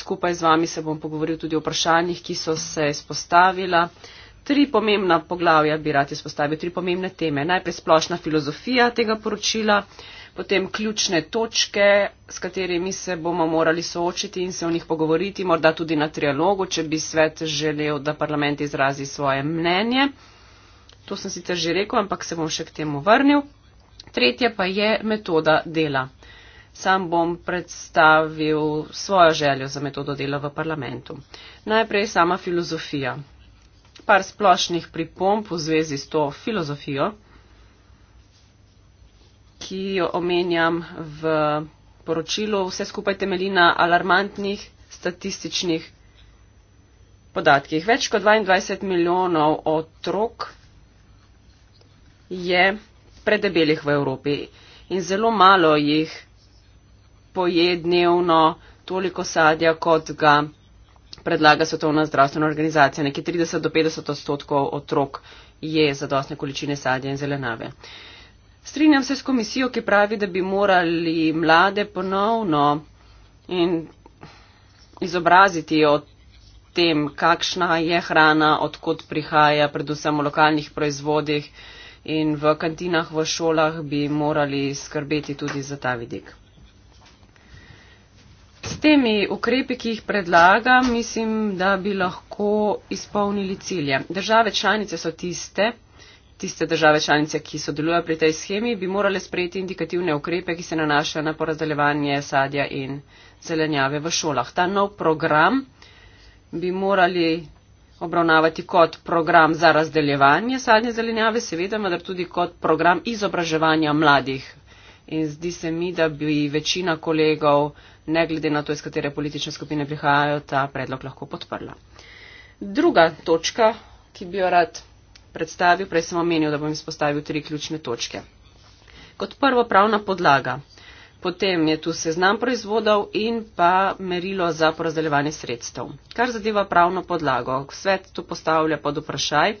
Skupaj z vami se bom pogovoril tudi o vprašanjih, ki so se izpostavila. Tri pomembna poglavja bi rad izpostavil, tri pomembne teme. Najprej splošna filozofija tega poročila potem ključne točke, s katerimi se bomo morali soočiti in se o njih pogovoriti, morda tudi na trialogu, če bi svet želel, da parlament izrazi svoje mnenje. To sem sicer že rekel, ampak se bom še k temu vrnil. Tretje pa je metoda dela. Sam bom predstavil svojo željo za metodo dela v parlamentu. Najprej sama filozofija. Par splošnih pripomp v zvezi s to filozofijo ki jo omenjam v poročilu, vse skupaj temelji na alarmantnih statističnih podatkih. Več kot 22 milijonov otrok je predebelih v Evropi in zelo malo jih poje dnevno toliko sadja, kot ga predlaga Svetovna zdravstvena organizacija. Nekje 30 do 50 odstotkov otrok je za dostne količine sadja in zelenave. Strinjam se s komisijo, ki pravi, da bi morali mlade ponovno in izobraziti o tem, kakšna je hrana, odkot prihaja, predvsem v lokalnih proizvodih in v kantinah, v šolah bi morali skrbeti tudi za ta vidik. S temi ukrepi, ki jih predlagam, mislim, da bi lahko izpolnili cilje. Države članice so tiste, tiste države članice, ki sodelujo pri tej schemi, bi morale sprejeti indikativne ukrepe, ki se nanašajo na porazdeljevanje sadja in zelenjave v šolah. Ta nov program bi morali obravnavati kot program za razdeljevanje sadne zelenjave, seveda, vendar tudi kot program izobraževanja mladih. In zdi se mi, da bi večina kolegov, ne glede na to, iz katere politične skupine prihajajo, ta predlog lahko podprla. Druga točka, ki bi jo rad predstavil, prej sem omenil, da bom izpostavil tri ključne točke. Kot prvo pravna podlaga, potem je tu seznam proizvodov in pa merilo za porazdeljevanje sredstev. Kar zadeva pravno podlago, svet to postavlja pod vprašaj.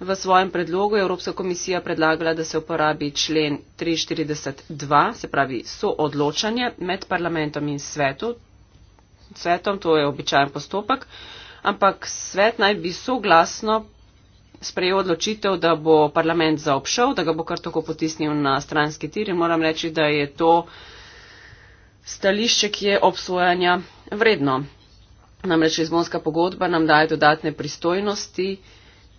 V svojem predlogu je Evropska komisija predlagala, da se uporabi člen 342, se pravi soodločanje med parlamentom in svetu. svetom, to je običajen postopek, ampak svet naj bi soglasno sprejel odločitev, da bo parlament zaobšel, da ga bo kar tako potisnil na stranski tir in moram reči, da je to stališče, ki je obsojanja vredno. Namreč izbonska pogodba nam daje dodatne pristojnosti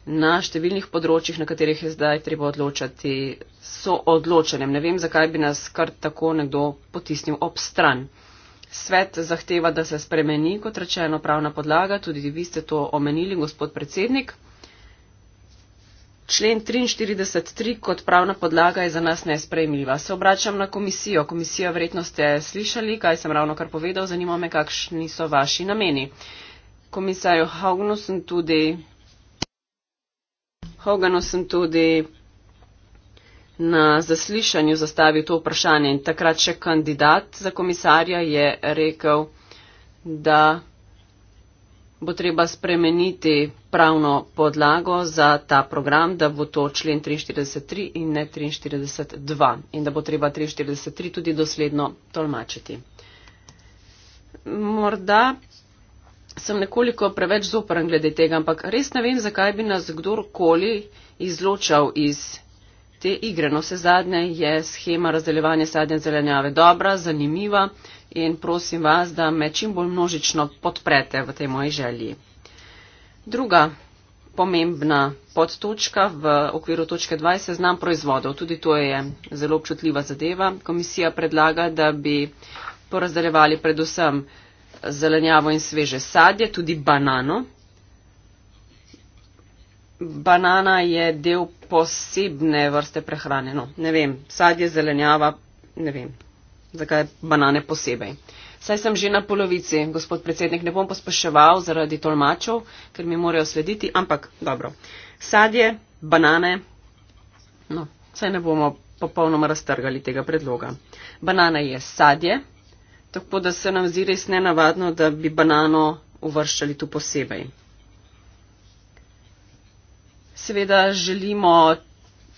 na številnih področjih, na katerih je zdaj treba odločati so odločenem. Ne vem, zakaj bi nas kar tako nekdo potisnil ob stran. Svet zahteva, da se spremeni, kot rečeno, pravna podlaga, tudi vi ste to omenili, gospod predsednik člen 43.3 kot pravna podlaga je za nas nesprejemljiva. Se obračam na komisijo. Komisijo verjetno ste slišali, kaj sem ravno kar povedal. Zanima me, kakšni so vaši nameni. Komisar Hogano sem tudi. Hogano sem tudi na zaslišanju zastavil to vprašanje in takrat še kandidat za komisarja je rekel, da bo treba spremeniti pravno podlago za ta program, da bo to člen 43.3 in ne 43.2 in da bo treba 43.3 tudi dosledno tolmačiti. Morda sem nekoliko preveč zoperen glede tega, ampak res ne vem, zakaj bi nas kdorkoli izločal iz te igre. No, vse zadnje je schema razdeljevanja sadne zelenjave dobra, zanimiva, in prosim vas, da me čim bolj množično podprete v tej moji želji. Druga pomembna podtočka v okviru točke 20 je znam proizvodov. Tudi to je zelo občutljiva zadeva. Komisija predlaga, da bi porazdeljevali predvsem zelenjavo in sveže sadje, tudi banano. Banana je del posebne vrste prehrane. No, ne vem, sadje, zelenjava, ne vem, zakaj banane posebej. Saj sem že na polovici, gospod predsednik, ne bom pospeševal zaradi tolmačev, ker mi morajo slediti, ampak dobro. Sadje, banane, no, saj ne bomo popolnoma raztrgali tega predloga. Banana je sadje, tako da se nam zdi res nenavadno, da bi banano uvrščali tu posebej. Seveda želimo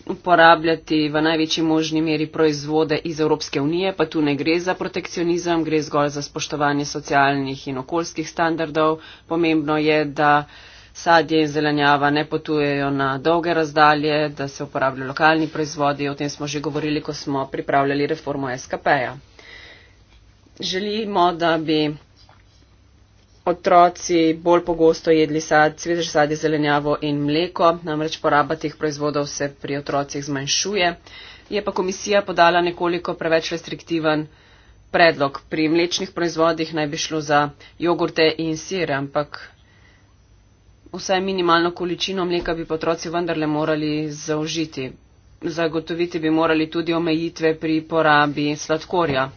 uporabljati v največji možni meri proizvode iz Evropske unije, pa tu ne gre za protekcionizem, gre zgolj za spoštovanje socialnih in okoljskih standardov. Pomembno je, da sadje in zelenjava ne potujejo na dolge razdalje, da se uporabljajo lokalni proizvodi. O tem smo že govorili, ko smo pripravljali reformo SKP-ja. Želimo, da bi otroci bolj pogosto jedli sad, svež sad, zelenjavo in mleko, namreč poraba teh proizvodov se pri otrocih zmanjšuje. Je pa komisija podala nekoliko preveč restriktiven predlog. Pri mlečnih proizvodih naj bi šlo za jogurte in sir, ampak vsaj minimalno količino mleka bi pa otroci vendarle morali zaužiti. Zagotoviti bi morali tudi omejitve pri porabi sladkorja.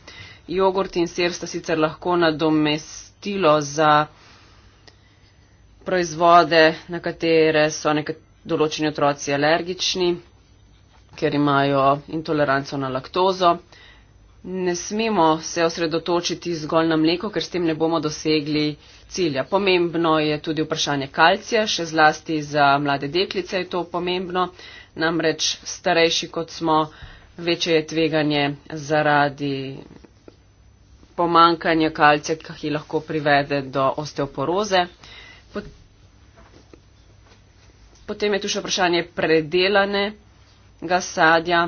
Jogurt in sir sta sicer lahko nadomestili pustilo za proizvode, na katere so določeni otroci alergični, ker imajo intoleranco na laktozo. Ne smemo se osredotočiti zgolj na mleko, ker s tem ne bomo dosegli cilja. Pomembno je tudi vprašanje kalcija, še zlasti za mlade deklice je to pomembno, namreč starejši kot smo, večje je tveganje zaradi pomankanje kalcija, ki lahko privede do osteoporoze. Potem je tu še vprašanje predelanega sadja.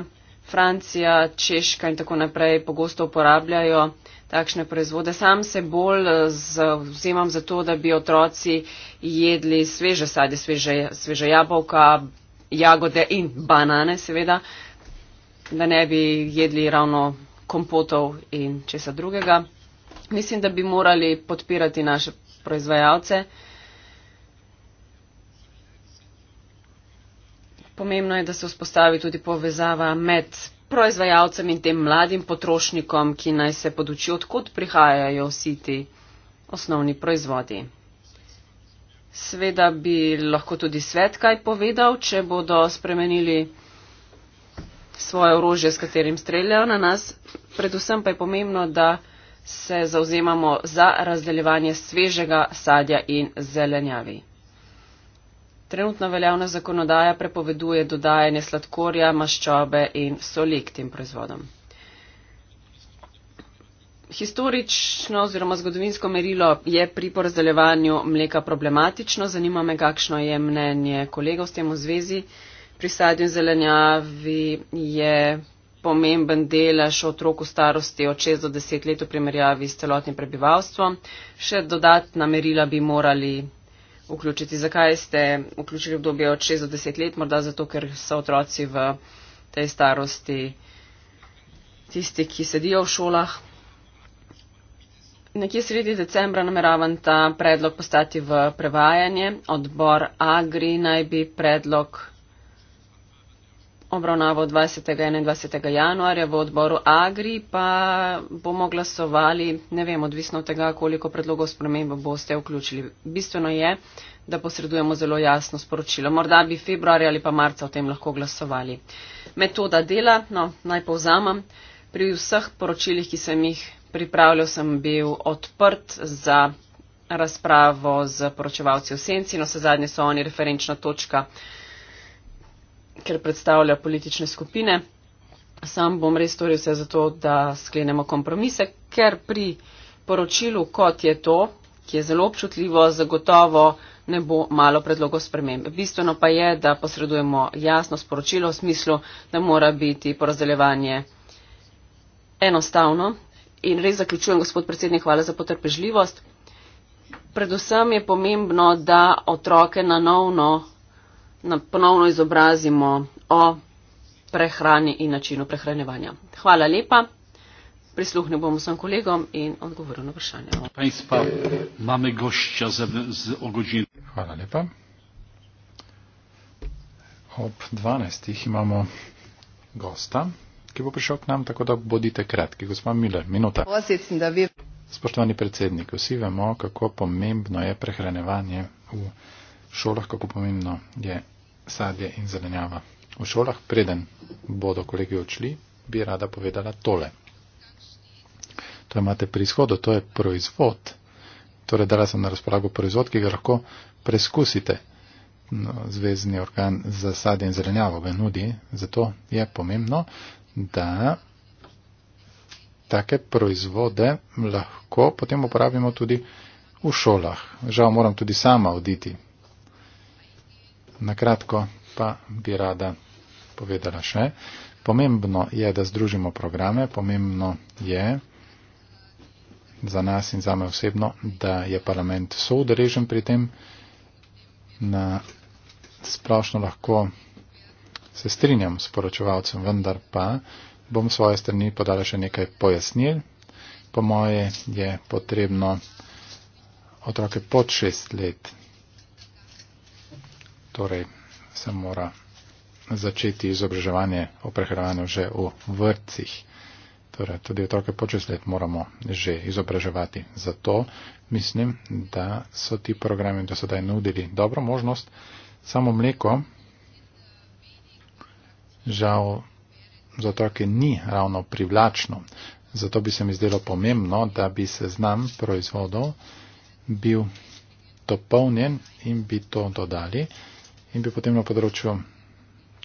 Francija, Češka in tako naprej pogosto uporabljajo takšne proizvode. Sam se bolj vzemam za to, da bi otroci jedli sveže sadje, sveže, sveže jabolka, jagode in banane seveda, da ne bi jedli ravno kompotov in česa drugega. Mislim, da bi morali podpirati naše proizvajalce. Pomembno je, da se vzpostavi tudi povezava med proizvajalcem in tem mladim potrošnikom, ki naj se poduči, odkot prihajajo vsi ti osnovni proizvodi. Sveda bi lahko tudi svet kaj povedal, če bodo spremenili svoje orožje, s katerim streljajo na nas. Predvsem pa je pomembno, da se zauzemamo za razdeljevanje svežega sadja in zelenjavi. Trenutno veljavna zakonodaja prepoveduje dodajanje sladkorja, maščobe in soli k tem proizvodom. Historično oziroma zgodovinsko merilo je pri porazdeljevanju mleka problematično. Zanima me, kakšno je mnenje kolegov s tem v zvezi pri sadju in zelenjavi je pomemben delež otrok v starosti od 6 do 10 let v primerjavi s celotnim prebivalstvom. Še dodatna merila bi morali vključiti. Zakaj ste vključili obdobje od 6 do 10 let? Morda zato, ker so otroci v tej starosti tisti, ki sedijo v šolah. Nekje sredi decembra nameravam ta predlog postati v prevajanje. Odbor Agri naj bi predlog obravnavo 20. in 21. januarja v odboru Agri, pa bomo glasovali, ne vem, odvisno od tega, koliko predlogov sprememb boste vključili. Bistveno je, da posredujemo zelo jasno sporočilo. Morda bi februarja ali pa marca o tem lahko glasovali. Metoda dela, no, naj povzamem, pri vseh poročilih, ki sem jih pripravljal, sem bil odprt za razpravo z poročevalci v senci, no se zadnje so oni referenčna točka ker predstavlja politične skupine. Sam bom res storil vse zato, da sklenemo kompromise, ker pri poročilu, kot je to, ki je zelo občutljivo, zagotovo ne bo malo predlogov sprememb. Bistveno pa je, da posredujemo jasno sporočilo v smislu, da mora biti porazdeljevanje enostavno. In res zaključujem, gospod predsednik, hvala za potrpežljivost. Predvsem je pomembno, da otroke na novno ponovno izobrazimo o prehrani in načinu prehranevanja. Hvala lepa. Prisluhnil bom vsem kolegom in odgovoril na vprašanje. Hvala lepa. Ob 12. imamo gosta, ki bo prišel k nam, tako da bodite kratki. Gospod Miller, minuta. Spoštovani predsednik, vsi vemo, kako pomembno je prehranevanje v v šolah, kako pomembno je sadje in zelenjava. V šolah, preden bodo kolegi odšli, bi rada povedala tole. To imate pri izhodu, to je proizvod. Torej, dala sem na razpolago proizvod, ki ga lahko preskusite. No, zvezni organ za sadje in zelenjavo ga nudi, zato je pomembno, da take proizvode lahko potem uporabimo tudi v šolah. Žal moram tudi sama oditi, Na kratko pa bi rada povedala še. Pomembno je, da združimo programe, pomembno je za nas in za me osebno, da je parlament soudrežen pri tem. Na splošno lahko se strinjam s poročevalcem, vendar pa bom svoje strani podala še nekaj pojasnil. Po moje je potrebno otroke pod šest let torej se mora začeti izobraževanje o prehranju že v vrtcih. Torej, tudi otroke počest let moramo že izobraževati. Zato mislim, da so ti programi do sedaj nudili dobro možnost. Samo mleko, žal, za otroke ni ravno privlačno. Zato bi se mi zdelo pomembno, da bi seznam proizvodov bil dopolnjen in bi to dodali in bi potem na področju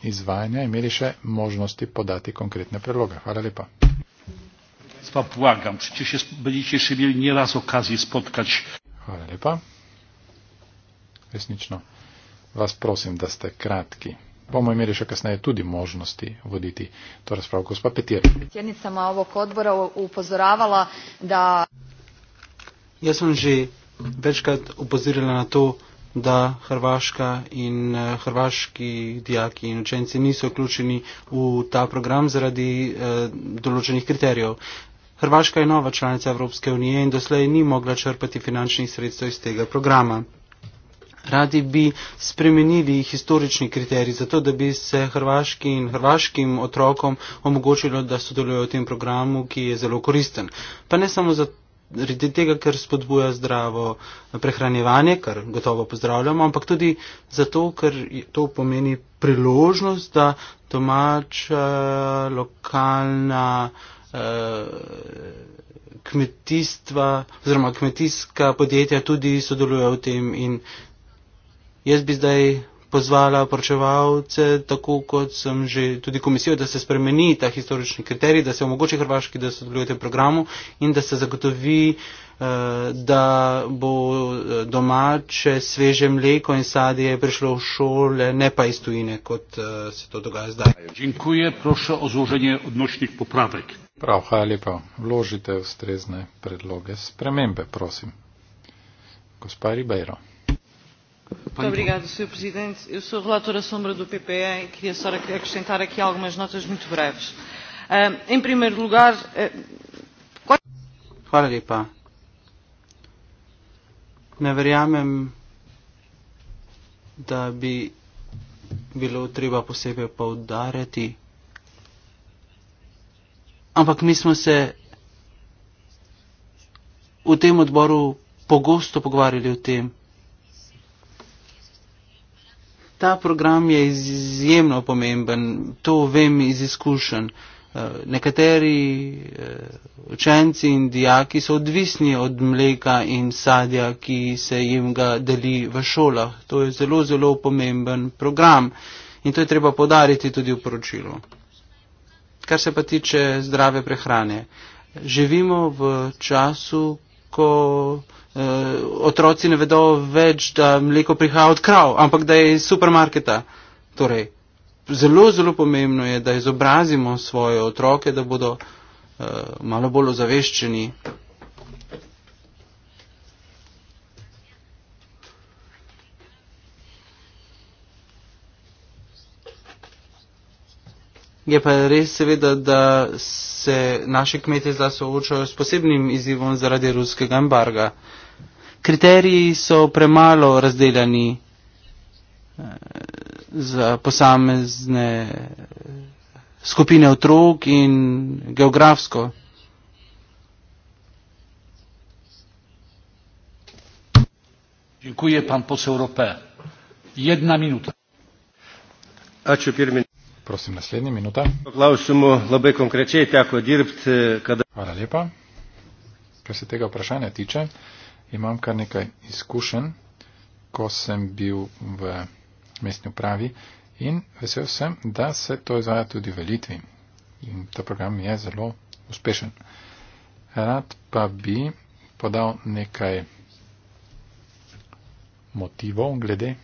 izvajanja imeli še možnosti podati konkretne predloge. Hvala lepa. Sva plagam, če še bodite še imeli nieraz okazji spotkač. Hvala lepa. Resnično vas prosim, da ste kratki. Bomo imeli še kasneje tudi možnosti voditi to razpravo. Gospa Petir. Sjednica ovog odbora upozoravala da... Ja sam že večkrat upozorila na to, da Hrvaška in eh, hrvaški dijaki in učenci niso vključeni v ta program zaradi eh, določenih kriterijev. Hrvaška je nova članica Evropske unije in doslej ni mogla črpati finančnih sredstev iz tega programa. Radi bi spremenili historični kriterij, zato da bi se hrvaški in hrvaškim otrokom omogočilo, da sodelujo v tem programu, ki je zelo koristen. Pa ne samo zato, Zaradi tega, ker spodbuja zdravo prehranjevanje, kar gotovo pozdravljamo, ampak tudi zato, ker to pomeni priložnost, da domača, lokalna eh, kmetijstva oziroma kmetijska podjetja tudi sodelujejo v tem. In jaz bi zdaj pozvala vprašavce, tako kot sem že tudi komisijo, da se spremeni ta historični kriterij, da se omogoči Hrvaški, da sodeluje v tem programu in da se zagotovi, eh, da bo eh, domače sveže mleko in sadje prišlo v šole, ne pa iz tujine, kot eh, se to dogaja zdaj. Dziękuję, prosim o zloženje odnočnih popravek. Prav, hvala lepa. Vložite ustrezne predloge spremembe, prosim. Gospa Ribeiro. Muito obrigada, Sr. Presidente. Eu sou relatora sombra do PPE e queria só acrescentar aqui algumas notas muito breves. Uh, em primeiro lugar... Uh, qual... Hvala, ne verjamem, da bi bilo treba posebej poudarjati, ampak mi smo se v tem odboru pogosto pogovarjali o tem, ta program je izjemno pomemben, to vem iz izkušenj. Eh, nekateri eh, učenci in dijaki so odvisni od mleka in sadja, ki se jim ga deli v šolah. To je zelo, zelo pomemben program in to je treba podariti tudi v poročilu. Kar se pa tiče zdrave prehrane. Živimo v času, ko Eh, otroci ne vedo več, da mleko prihaja od krav, ampak da je iz supermarketa. Torej, zelo, zelo pomembno je, da izobrazimo svoje otroke, da bodo uh, malo bolj ozaveščeni. Je pa res seveda, da se naši kmetje zdaj soočajo s posebnim izzivom zaradi ruskega embarga. Uh, kriteriji so premalo razdeljeni eh, za posamezne skupine otrok in geografsko. Dziękuję pan poseł Europę. Jedna minuta. Ačiū pirmin. Prosim, naslednji minuta. Paklausimu labai konkrečiai teko dirbti, eh, kada... Hvala lepa. Kar se tega vprašanja tiče imam kar nekaj izkušenj, ko sem bil v mestni upravi in vesel sem, da se to izvaja tudi v Litvi. In ta program je zelo uspešen. Rad pa bi podal nekaj motivov glede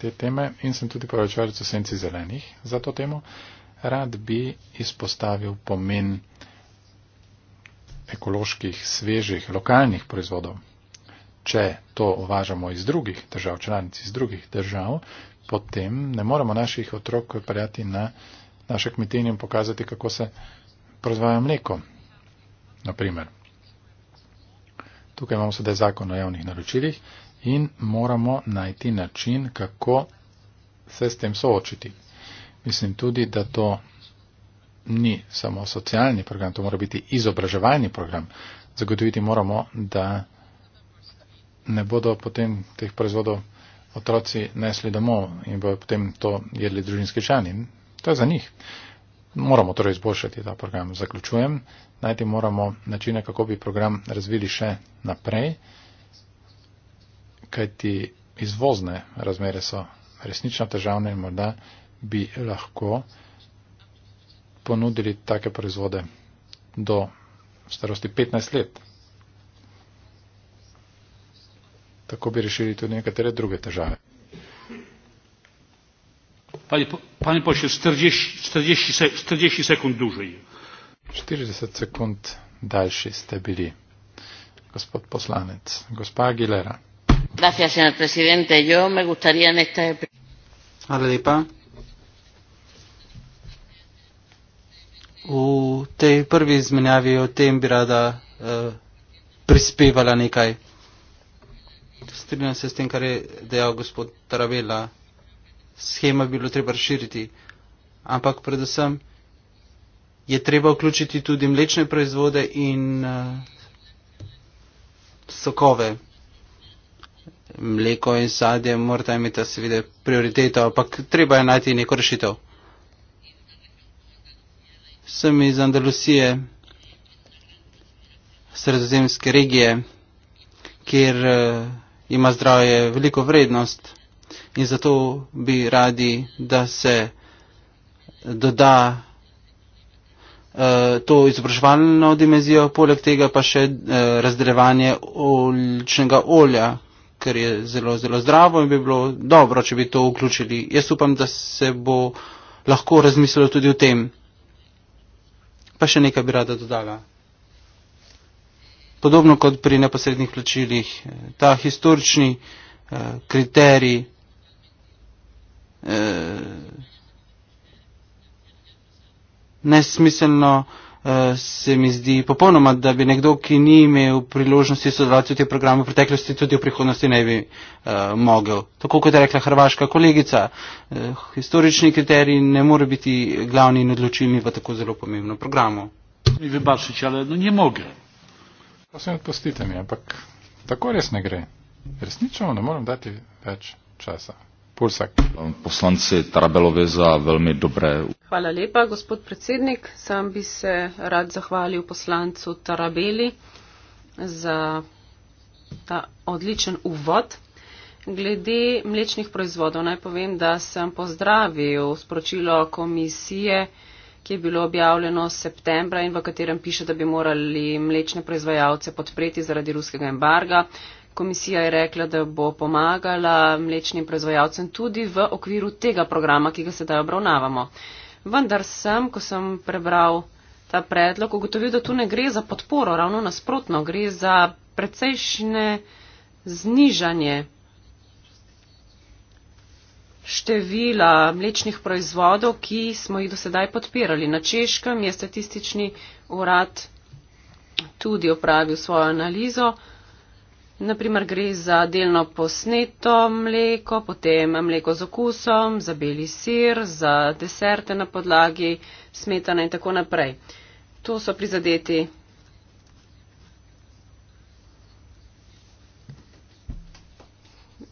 te teme in sem tudi poročal o senci zelenih za to temo. Rad bi izpostavil pomen ekoloških, svežih, lokalnih proizvodov. Če to uvažamo iz drugih držav, članic iz drugih držav, potem ne moremo naših otrok prijati na naše kmetinje in pokazati, kako se proizvaja mleko. Naprimer, tukaj imamo sedaj zakon o javnih naročilih in moramo najti način, kako se s tem soočiti. Mislim tudi, da to ni samo socialni program, to mora biti izobraževalni program. Zagotoviti moramo, da ne bodo potem teh proizvodov otroci nesli domov in bodo potem to jedli družinski člani. To je za njih. Moramo torej izboljšati ta program. Zaključujem, najti moramo načine, kako bi program razvili še naprej, kajti izvozne razmere so resnično težavne in morda bi lahko ponudili take proizvode do starosti 15 let. Tako bi rešili tudi nekatere druge težave. Pani pošilj, 40 sekund dužaj. 40 sekund daljši ste bili, gospod poslanec. Gospa Aguilera. Hvala, gospod predsednik. Hvala lepa. v tej prvi izmenjavi o tem bi rada uh, prispevala nekaj. Strinjam se s tem, kar je dejal gospod Travela. Schema bi bilo treba razširiti, ampak predvsem je treba vključiti tudi mlečne proizvode in uh, sokove. Mleko in sadje morate imeti seveda prioriteto, ampak treba je najti neko rešitev sem iz Andalusije, sredozemske regije, kjer eh, ima zdravje veliko vrednost in zato bi radi, da se doda eh, to izobraževalno dimenzijo, poleg tega pa še eh, razdelevanje oličnega olja ker je zelo, zelo zdravo in bi bilo dobro, če bi to vključili. Jaz upam, da se bo lahko razmislilo tudi o tem. Pa še nekaj bi rada dodala. Podobno kot pri neposrednih plačilih, eh, ta historični eh, kriterij eh, nesmiselno eh, Eh, se mi zdi popolnoma, da bi nekdo, ki ni imel priložnosti sodelovati v tem programu v preteklosti, tudi v prihodnosti ne bi uh, mogel. Tako kot je rekla hrvaška kolegica, uh, historični kriteriji ne more biti glavni in odločilni v tako zelo pomembnem programu. Mi bi bašič, ali no ne mogel. Prosim, odpustite mi, ampak tako res ne gre. Resnično ne morem dati več časa. Pulsak. Poslanci Tarabelovi za velmi dobre. Hvala lepa, gospod predsednik. Sam bi se rad zahvalil poslancu Tarabeli za ta odličen uvod. Glede mlečnih proizvodov naj povem, da sem pozdravil sporočilo komisije, ki je bilo objavljeno septembra in v katerem piše, da bi morali mlečne proizvajalce podpreti zaradi ruskega embarga komisija je rekla, da bo pomagala mlečnim proizvajalcem tudi v okviru tega programa, ki ga sedaj obravnavamo. Vendar sem, ko sem prebral ta predlog, ugotovil, da tu ne gre za podporo, ravno nasprotno, gre za precejšnje znižanje števila mlečnih proizvodov, ki smo jih do sedaj podpirali. Na češkem je statistični urad tudi opravil svojo analizo. Naprimer gre za delno posneto mleko, potem mleko z okusom, za beli sir, za deserte na podlagi smetana in tako naprej. To so prizadeti.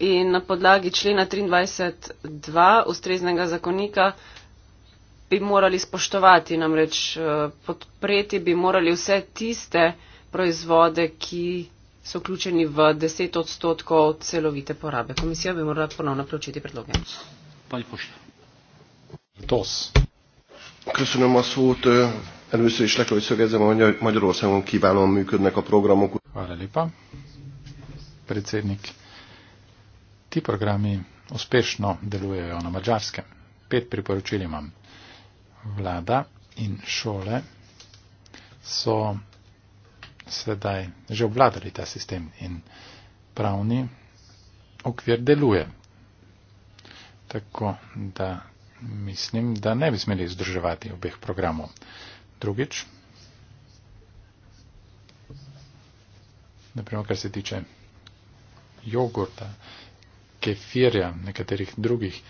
In na podlagi člena 23.2 ustreznega zakonika bi morali spoštovati, namreč eh, podpreti bi morali vse tiste proizvode, ki so vključeni v 10 odstotkov celovite porabe. Komisija bi morala ponovno preučiti predloge. Pani Pošta. Tos. Köszönöm a szót. Először is le kell, hogy szögezzem, hogy Magyarországon kiválóan működnek a programok. Valelipa. Predsednik. Ti programi uspešno delujejo na Mađarske. Pet priporočil imam. Vlada in šole so sedaj že obvladali ta sistem in pravni okvir deluje. Tako da mislim, da ne bi smeli združevati obeh programov. Drugič, naprimer, kar se tiče jogurta, kefirja, nekaterih drugih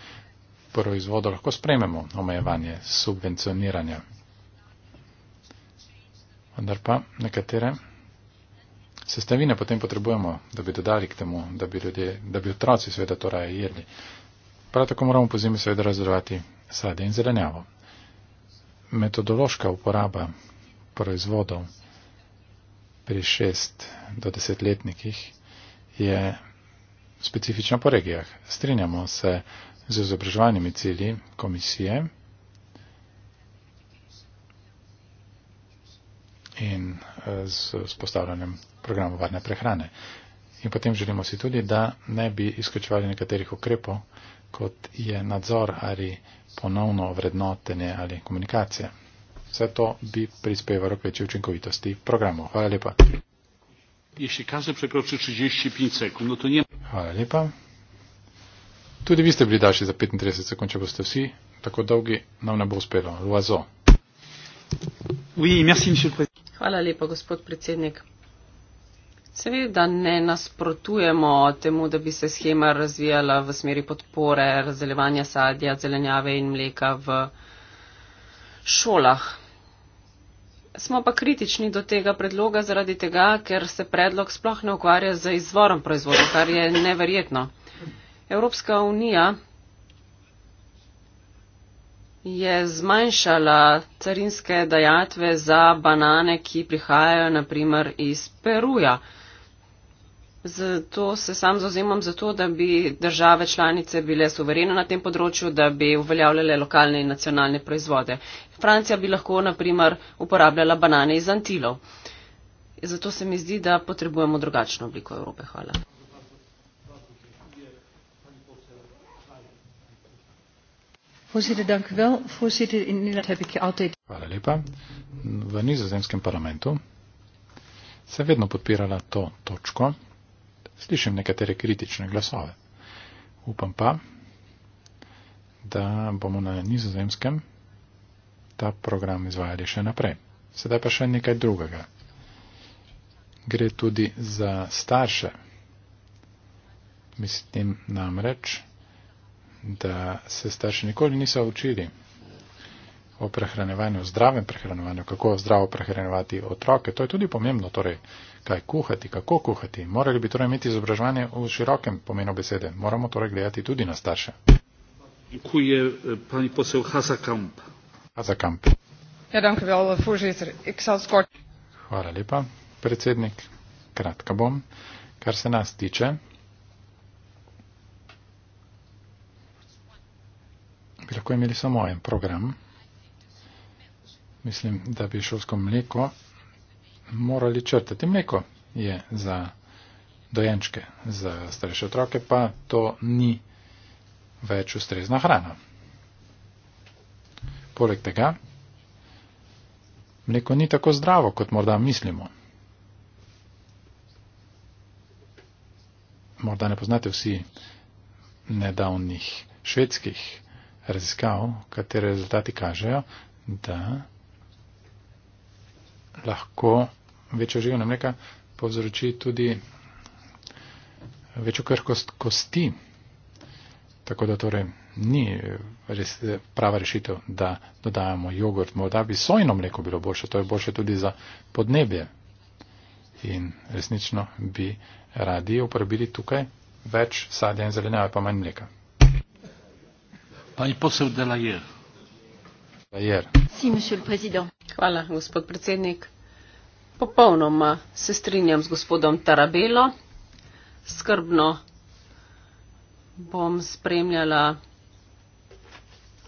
proizvodov, lahko sprememo omejevanje subvencioniranja. Vendar pa nekatere sestavine potem potrebujemo, da bi dodali k temu, da bi, ljudje, da bi otroci seveda to torej raje jedli. Prav tako moramo po zimi seveda razdelovati sadje in zelenjavo. Metodološka uporaba proizvodov pri 6 do 10 letnikih je specifična po regijah. Strinjamo se z izobraževanimi cilji komisije in eh, z spostavljanjem programa varne prehrane. In potem želimo si tudi, da ne bi izključevali nekaterih ukrepov, kot je nadzor ali ponovno vrednotenje ali komunikacija. Vse to bi prispevalo k večji učinkovitosti programov. Hvala lepa. No Hvala lepa. Tudi vi ste bili daljši za 35 sekund, če boste vsi tako dolgi, nam ne bo uspelo. Luazo. Oui, merci, monsieur le président. Hvala lepa, gospod predsednik. Seveda ne nasprotujemo temu, da bi se schema razvijala v smeri podpore razdeljevanja sadja, zelenjave in mleka v šolah. Smo pa kritični do tega predloga zaradi tega, ker se predlog sploh ne ukvarja z izvorom proizvoda, kar je neverjetno. Evropska unija je zmanjšala carinske dajatve za banane, ki prihajajo naprimer iz Peruja. Zato se sam zauzemam za to, da bi države članice bile suverene na tem področju, da bi uveljavljale lokalne in nacionalne proizvode. Francija bi lahko, naprimer, uporabljala banane iz antilov. Zato se mi zdi, da potrebujemo drugačno obliko Evrope. Hvala. Voorzitter, dank u wel. Voorzitter, in Nederland heb ik je altijd... Hvala lepa. V nizozemskem parlamentu se vedno podpirala to točko. Slišim nekatere kritične glasove. Upam pa, da bomo na nizozemskem ta program izvajali še naprej. Sedaj pa še nekaj drugega. Gre tudi za starše. Mislim namreč, da se starši nikoli niso učili o prehranevanju, zdravem prehranevanju, kako zdravo prehranevati otroke. To je tudi pomembno, torej, kaj kuhati, kako kuhati. Morali bi torej imeti izobraževanje v širokem pomenu besede. Moramo torej gledati tudi na starše. Kuje pani posel Hazakamp. Hazakamp. Ja, danke vel, eh, voorzitter. Ik zal Hvala lepa, predsednik. Kratka bom. Kar se nas tiče, bi lahko imeli samo en program. Mislim, da bi šolsko mleko morali črtati. Mleko je za dojenčke, za starejše otroke pa to ni več ustrezna hrana. Poleg tega, mleko ni tako zdravo, kot morda mislimo. Morda ne poznate vsi nedavnih švedskih raziskav, katere rezultati kažejo, da lahko večjo živino mleka povzroči tudi večjo krhkost kosti. Tako da torej ni res, prava rešitev, da dodajamo jogurt. Morda bi sojno mleko bilo boljše, to je boljše tudi za podnebje. In resnično bi radi uporabili tukaj več sadja in zelenjave, pa manj mleka popolnoma se strinjam z gospodom Tarabelo. Skrbno bom spremljala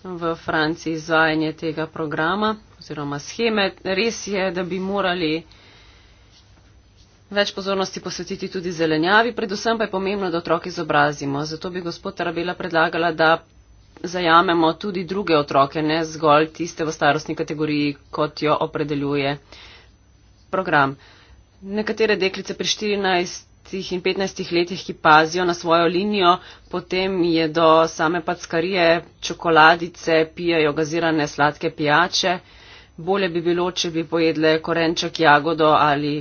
v Franciji izvajanje tega programa oziroma scheme. Res je, da bi morali več pozornosti posvetiti tudi zelenjavi, predvsem pa je pomembno, da otroke izobrazimo. Zato bi gospod Tarabela predlagala, da zajamemo tudi druge otroke, ne zgolj tiste v starostni kategoriji, kot jo opredeljuje program. Nekatere deklice pri 14 in 15 letih, ki pazijo na svojo linijo, potem je do same packarije, čokoladice, pijajo gazirane sladke pijače. Bolje bi bilo, če bi pojedle korenček, jagodo ali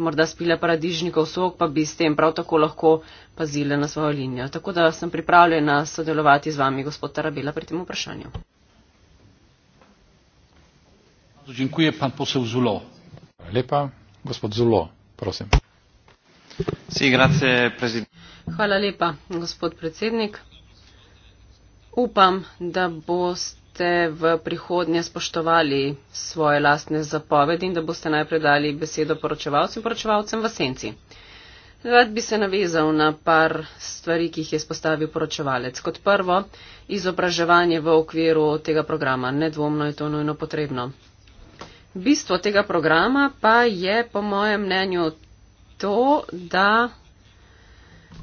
morda spile paradižnikov sok, pa bi s tem prav tako lahko pazile na svojo linijo. Tako da sem pripravljena sodelovati z vami, gospod Tarabela, pri tem vprašanju. Dziękuję, pan poseł Zulo. Lepa, gospod Zulo, prosim. Si, grazie, Hvala lepa, gospod predsednik. Upam, da boste boste v prihodnje spoštovali svoje lastne zapovedi in da boste najprej dali besedo poročevalcem, poročevalcem v senci. Rad bi se navezal na par stvari, ki jih je spostavil poročevalec. Kot prvo, izobraževanje v okviru tega programa. Nedvomno je to nujno potrebno. Bistvo tega programa pa je po mojem mnenju to, da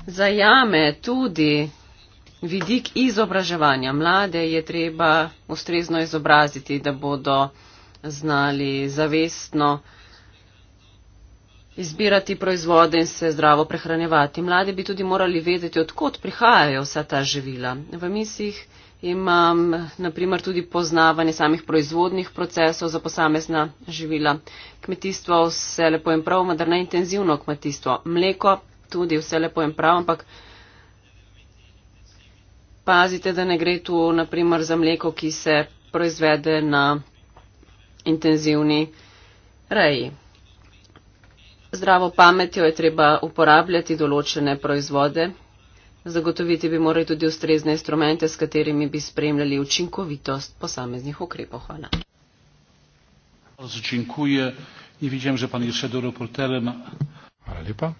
zajame tudi vidik izobraževanja. Mlade je treba ustrezno izobraziti, da bodo znali zavestno izbirati proizvode in se zdravo prehranjevati. Mladi bi tudi morali vedeti, odkot prihajajo vsa ta živila. V mislih imam naprimer tudi poznavanje samih proizvodnih procesov za posamezna živila. Kmetijstvo vse lepo in prav, vendar ne intenzivno kmetijstvo. Mleko tudi vse lepo in prav, ampak pazite, da ne gre tu naprimer za mleko, ki se proizvede na intenzivni reji. Zdravo pametjo je treba uporabljati določene proizvode. Zagotoviti bi morali tudi ustrezne instrumente, s katerimi bi spremljali učinkovitost posameznih ukrepov. Hvala. Hvala, zdravo, in vidim, že pa ni še do reporterja. Hvala lepa.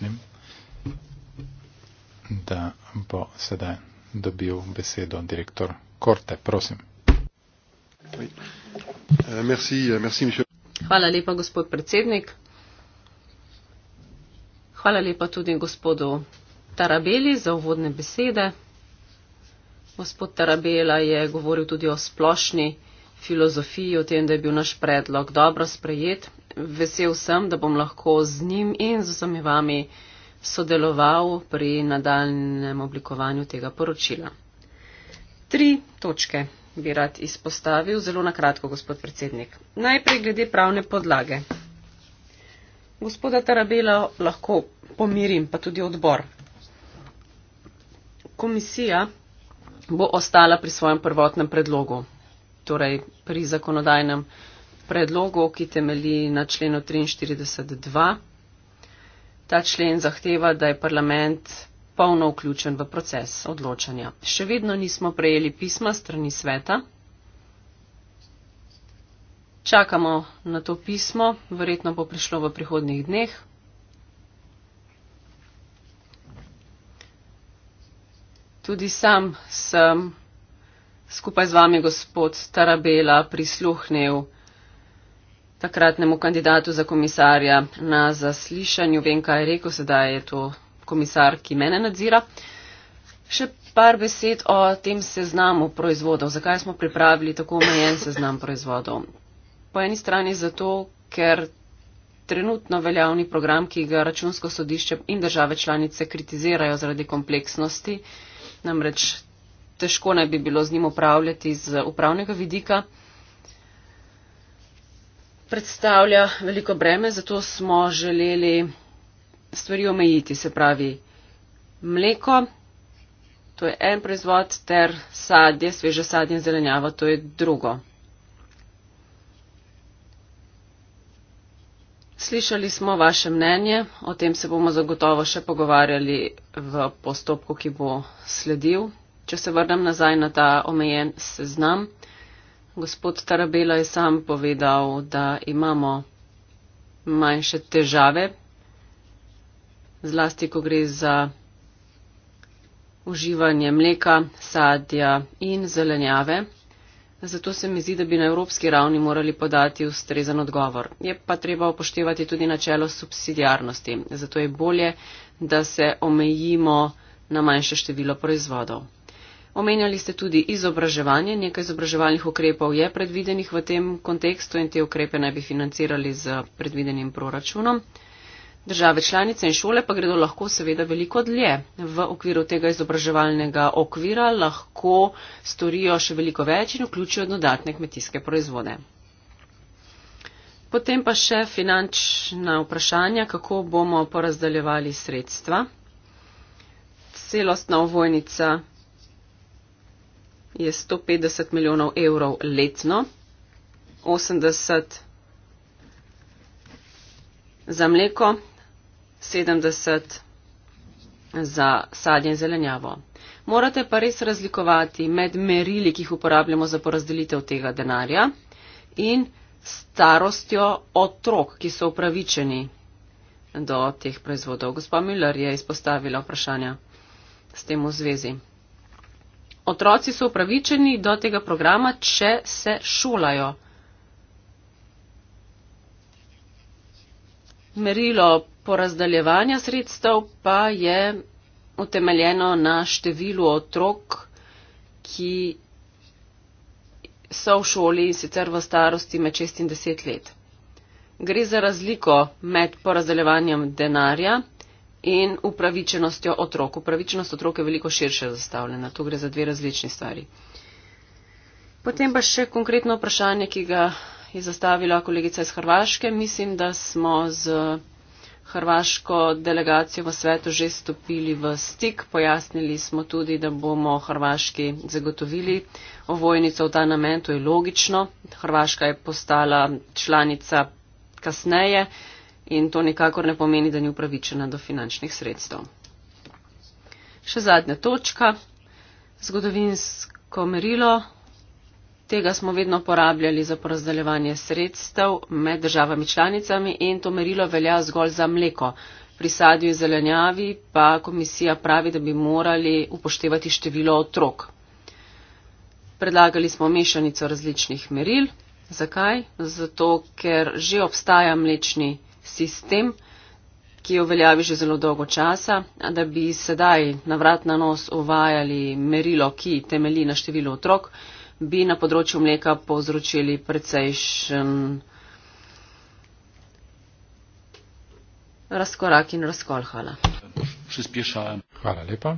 mislim, da bo sedaj dobil besedo direktor Korte. Prosim. Euh, merci, euh, merci, Hvala lepa, gospod predsednik. Hvala lepa tudi gospodu Tarabeli za uvodne besede. Gospod Tarabela je govoril tudi o splošni filozofiji, o tem, da je bil naš predlog dobro sprejet vesel sem, da bom lahko z njim in z vsemi vami sodeloval pri nadaljnem oblikovanju tega poročila. Tri točke bi rad izpostavil, zelo na kratko, gospod predsednik. Najprej glede pravne podlage. Gospoda Tarabela lahko pomirim, pa tudi odbor. Komisija bo ostala pri svojem prvotnem predlogu, torej pri zakonodajnem predlogu predlogu, ki temeli na členu 43.2. Ta člen zahteva, da je parlament polno vključen v proces odločanja. Še vedno nismo prejeli pisma strani sveta. Čakamo na to pismo, verjetno bo prišlo v prihodnih dneh. Tudi sam sem skupaj z vami, gospod Tarabela, prisluhnil takratnemu kandidatu za komisarja na zaslišanju. Vem, kaj je rekel, sedaj je to komisar, ki mene nadzira. Še par besed o tem seznamu proizvodov. Zakaj smo pripravili tako omejen seznam proizvodov? Po eni strani zato, ker trenutno veljavni program, ki ga računsko sodišče in države članice kritizirajo zaradi kompleksnosti, namreč težko naj bi bilo z njim upravljati z upravnega vidika predstavlja veliko breme, zato smo želeli stvari omejiti, se pravi mleko, to je en proizvod, ter sadje, sveže sadje in zelenjava, to je drugo. Slišali smo vaše mnenje, o tem se bomo zagotovo še pogovarjali v postopku, ki bo sledil. Če se vrnem nazaj na ta omejen seznam. Gospod Tarabela je sam povedal, da imamo manjše težave, zlasti ko gre za uživanje mleka, sadja in zelenjave. Zato se mi zdi, da bi na evropski ravni morali podati ustrezan odgovor. Je pa treba upoštevati tudi načelo subsidijarnosti. Zato je bolje, da se omejimo na manjše število proizvodov. Omenjali ste tudi izobraževanje, nekaj izobraževalnih ukrepov je predvidenih v tem kontekstu in te ukrepe naj bi financirali z predvidenim proračunom. Države članice in šole pa gredo lahko seveda veliko dlje. V okviru tega izobraževalnega okvira lahko storijo še veliko več in vključijo dodatne kmetijske proizvode. Potem pa še finančna vprašanja, kako bomo porazdaljevali sredstva. Celostna ovojnica je 150 milijonov evrov letno, 80 za mleko, 70 za sadje in zelenjavo. Morate pa res razlikovati med merili, ki jih uporabljamo za porazdelitev tega denarja in starostjo otrok, ki so upravičeni do teh proizvodov. Gospa Miller je izpostavila vprašanja s tem v zvezi otroci so upravičeni do tega programa, če se šolajo. Merilo porazdaljevanja sredstev pa je utemeljeno na številu otrok, ki so v šoli in sicer v starosti med 6 in 10 let. Gre za razliko med porazdaljevanjem denarja, in upravičenostjo otrok. Upravičenost otrok je veliko širše zastavljena. Tu gre za dve različni stvari. Potem pa še konkretno vprašanje, ki ga je zastavila kolegica iz Hrvaške. Mislim, da smo z hrvaško delegacijo v svetu že stopili v stik. Pojasnili smo tudi, da bomo Hrvaški zagotovili ovojnico v ta namen. To je logično. Hrvaška je postala članica kasneje. Uh, in to nikakor ne pomeni, da ni upravičena do finančnih sredstev. Še zadnja točka. Zgodovinsko merilo. Tega smo vedno porabljali za porazdeljevanje sredstev med državami članicami in to merilo velja zgolj za mleko. Pri sadju in zelenjavi pa komisija pravi, da bi morali upoštevati število otrok. Predlagali smo mešanico različnih meril. Zakaj? Zato, ker že obstaja mlečni sistem, ki jo veljavi že zelo dolgo časa, da bi sedaj na vrat na nos uvajali merilo, ki temeli na številu otrok, bi na področju mleka povzročili precejšen razkorak in razkol. Hvala. Hvala lepa.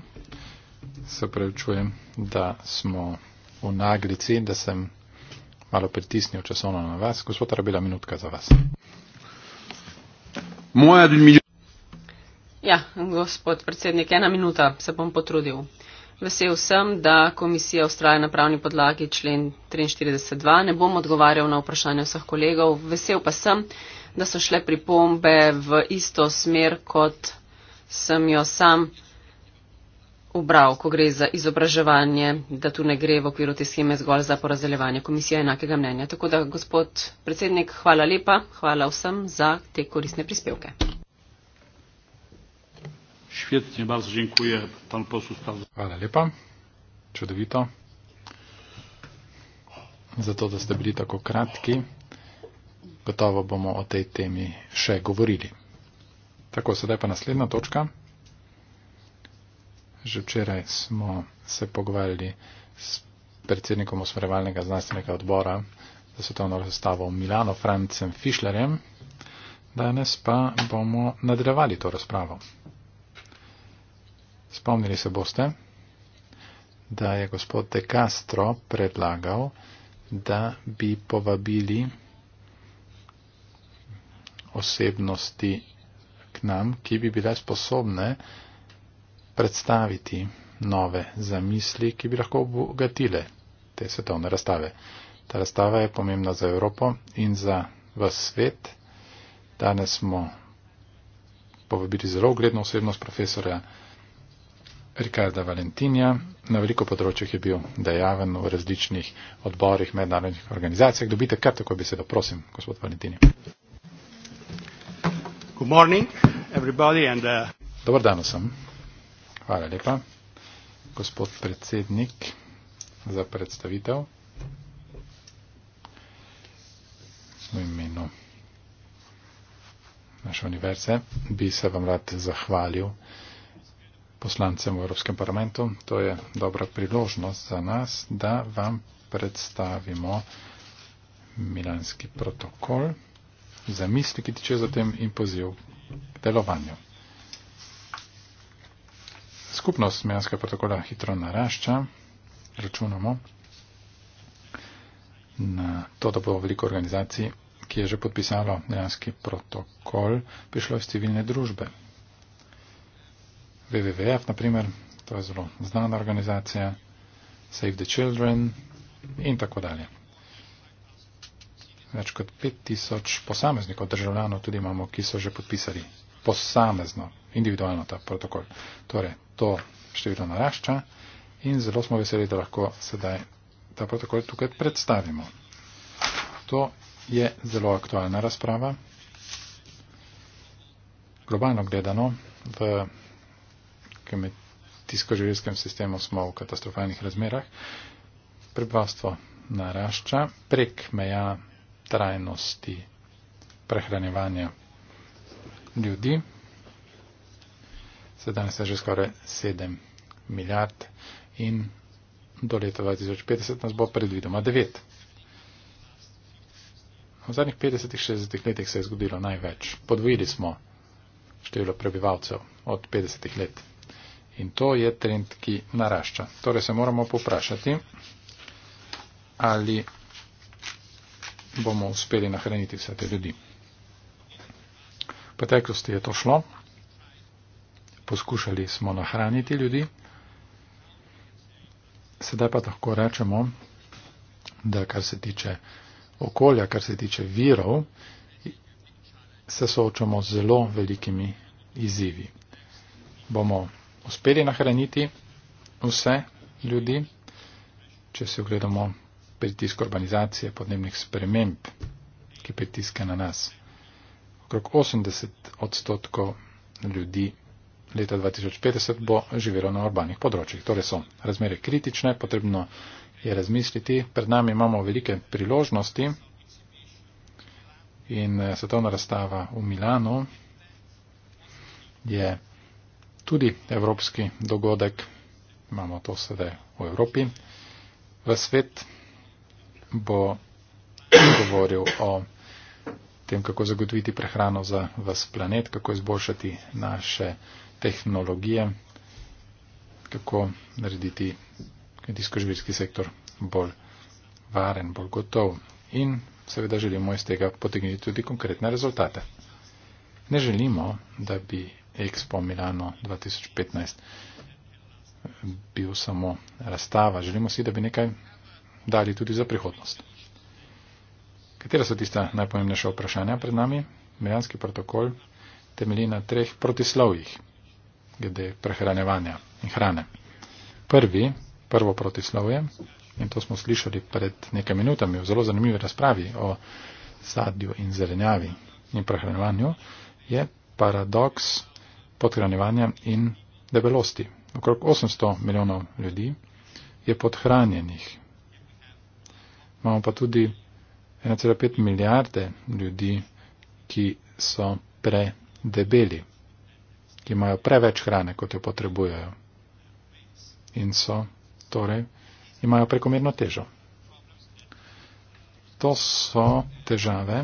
Se prevečujem, da smo v naglici in da sem malo pritisnil časovno na vas. Gospod Rabila, minutka za vas. Ja, gospod predsednik, ena minuta, se bom potrudil. Vesel sem, da komisija ustraja na pravni podlagi člen 43.2. Ne bom odgovarjal na vprašanje vseh kolegov. Vesel pa sem, da so šle pripombe v isto smer, kot sem jo sam obral, ko gre za izobraževanje, da tu ne gre v okviru te scheme zgolj za porazdeljevanje komisije enakega mnenja. Tako da, gospod predsednik, hvala lepa, hvala vsem za te korisne prispevke. Švetni vas ženkuje, pan posustav. Hvala lepa, čudovito. Zato, da ste bili tako kratki, gotovo bomo o tej temi še govorili. Tako, sedaj pa naslednja točka. Že včeraj smo se pogovarjali s predsednikom osmerevalnega znanstvenega odbora za svetovno razstavo Milano Francem Fischlerjem. Danes pa bomo nadaljevali to razpravo. Spomnili se boste, da je gospod De Castro predlagal, da bi povabili osebnosti k nam, ki bi bile sposobne predstaviti nove zamisli, ki bi lahko obogatile te svetovne razstave. Ta razstava je pomembna za Evropo in za vse svet. Danes smo povabili zelo ugledno osebnost profesora Rikarda Valentinja. Na veliko področjih je bil dejaven v različnih odborih mednarodnih organizacijah. Dobite kar tako besedo, prosim, gospod Valentini. Good morning, everybody, and, uh... Dobar dan vsem. Hvala lepa, gospod predsednik, za predstavitev v imenu naše univerze. Bi se vam rad zahvalil poslancem v Evropskem parlamentu. To je dobra priložnost za nas, da vam predstavimo milanski protokol za misli, ki tiče za tem in poziv k delovanju skupnost mejanskega protokola hitro narašča, računamo na to, da bo veliko organizacij, ki je že podpisalo mejanski protokol, prišlo iz civilne družbe. WWF, na primer, to je zelo znana organizacija, Save the Children in tako dalje. Več kot 5000 posameznikov državljanov tudi imamo, ki so že podpisali posamezno individualno ta protokol. Torej, to število narašča in zelo smo veseli, da lahko sedaj ta protokol tukaj predstavimo. To je zelo aktualna razprava. Globalno gledano, v kmetijsko-življenjskem sistemu smo v katastrofalnih razmerah. Prebivalstvo narašča prek meja trajnosti prehranjevanja ljudi, sedaj se že skoraj 7 milijard in do leta 2050 nas bo predvidoma 9. V zadnjih 50-60 letih se je zgodilo največ. Podvojili smo število prebivalcev od 50 let. In to je trend, ki narašča. Torej se moramo poprašati, ali bomo uspeli nahraniti vse te ljudi. V preteklosti je to šlo poskušali smo nahraniti ljudi. Sedaj pa lahko rečemo, da kar se tiče okolja, kar se tiče virov, se soočamo z zelo velikimi izzivi. Bomo uspeli nahraniti vse ljudi, če se ogledamo pritisk urbanizacije podnebnih sprememb, ki pritiska na nas. Okrog 80 odstotkov ljudi leta 2050 bo živelo na urbanih področjih. Torej so razmere kritične, potrebno je razmisliti. Pred nami imamo velike priložnosti in eh, svetovna razstava v Milano je tudi evropski dogodek. Imamo to sedaj v Evropi. V svet bo govoril o tem, kako zagotoviti prehrano za vas planet, kako izboljšati naše tehnologije, kako narediti kmetijsko živilski sektor bolj varen, bolj gotov. In seveda želimo iz tega potegniti tudi konkretne rezultate. Ne želimo, da bi Expo Milano 2015 bil samo razstava. Želimo si, da bi nekaj dali tudi za prihodnost. Katera so tista najpomembnejša vprašanja pred nami? Milanski protokol temelji na treh protislovjih glede prehranevanja in hrane. Prvi, prvo protislovje, in to smo slišali pred nekaj minutami v zelo zanimivi razpravi o sadju in zelenjavi in prehranevanju, je paradoks podhranevanja in debelosti. Okrog 800 milijonov ljudi je podhranjenih. Imamo pa tudi 1,5 milijarde ljudi, ki so predebeli ki imajo preveč hrane, kot jo potrebujejo. In so, torej, imajo prekomerno težo. To so težave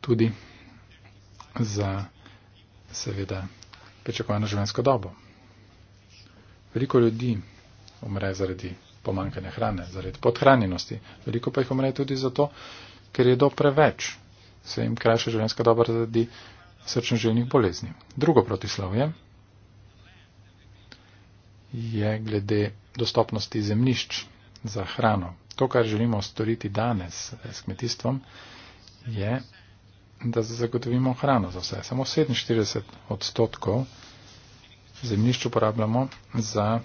tudi za, seveda, pričakovano življenjsko dobo. Veliko ljudi umre zaradi pomankanja hrane, zaradi podhranjenosti. Veliko pa jih umre tudi zato, ker je do preveč. Se jim krajša življenjska doba zaradi srčnoželjnih bolezni. Drugo protislovje je glede dostopnosti zemlišč za hrano. To, kar želimo storiti danes eh, s kmetijstvom, je, da zagotovimo hrano za vse. Samo 47 odstotkov zemlišč uporabljamo za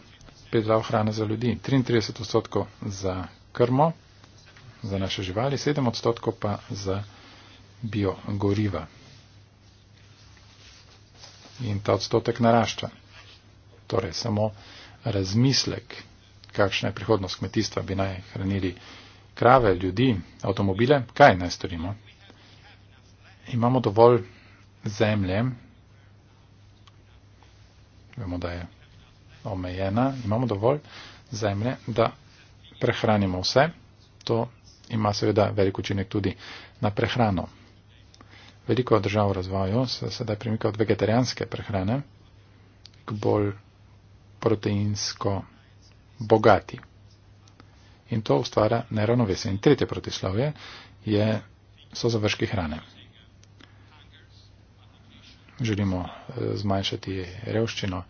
pridelavo hrane za ljudi, 33 odstotkov za krmo, za naše živali, 7 odstotkov pa za biogoriva in ta odstotek narašča. Torej, samo razmislek, kakšna je prihodnost kmetijstva, bi naj hranili krave, ljudi, avtomobile, kaj naj storimo. Imamo dovolj zemlje, vemo, da je omejena, imamo dovolj zemlje, da prehranimo vse, to ima seveda velik učinek tudi na prehrano veliko držav v razvoju se sedaj premika od vegetarijanske prehrane k bolj proteinsko bogati. In to ustvarja neravnovesje. In tretje protislovje je, so završki hrane. Želimo eh, zmanjšati revščino,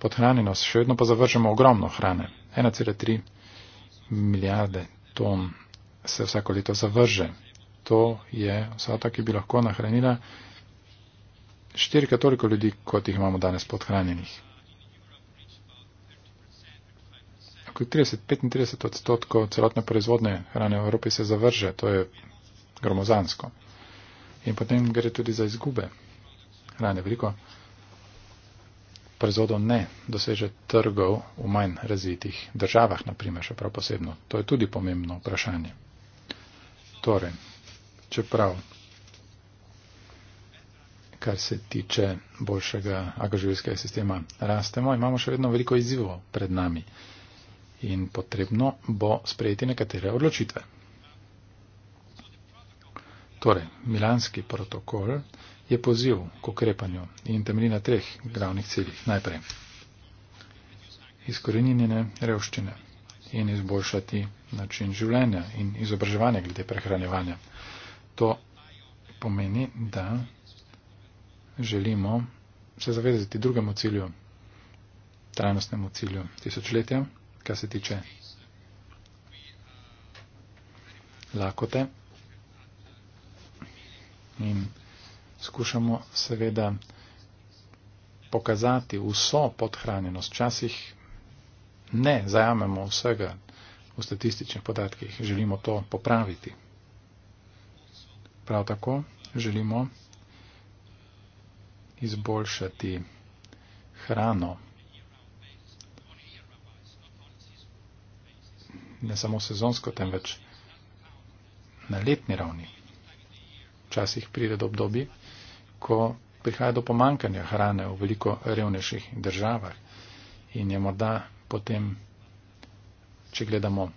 podhranjenost, še vedno pa zavržemo ogromno hrane. 1,3 milijarde ton se vsako leto zavrže to je vsota, ki bi lahko nahranila štirika toliko ljudi, kot jih imamo danes podhranjenih. Ko 30-35 odstotkov celotne proizvodne hrane v Evropi se zavrže, to je gromozansko. In potem gre tudi za izgube hrane. Veliko proizvodov ne doseže trgov v manj razvitih državah, naprimer, še prav posebno. To je tudi pomembno vprašanje. Torej, čeprav, kar se tiče boljšega agroživljenjskega sistema, rastemo, imamo še vedno veliko izzivov pred nami in potrebno bo sprejeti nekatere odločitve. Torej, Milanski protokol je poziv k ukrepanju in temelji na treh glavnih ciljih. Najprej, izkoreninjene revščine in izboljšati način življenja in izobraževanja glede prehranjevanja to pomeni, da želimo se zavezati drugemu cilju, trajnostnemu cilju tisočletja, kar se tiče lakote. In skušamo seveda pokazati vso podhranjenost. Včasih ne zajamemo vsega v statističnih podatkih, želimo to popraviti. Prav tako želimo izboljšati hrano. Ne samo sezonsko, temveč na letni ravni. Včasih pride do obdobi, ko prihaja do pomankanja hrane v veliko revnejših državah in je morda potem, če gledamo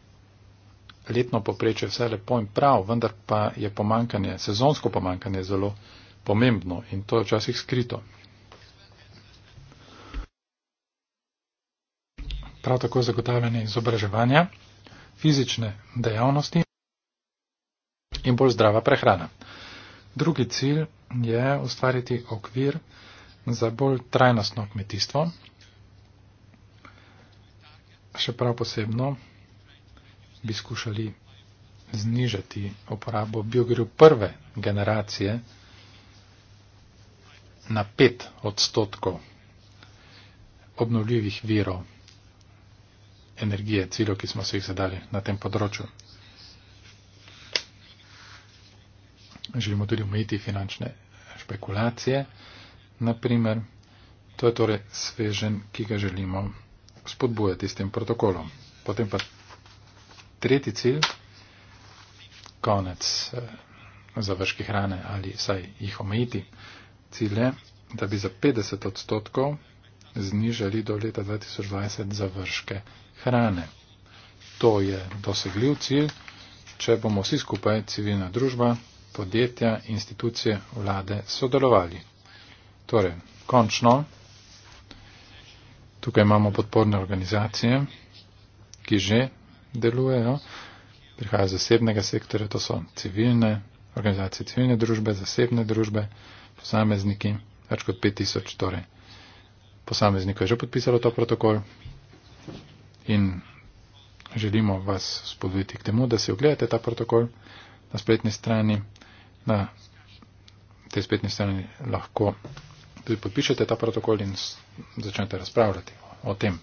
letno poprečje vse lepo in prav, vendar pa je pomankanje, sezonsko pomankanje zelo pomembno in to je včasih skrito. Prav tako zagotavljanje izobraževanja, fizične dejavnosti in bolj zdrava prehrana. Drugi cilj je ustvariti okvir za bolj trajnostno kmetijstvo, še prav posebno bi skušali znižati uporabo biogorju prve generacije na 5 odstotkov obnovljivih virov energije, ciljo, ki smo se jih zadali na tem področju. Želimo tudi omejiti finančne špekulacije, naprimer. To je torej svežen, ki ga želimo spodbujati s tem protokolom. Potem pa tretji cilj, konec eh, završki hrane ali saj jih omejiti, cilj je, da bi za 50 odstotkov znižali do leta 2020 završke hrane. To je dosegljiv cilj, če bomo vsi skupaj, civilna družba, podjetja, institucije, vlade, sodelovali. Torej, končno, tukaj imamo podporne organizacije, ki že delujejo, no. prihajajo z zasebnega sektorja, to so civilne organizacije, civilne družbe, zasebne družbe, posamezniki, več kot 5000 torej. Posameznik je že podpisalo to protokol in želimo vas spodbuditi k temu, da si ogledate ta protokol na spletni strani. Na tej spletni strani lahko tudi podpišete ta protokol in začnete razpravljati o tem.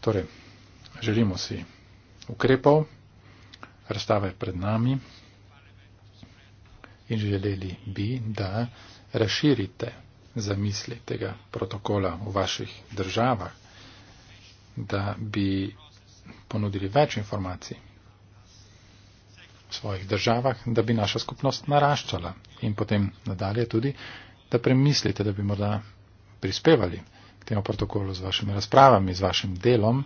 Torej, Želimo si ukrepov, razstava je pred nami in želeli bi, da razširite zamisli tega protokola v vaših državah, da bi ponudili več informacij v svojih državah, da bi naša skupnost naraščala in potem nadalje tudi, da premislite, da bi morda prispevali k temu protokolu z vašimi razpravami, z vašim delom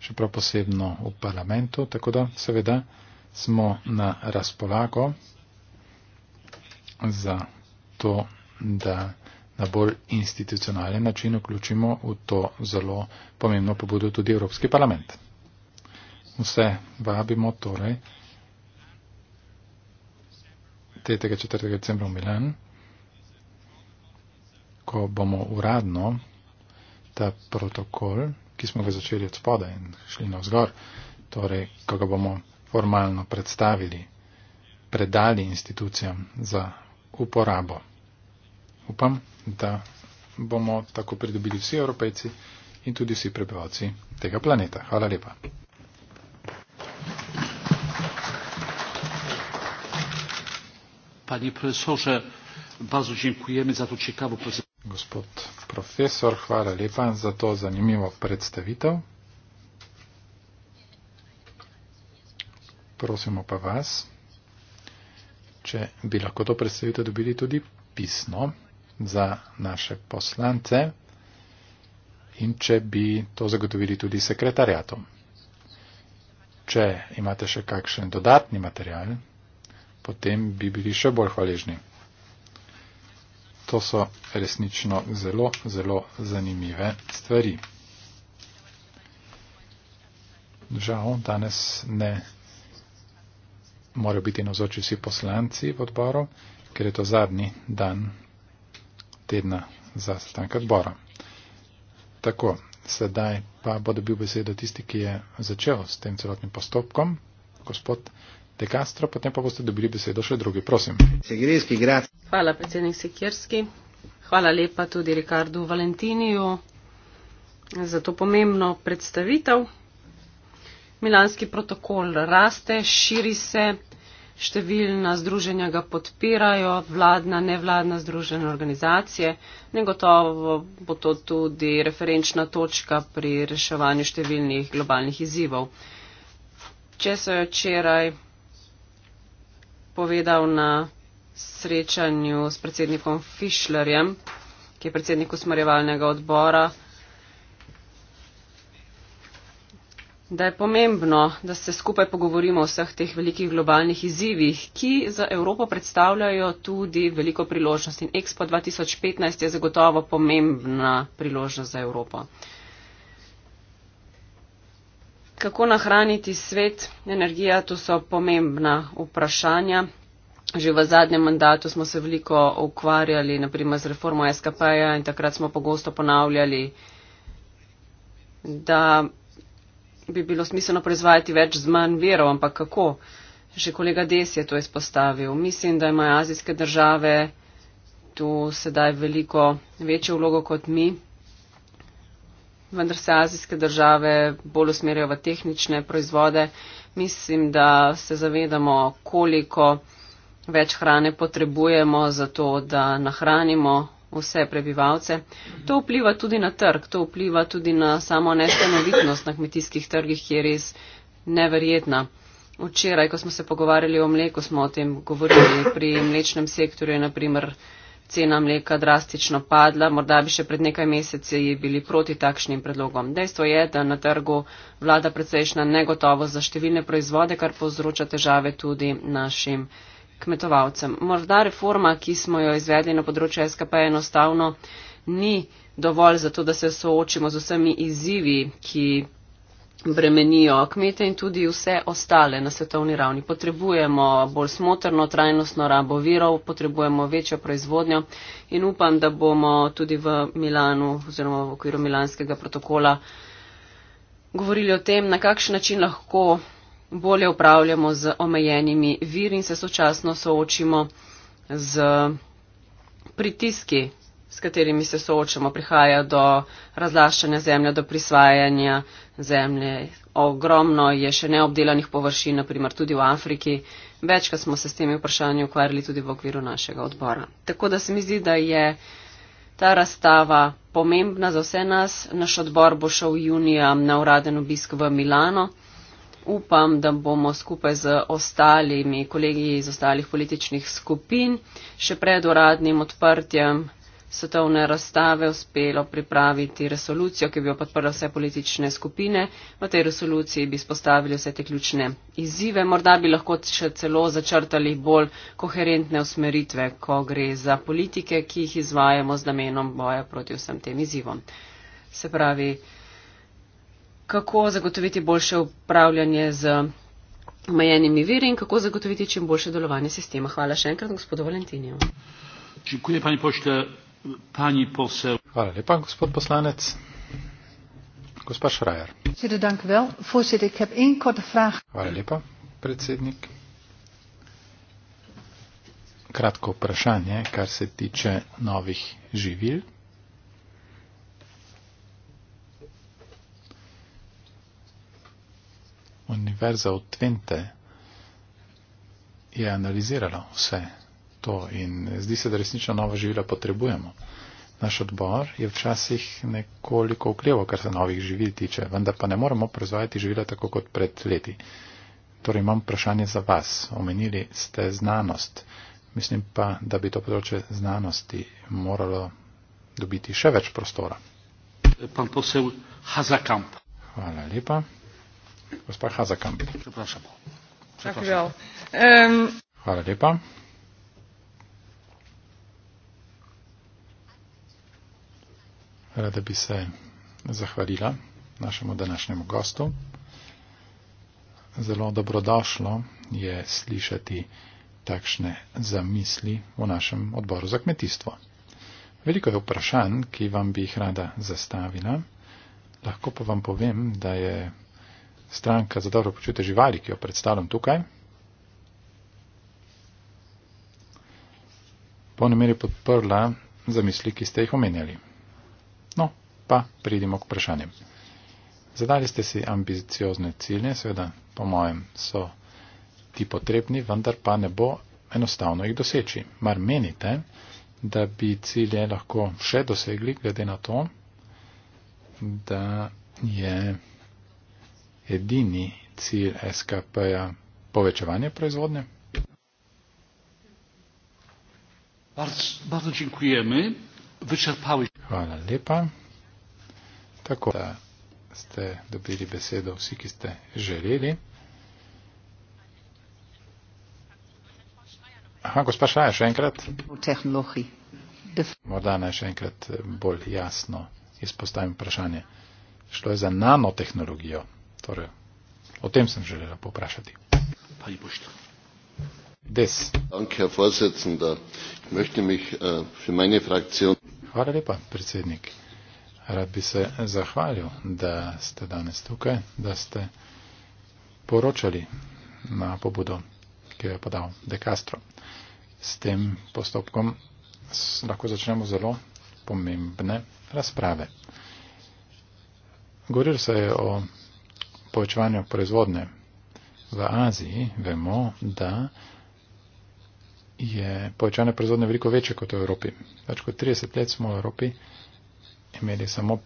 še prav posebno v parlamentu, tako da seveda smo na razpolago za to, da na bolj institucionalen način vključimo v to zelo pomembno pobudo tudi Evropski parlament. Vse vabimo torej 3. 4. decembra v Milan, ko bomo uradno ta protokol ki smo ga začeli od spoda in šli na vzgor, torej, ko ga bomo formalno predstavili, predali institucijam za uporabo. Upam, da bomo tako pridobili vsi evropejci in tudi vsi prebivalci tega planeta. Hvala lepa. Panie profesorze, bardzo dziękujemy za tą ciekawą prezentację gospod profesor, hvala lepa za to zanimivo predstavitev. Prosimo pa vas, če bi lahko to predstavitev dobili tudi pisno za naše poslance in če bi to zagotovili tudi sekretarjatom. Če imate še kakšen dodatni material, potem bi bili še bolj hvaležni to so resnično zelo, zelo zanimive stvari. Žal, danes ne morajo biti navzoči vsi poslanci v odboru, ker je to zadnji dan tedna za sestanek odbora. Tako, sedaj pa bo dobil besedo tisti, ki je začel s tem celotnim postopkom, gospod De Castro, potem pa boste dobili besedo še drugi. Prosim. Hvala, predsednik Sekirski. Hvala lepa tudi Rikardu Valentiniju za to pomembno predstavitev. Milanski protokol raste, širi se, številna združenja ga podpirajo, vladna, nevladna združena organizacije. Negotovo bo to tudi referenčna točka pri reševanju številnih globalnih izzivov. Če so jo včeraj povedal na srečanju s predsednikom Fišlerjem, ki je predsednik usmerjevalnega odbora, da je pomembno, da se skupaj pogovorimo o vseh teh velikih globalnih izzivih, ki za Evropo predstavljajo tudi veliko priložnost. In Expo 2015 je zagotovo pomembna priložnost za Evropo. Kako nahraniti svet, energija, to so pomembna vprašanja. Že v zadnjem mandatu smo se veliko ukvarjali naprimer z reformo SKP-ja in takrat smo pogosto ponavljali, da bi bilo smiselno proizvajati več z manj verov, ampak kako? Že kolega Des je to izpostavil. Mislim, da imajo azijske države tu sedaj veliko večjo vlogo kot mi, vendar se azijske države bolj usmerjajo v tehnične proizvode. Mislim, da se zavedamo, koliko več hrane potrebujemo za to, da nahranimo vse prebivalce. To vpliva tudi na trg, to vpliva tudi na samo nestanovitnost na kmetijskih trgih, ki je res neverjetna. Včeraj, ko smo se pogovarjali o mleku, smo o tem govorili. Pri mlečnem sektorju je naprimer cena mleka drastično padla, morda bi še pred nekaj meseci bili proti takšnim predlogom. Dejstvo je, da na trgu vlada precejšna negotovost za številne proizvode, kar povzroča težave tudi našim kmetovalcem. Morda reforma, ki smo jo izvedli na področju SKP, enostavno ni dovolj za to, da se soočimo z vsemi izzivi, ki bremenijo kmete in tudi vse ostale na svetovni ravni. Potrebujemo bolj smotrno, trajnostno rabo virov, potrebujemo večjo proizvodnjo in upam, da bomo tudi v Milanu oziroma v okviru Milanskega protokola govorili o tem, na kakšen način lahko bolje upravljamo z omejenimi viri in se sočasno soočimo z pritiski, s katerimi se soočamo. Prihaja do razlaščanja zemlje, do prisvajanja zemlje. Ogromno je še neobdelanih površin, naprimer tudi v Afriki. Večkrat smo se s temi vprašanji ukvarjali tudi v okviru našega odbora. Tako da se mi zdi, da je ta razstava pomembna za vse nas. Naš odbor bo šel junija na uraden obisk v Milano upam, da bomo skupaj z ostalimi kolegi iz ostalih političnih skupin še pred uradnim odprtjem svetovne razstave uspelo pripraviti resolucijo, ki bi jo podprla vse politične skupine. V tej resoluciji bi spostavili vse te ključne izzive. Morda bi lahko še celo začrtali bolj koherentne usmeritve, ko gre za politike, ki jih izvajamo z namenom boja proti vsem tem izzivom. Se pravi, kako zagotoviti boljše upravljanje z omejenimi viri in kako zagotoviti čim boljše delovanje sistema. Hvala še enkrat, gospodu Valentinijo. Čekuje, pani pošte, pani posel. Hvala lepa, gospod poslanec. Gospa Šrajer. Hvala lepa, predsednik. Kratko vprašanje, kar se tiče novih živil. univerza od Tvente je analizirala vse to in zdi se, da resnično nova živila potrebujemo. Naš odbor je včasih nekoliko ukrevo, kar se novih živil tiče, vendar pa ne moremo proizvajati živila tako kot pred leti. Torej imam vprašanje za vas. Omenili ste znanost. Mislim pa, da bi to področje znanosti moralo dobiti še več prostora. Pan posel Hazakamp. Hvala lepa gospa Hazakamp. Priprašam. Priprašam. Um, Hvala lepa. Rada bi se zahvalila našemu današnjemu gostu. Zelo dobrodošlo je slišati takšne zamisli v našem odboru za kmetijstvo. Veliko je vprašanj, ki vam bi jih rada zastavila. Lahko pa vam povem, da je stranka za dobro počutje živali, ki jo predstavljam tukaj. Po nameri podprla zamisli, ki ste jih omenjali. No, pa pridimo k vprašanjem. Zadali ste si ambiciozne cilje, seveda, po mojem, so ti potrebni, vendar pa ne bo enostavno jih doseči. Mar menite, da bi cilje lahko še dosegli, glede na to, da je. Yeah edini cilj SKP-ja povečevanje proizvodnje? Bardzo dziękujemy. Wyczerpały... Hvala lepa. Tako da ste dobili besedo vsi, ki ste želeli. Aha, gospa Šaja, še enkrat. Morda naj še enkrat bolj jasno izpostavim vprašanje. Šlo je za nanotehnologijo. Torej, o tem sem želela poprašati. Äh, Hvala lepa, predsednik. Rad bi se zahvalil, da ste danes tukaj, da ste poročali na pobudo, ki jo je podal De Castro. S tem postopkom lahko začnemo zelo pomembne razprave. Govoril se je o povečevanju proizvodne. V Aziji vemo, da je povečanje proizvodne veliko večje kot v Evropi. Več kot 30 let smo v Evropi imeli samo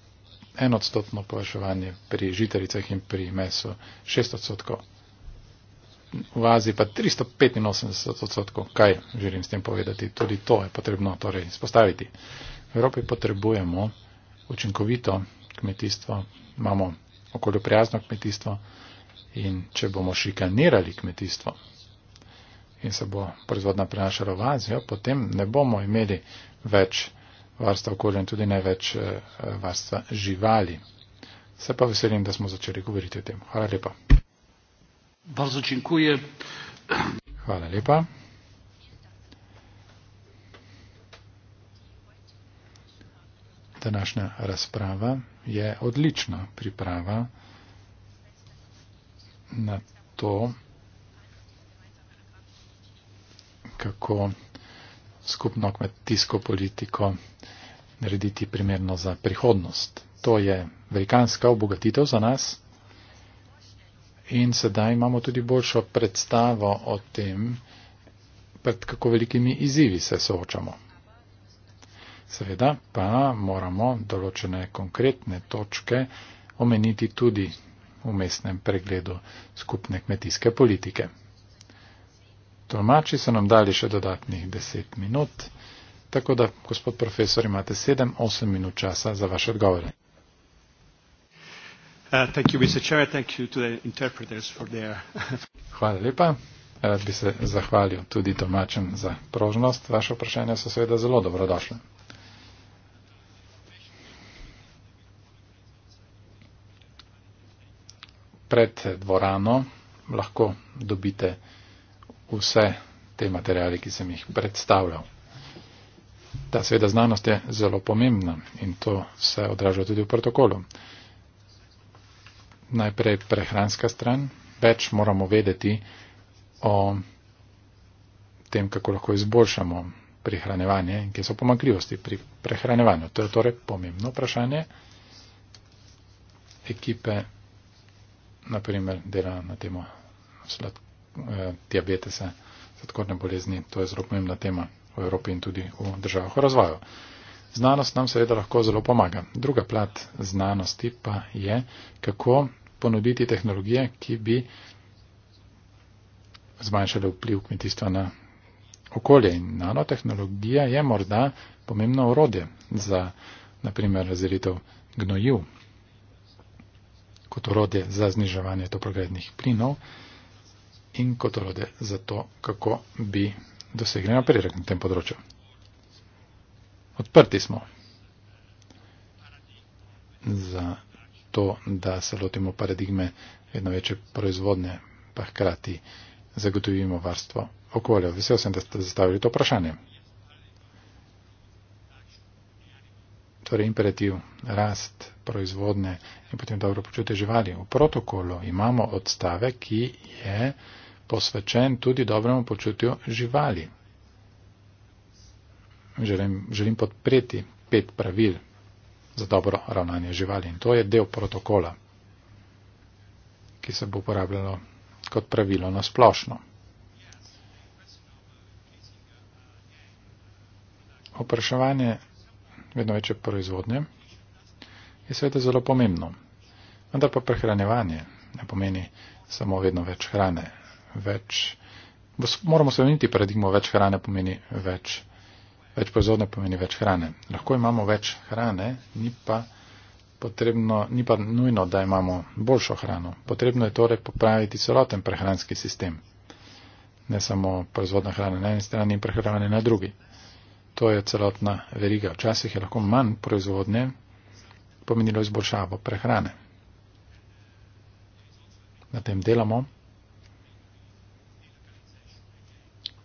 enodstotno povečevanje pri žitaricah in pri mesu, šest odstotkov. V Aziji pa 385 odstotkov. Kaj želim s tem povedati? Tudi to je potrebno torej izpostaviti. V Evropi potrebujemo učinkovito kmetijstvo. Imamo okoljoprijazno kmetijstvo in če bomo šikanirali kmetijstvo in se bo proizvodna prenašala v Azijo, potem ne bomo imeli več varstva okolja in tudi ne več eh, varstva živali. Se pa veselim, da smo začeli govoriti o tem. Hvala lepa. Hvala lepa. današnja razprava je odlična priprava na to, kako skupno kmetijsko politiko narediti primerno za prihodnost. To je velikanska obogatitev za nas in sedaj imamo tudi boljšo predstavo o tem, pred kako velikimi izzivi se soočamo. Seveda pa moramo določene konkretne točke omeniti tudi v mestnem pregledu skupne kmetijske politike. Tolmači so nam dali še dodatnih deset minut, tako da, gospod profesor, imate sedem, osem minut časa za vaše odgovore. Uh, Hvala lepa. Rad bi se zahvalil tudi domačem za prožnost. Vaše vprašanja so seveda zelo dobrodošle. pred dvorano, lahko dobite vse te materijale, ki sem jih predstavljal. Ta sveda znanost je zelo pomembna in to se odraža tudi v protokolu. Najprej prehranska stran, več moramo vedeti o tem, kako lahko izboljšamo prihranevanje in kje so pomagljivosti pri prehranevanju. To je torej pomembno vprašanje. Ekipe naprimer, dela na temo slad, eh, diabetesa, sladkorne bolezni. To je zelo pomembna tema v Evropi in tudi v državah v razvoju. Znanost nam seveda lahko zelo pomaga. Druga plat znanosti pa je, kako ponuditi tehnologije, ki bi zmanjšale vpliv kmetijstva na okolje. In nanotehnologija je morda pomembno orodje za naprimer razdelitev gnojiv kot orode za zniževanje toplogrednih plinov in kot orode za to, kako bi dosegli napredek na tem področju. Odprti smo za to, da se lotimo paradigme vedno večje proizvodne, pa hkrati zagotovimo varstvo okolja. Vesel sem, da ste zastavili to vprašanje. torej imperativ, rast proizvodne in potem dobro počutje živali. V protokolu imamo odstavek, ki je posvečen tudi dobremu počutju živali. Želim, želim podpreti pet pravil za dobro ravnanje živali in to je del protokola, ki se bo uporabljalo kot pravilo na splošno. Opraševanje vedno večje proizvodnje, je svet zelo pomembno. Vendar pa prehranjevanje ne pomeni samo vedno več hrane. Več, moramo se vniti paradigmo, več hrane pomeni več, več proizvodnje pomeni več hrane. Lahko imamo več hrane, ni pa, potrebno, ni pa nujno, da imamo boljšo hrano. Potrebno je torej popraviti celoten prehranski sistem. Ne samo proizvodna hrana na eni strani in prehranjevanje na drugi to je celotna veriga. Včasih je lahko manj proizvodnje pomenilo izboljšavo prehrane. Na tem delamo.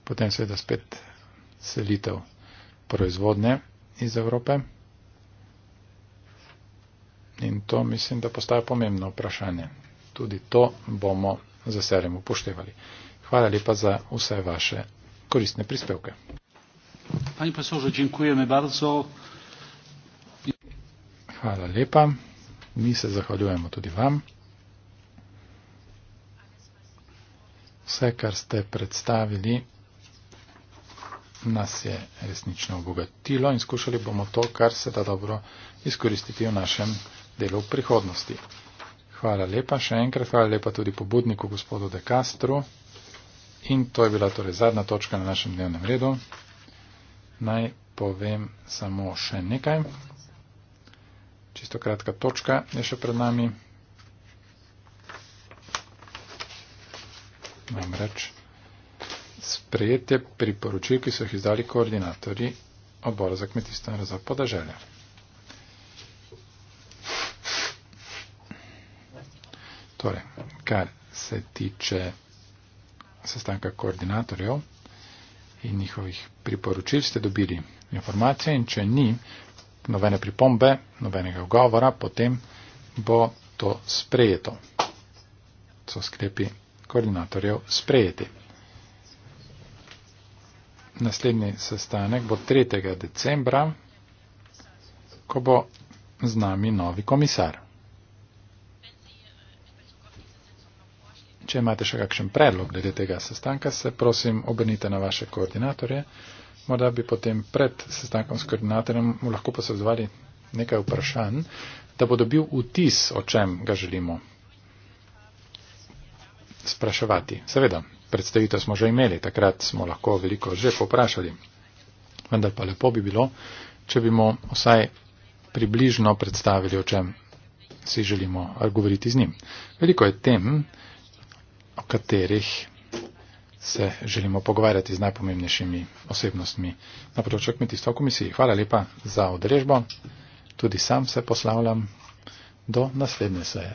Potem seveda spet selitev proizvodnje iz Evrope. In to mislim, da postaje pomembno vprašanje. Tudi to bomo z veseljem upoštevali. Hvala lepa za vse vaše koristne prispevke. Panie profesorze, dziękujemy bardzo. Hvala lepa. Mi se zahvaljujemo tudi vam. Vse, kar ste predstavili, nas je resnično obogatilo in skušali bomo to, kar se da dobro izkoristiti v našem delu v prihodnosti. Hvala lepa še enkrat, hvala lepa tudi pobudniku gospodu De Castru. In to je bila torej zadnja točka na našem dnevnem redu naj povem samo še nekaj. Čisto kratka točka je še pred nami. Namreč sprejetje priporočil, ki so jih izdali koordinatorji obora za kmetijstvo in razvoj podeželja. Torej, kar se tiče sestanka koordinatorjev, in njihovih priporočil ste dobili informacije in če ni nobene pripombe, nobenega govora, potem bo to sprejeto. So sklepi koordinatorjev sprejeti. Naslednji sestanek bo 3. decembra, ko bo z nami novi komisar. Če imate še kakšen predlog glede tega sestanka, se prosim obrnite na vaše koordinatorje. Morda bi potem pred sestankom s koordinatorjem mu lahko posredovali nekaj vprašanj, da bo dobil vtis, o čem ga želimo spraševati. Seveda, predstavitev smo že imeli, takrat smo lahko veliko že poprašali. Vendar pa lepo bi bilo, če bi mu vsaj približno predstavili, o čem si želimo govoriti z njim. Veliko je tem, katerih se želimo pogovarjati z najpomembnejšimi osebnostmi na področju kmetijstva v komisiji. Hvala lepa za odrežbo. Tudi sam se poslavljam do naslednje seje.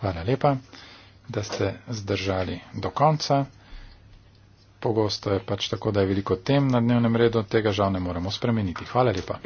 Hvala lepa, da ste zdržali do konca. Pogosto je pač tako, da je veliko tem na dnevnem redu, tega žal ne moremo spremeniti. Hvala lepa.